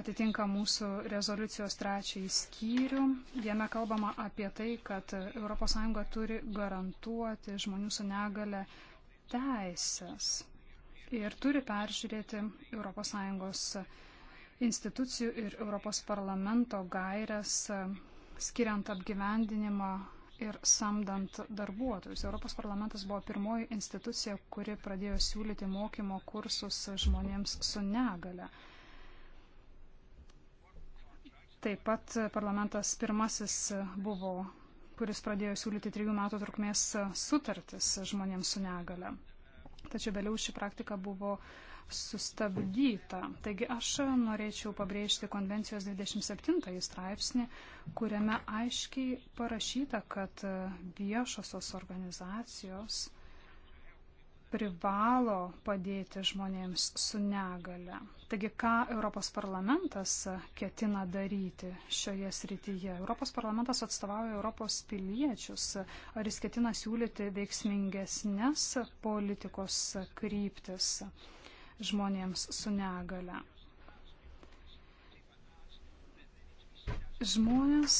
atitinka mūsų rezoliucijos trečiąjį skyrių. Jame kalbama apie tai, kad ES turi garantuoti žmonių su negale teisės ir turi peržiūrėti ES institucijų ir ES parlamento gairias skiriant apgyvendinimą ir samdant darbuotojus. Europos parlamentas buvo pirmoji institucija, kuri pradėjo siūlyti mokymo kursus žmonėms su negale. Taip pat parlamentas pirmasis buvo, kuris pradėjo siūlyti trijų metų trukmės sutartis žmonėms su negale. Tačiau vėliau ši praktika buvo uh, sustabdyta. Taigi aš norėčiau pabrėžti konvencijos 27 straipsnį, kuriame aiškiai parašyta, kad viešosios organizacijos privalo padėti žmonėms su negale. Taigi, ką Europos parlamentas ketina daryti šioje srityje? Europos parlamentas atstovauja Europos piliečius. Ar jis ketina siūlyti veiksmingesnės politikos kryptis? žmonėms su negale. Žmonės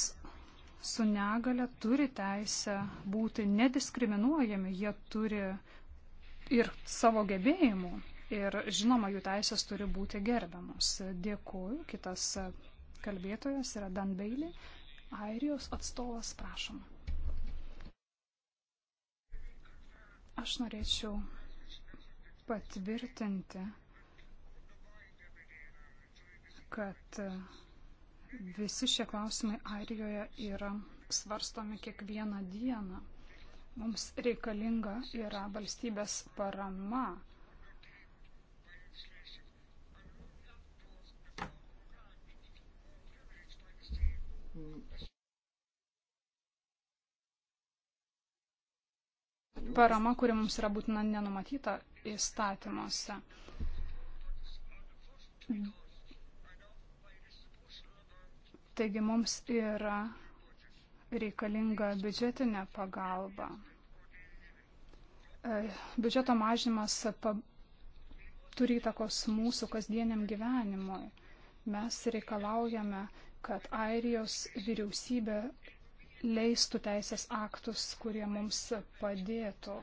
su negale turi teisę būti nediskriminuojami, jie turi ir savo gebėjimų. Ir žinoma, jų teisės turi būti gerbiamos. Dėkuoju. Kitas kalbėtojas yra Dan Bailey, Airijos atstovas, prašom. Aš norėčiau patvirtinti, kad visi šie klausimai Airijoje yra svarstomi kiekvieną dieną. Mums reikalinga yra valstybės parama. parama, kuri mums yra būtina nenumatyta įstatymuose. Taigi mums yra reikalinga biudžetinė pagalba. E, biudžeto mažinimas turi įtakos mūsų kasdieniam gyvenimui. Mes reikalaujame, kad Airijos vyriausybė leistų teisės aktus, kurie mums padėtų.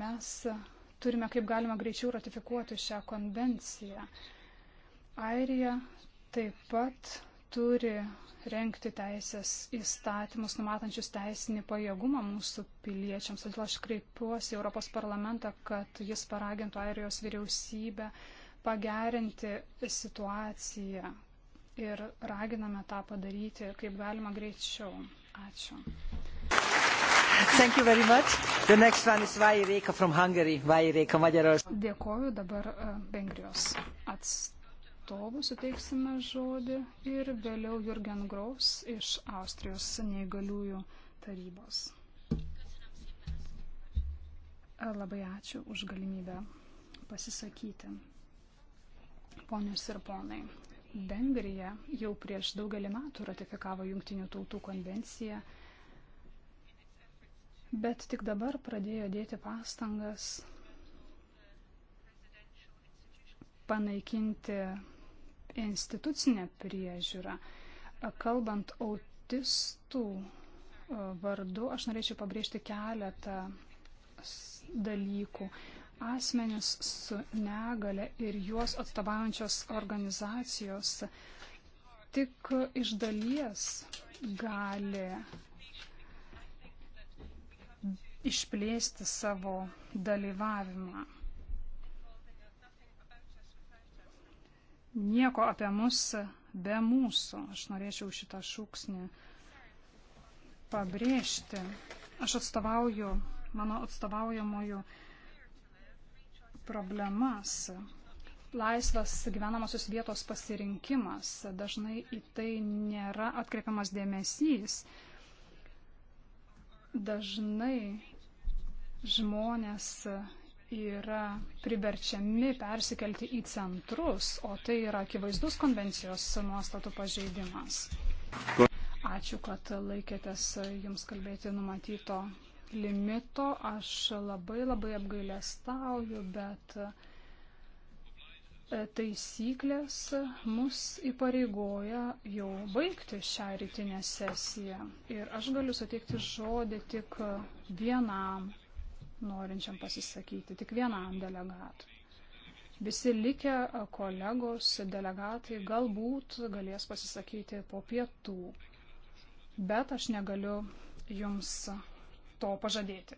Mes turime kaip galima greičiau ratifikuoti šią konvenciją. Airija taip pat turi renkti teisės įstatymus, numatančius teisinį pajėgumą mūsų piliečiams. Todėl aš kreipiuosi Europos parlamentą, kad jis paragintų Airijos vyriausybę pagerinti situaciją ir raginame tą padaryti kaip galima greičiau. Ačiū. Thank you very much. The next one is Vaireika from Hungary. Vaireika Magyarország. Dėkoju dabar e, Vengrijos atstovų suteiksime žodį ir vėliau Jurgen Graus iš Austrijos neįgaliųjų tarybos. E, labai ačiū už galimybę pasisakyti. Ponios ir ponai, Vengrija jau prieš daugelį metų ratifikavo Junktinių tautų konvenciją, bet tik dabar pradėjo dėti pastangas panaikinti institucinę priežiūrą. Kalbant autistų e, vardu, aš norėčiau pabrėžti keletą dalykų asmenis su negale ir juos atstovaujančios organizacijos tik iš dalies gali išplėsti savo dalyvavimą. Nieko apie mus be mūsų. Aš norėčiau šitą šūksnį pabrėžti. Aš atstovauju, mano atstovaujamojo problemas. Laisvas gyvenamosios vietos pasirinkimas dažnai į tai nėra atkreipiamas dėmesys. Dažnai žmonės yra priverčiami persikelti į centrus, o tai yra akivaizdus konvencijos nuostatų pažeidimas. Ačiū, kad laikėtės jums kalbėti numatyto limito. Aš labai labai apgailestauju, bet e, taisyklės mus įpareigoja jau baigti šią rytinę sesiją. Ir aš galiu suteikti žodį tik vienam norinčiam pasisakyti, tik vienam delegatui. Visi likę kolegos, delegatai galbūt galės pasisakyti po pietų, bet aš negaliu jums to pažadėti.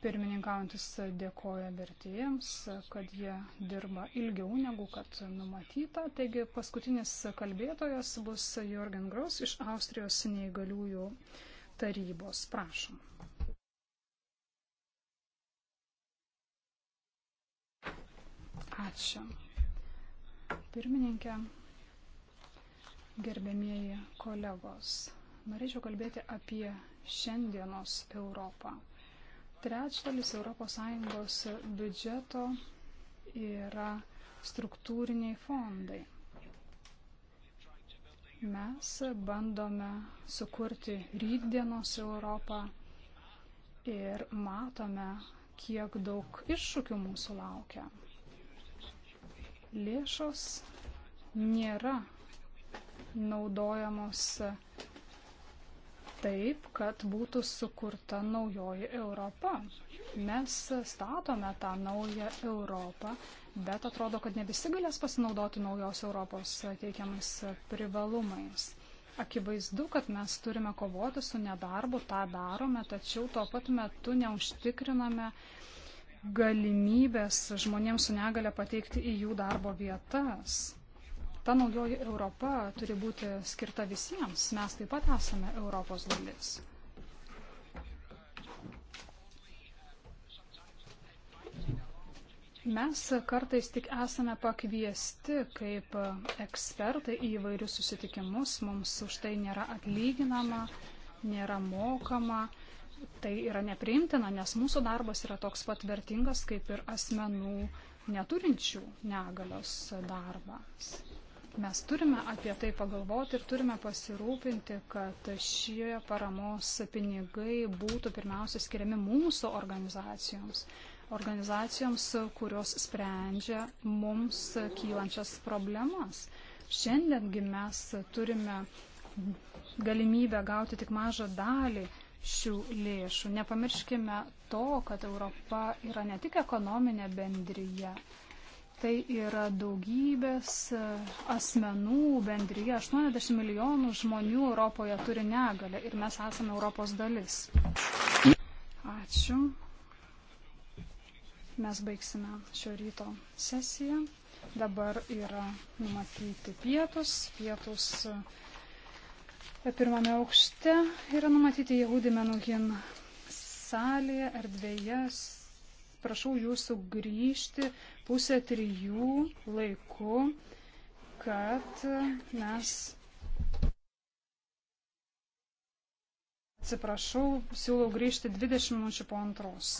Pirmininkaujantis dėkoja vertėjams, kad jie dirba ilgiau negu kad numatyta. Taigi paskutinis kalbėtojas bus Jorgen Gros iš Austrijos neįgaliųjų tarybos. Prašom. Ačiū. Pirmininkė, gerbėmieji kolegos, norėčiau kalbėti apie šiandienos Europą. Trečdalis ES biudžeto yra struktūriniai fondai. Mes bandome sukurti rydienos Europą ir matome, kiek daug iššūkių mūsų laukia. Lėšos nėra naudojamos taip, kad būtų sukurta naujoji Europa. Mes statome tą naują Europą, bet atrodo, kad ne visi galės pasinaudoti naujos Europos teikiamais privalumais. Akivaizdu, kad mes turime kovoti su nedarbu, tą darome, tačiau tuo pat metu neužtikriname galimybės žmonėms su negale pateikti į jų darbo vietas ta naujoji Europa turi būti skirta visiems. Mes taip pat esame Europos dalis. Mes kartais tik esame pakviesti kaip ekspertai į įvairius susitikimus, mums už tai nėra atlyginama, nėra mokama. Tai yra nepriimtina, nes mūsų darbas yra toks pat vertingas kaip ir asmenų neturinčių negalios darbas. Mes turime apie tai pagalvoti ir turime pasirūpinti, kad šie paramos pinigai būtų pirmiausia skiriami mūsų organizacijoms. Organizacijoms, kurios sprendžia mums kylančias problemas. Šiandiengi mes turime galimybę gauti tik mažą dalį šių lėšų. Nepamirškime to, kad Europa yra ne tik ekonominė bendryje, Tai yra daugybės asmenų bendryje. 80 milijonų žmonių Europoje turi negalę ir mes esame Europos dalis. Ačiū. Mes baigsime šio ryto sesiją. Dabar yra numatyti pietus. Pietus e, pirmame aukšte yra numatyti Jehudi Menuhin salėje, erdvėje, prašau jūsų grįžti pusę trijų laiku, kad mes. Atsiprašau, siūlau grįžti 20 minučių po antros.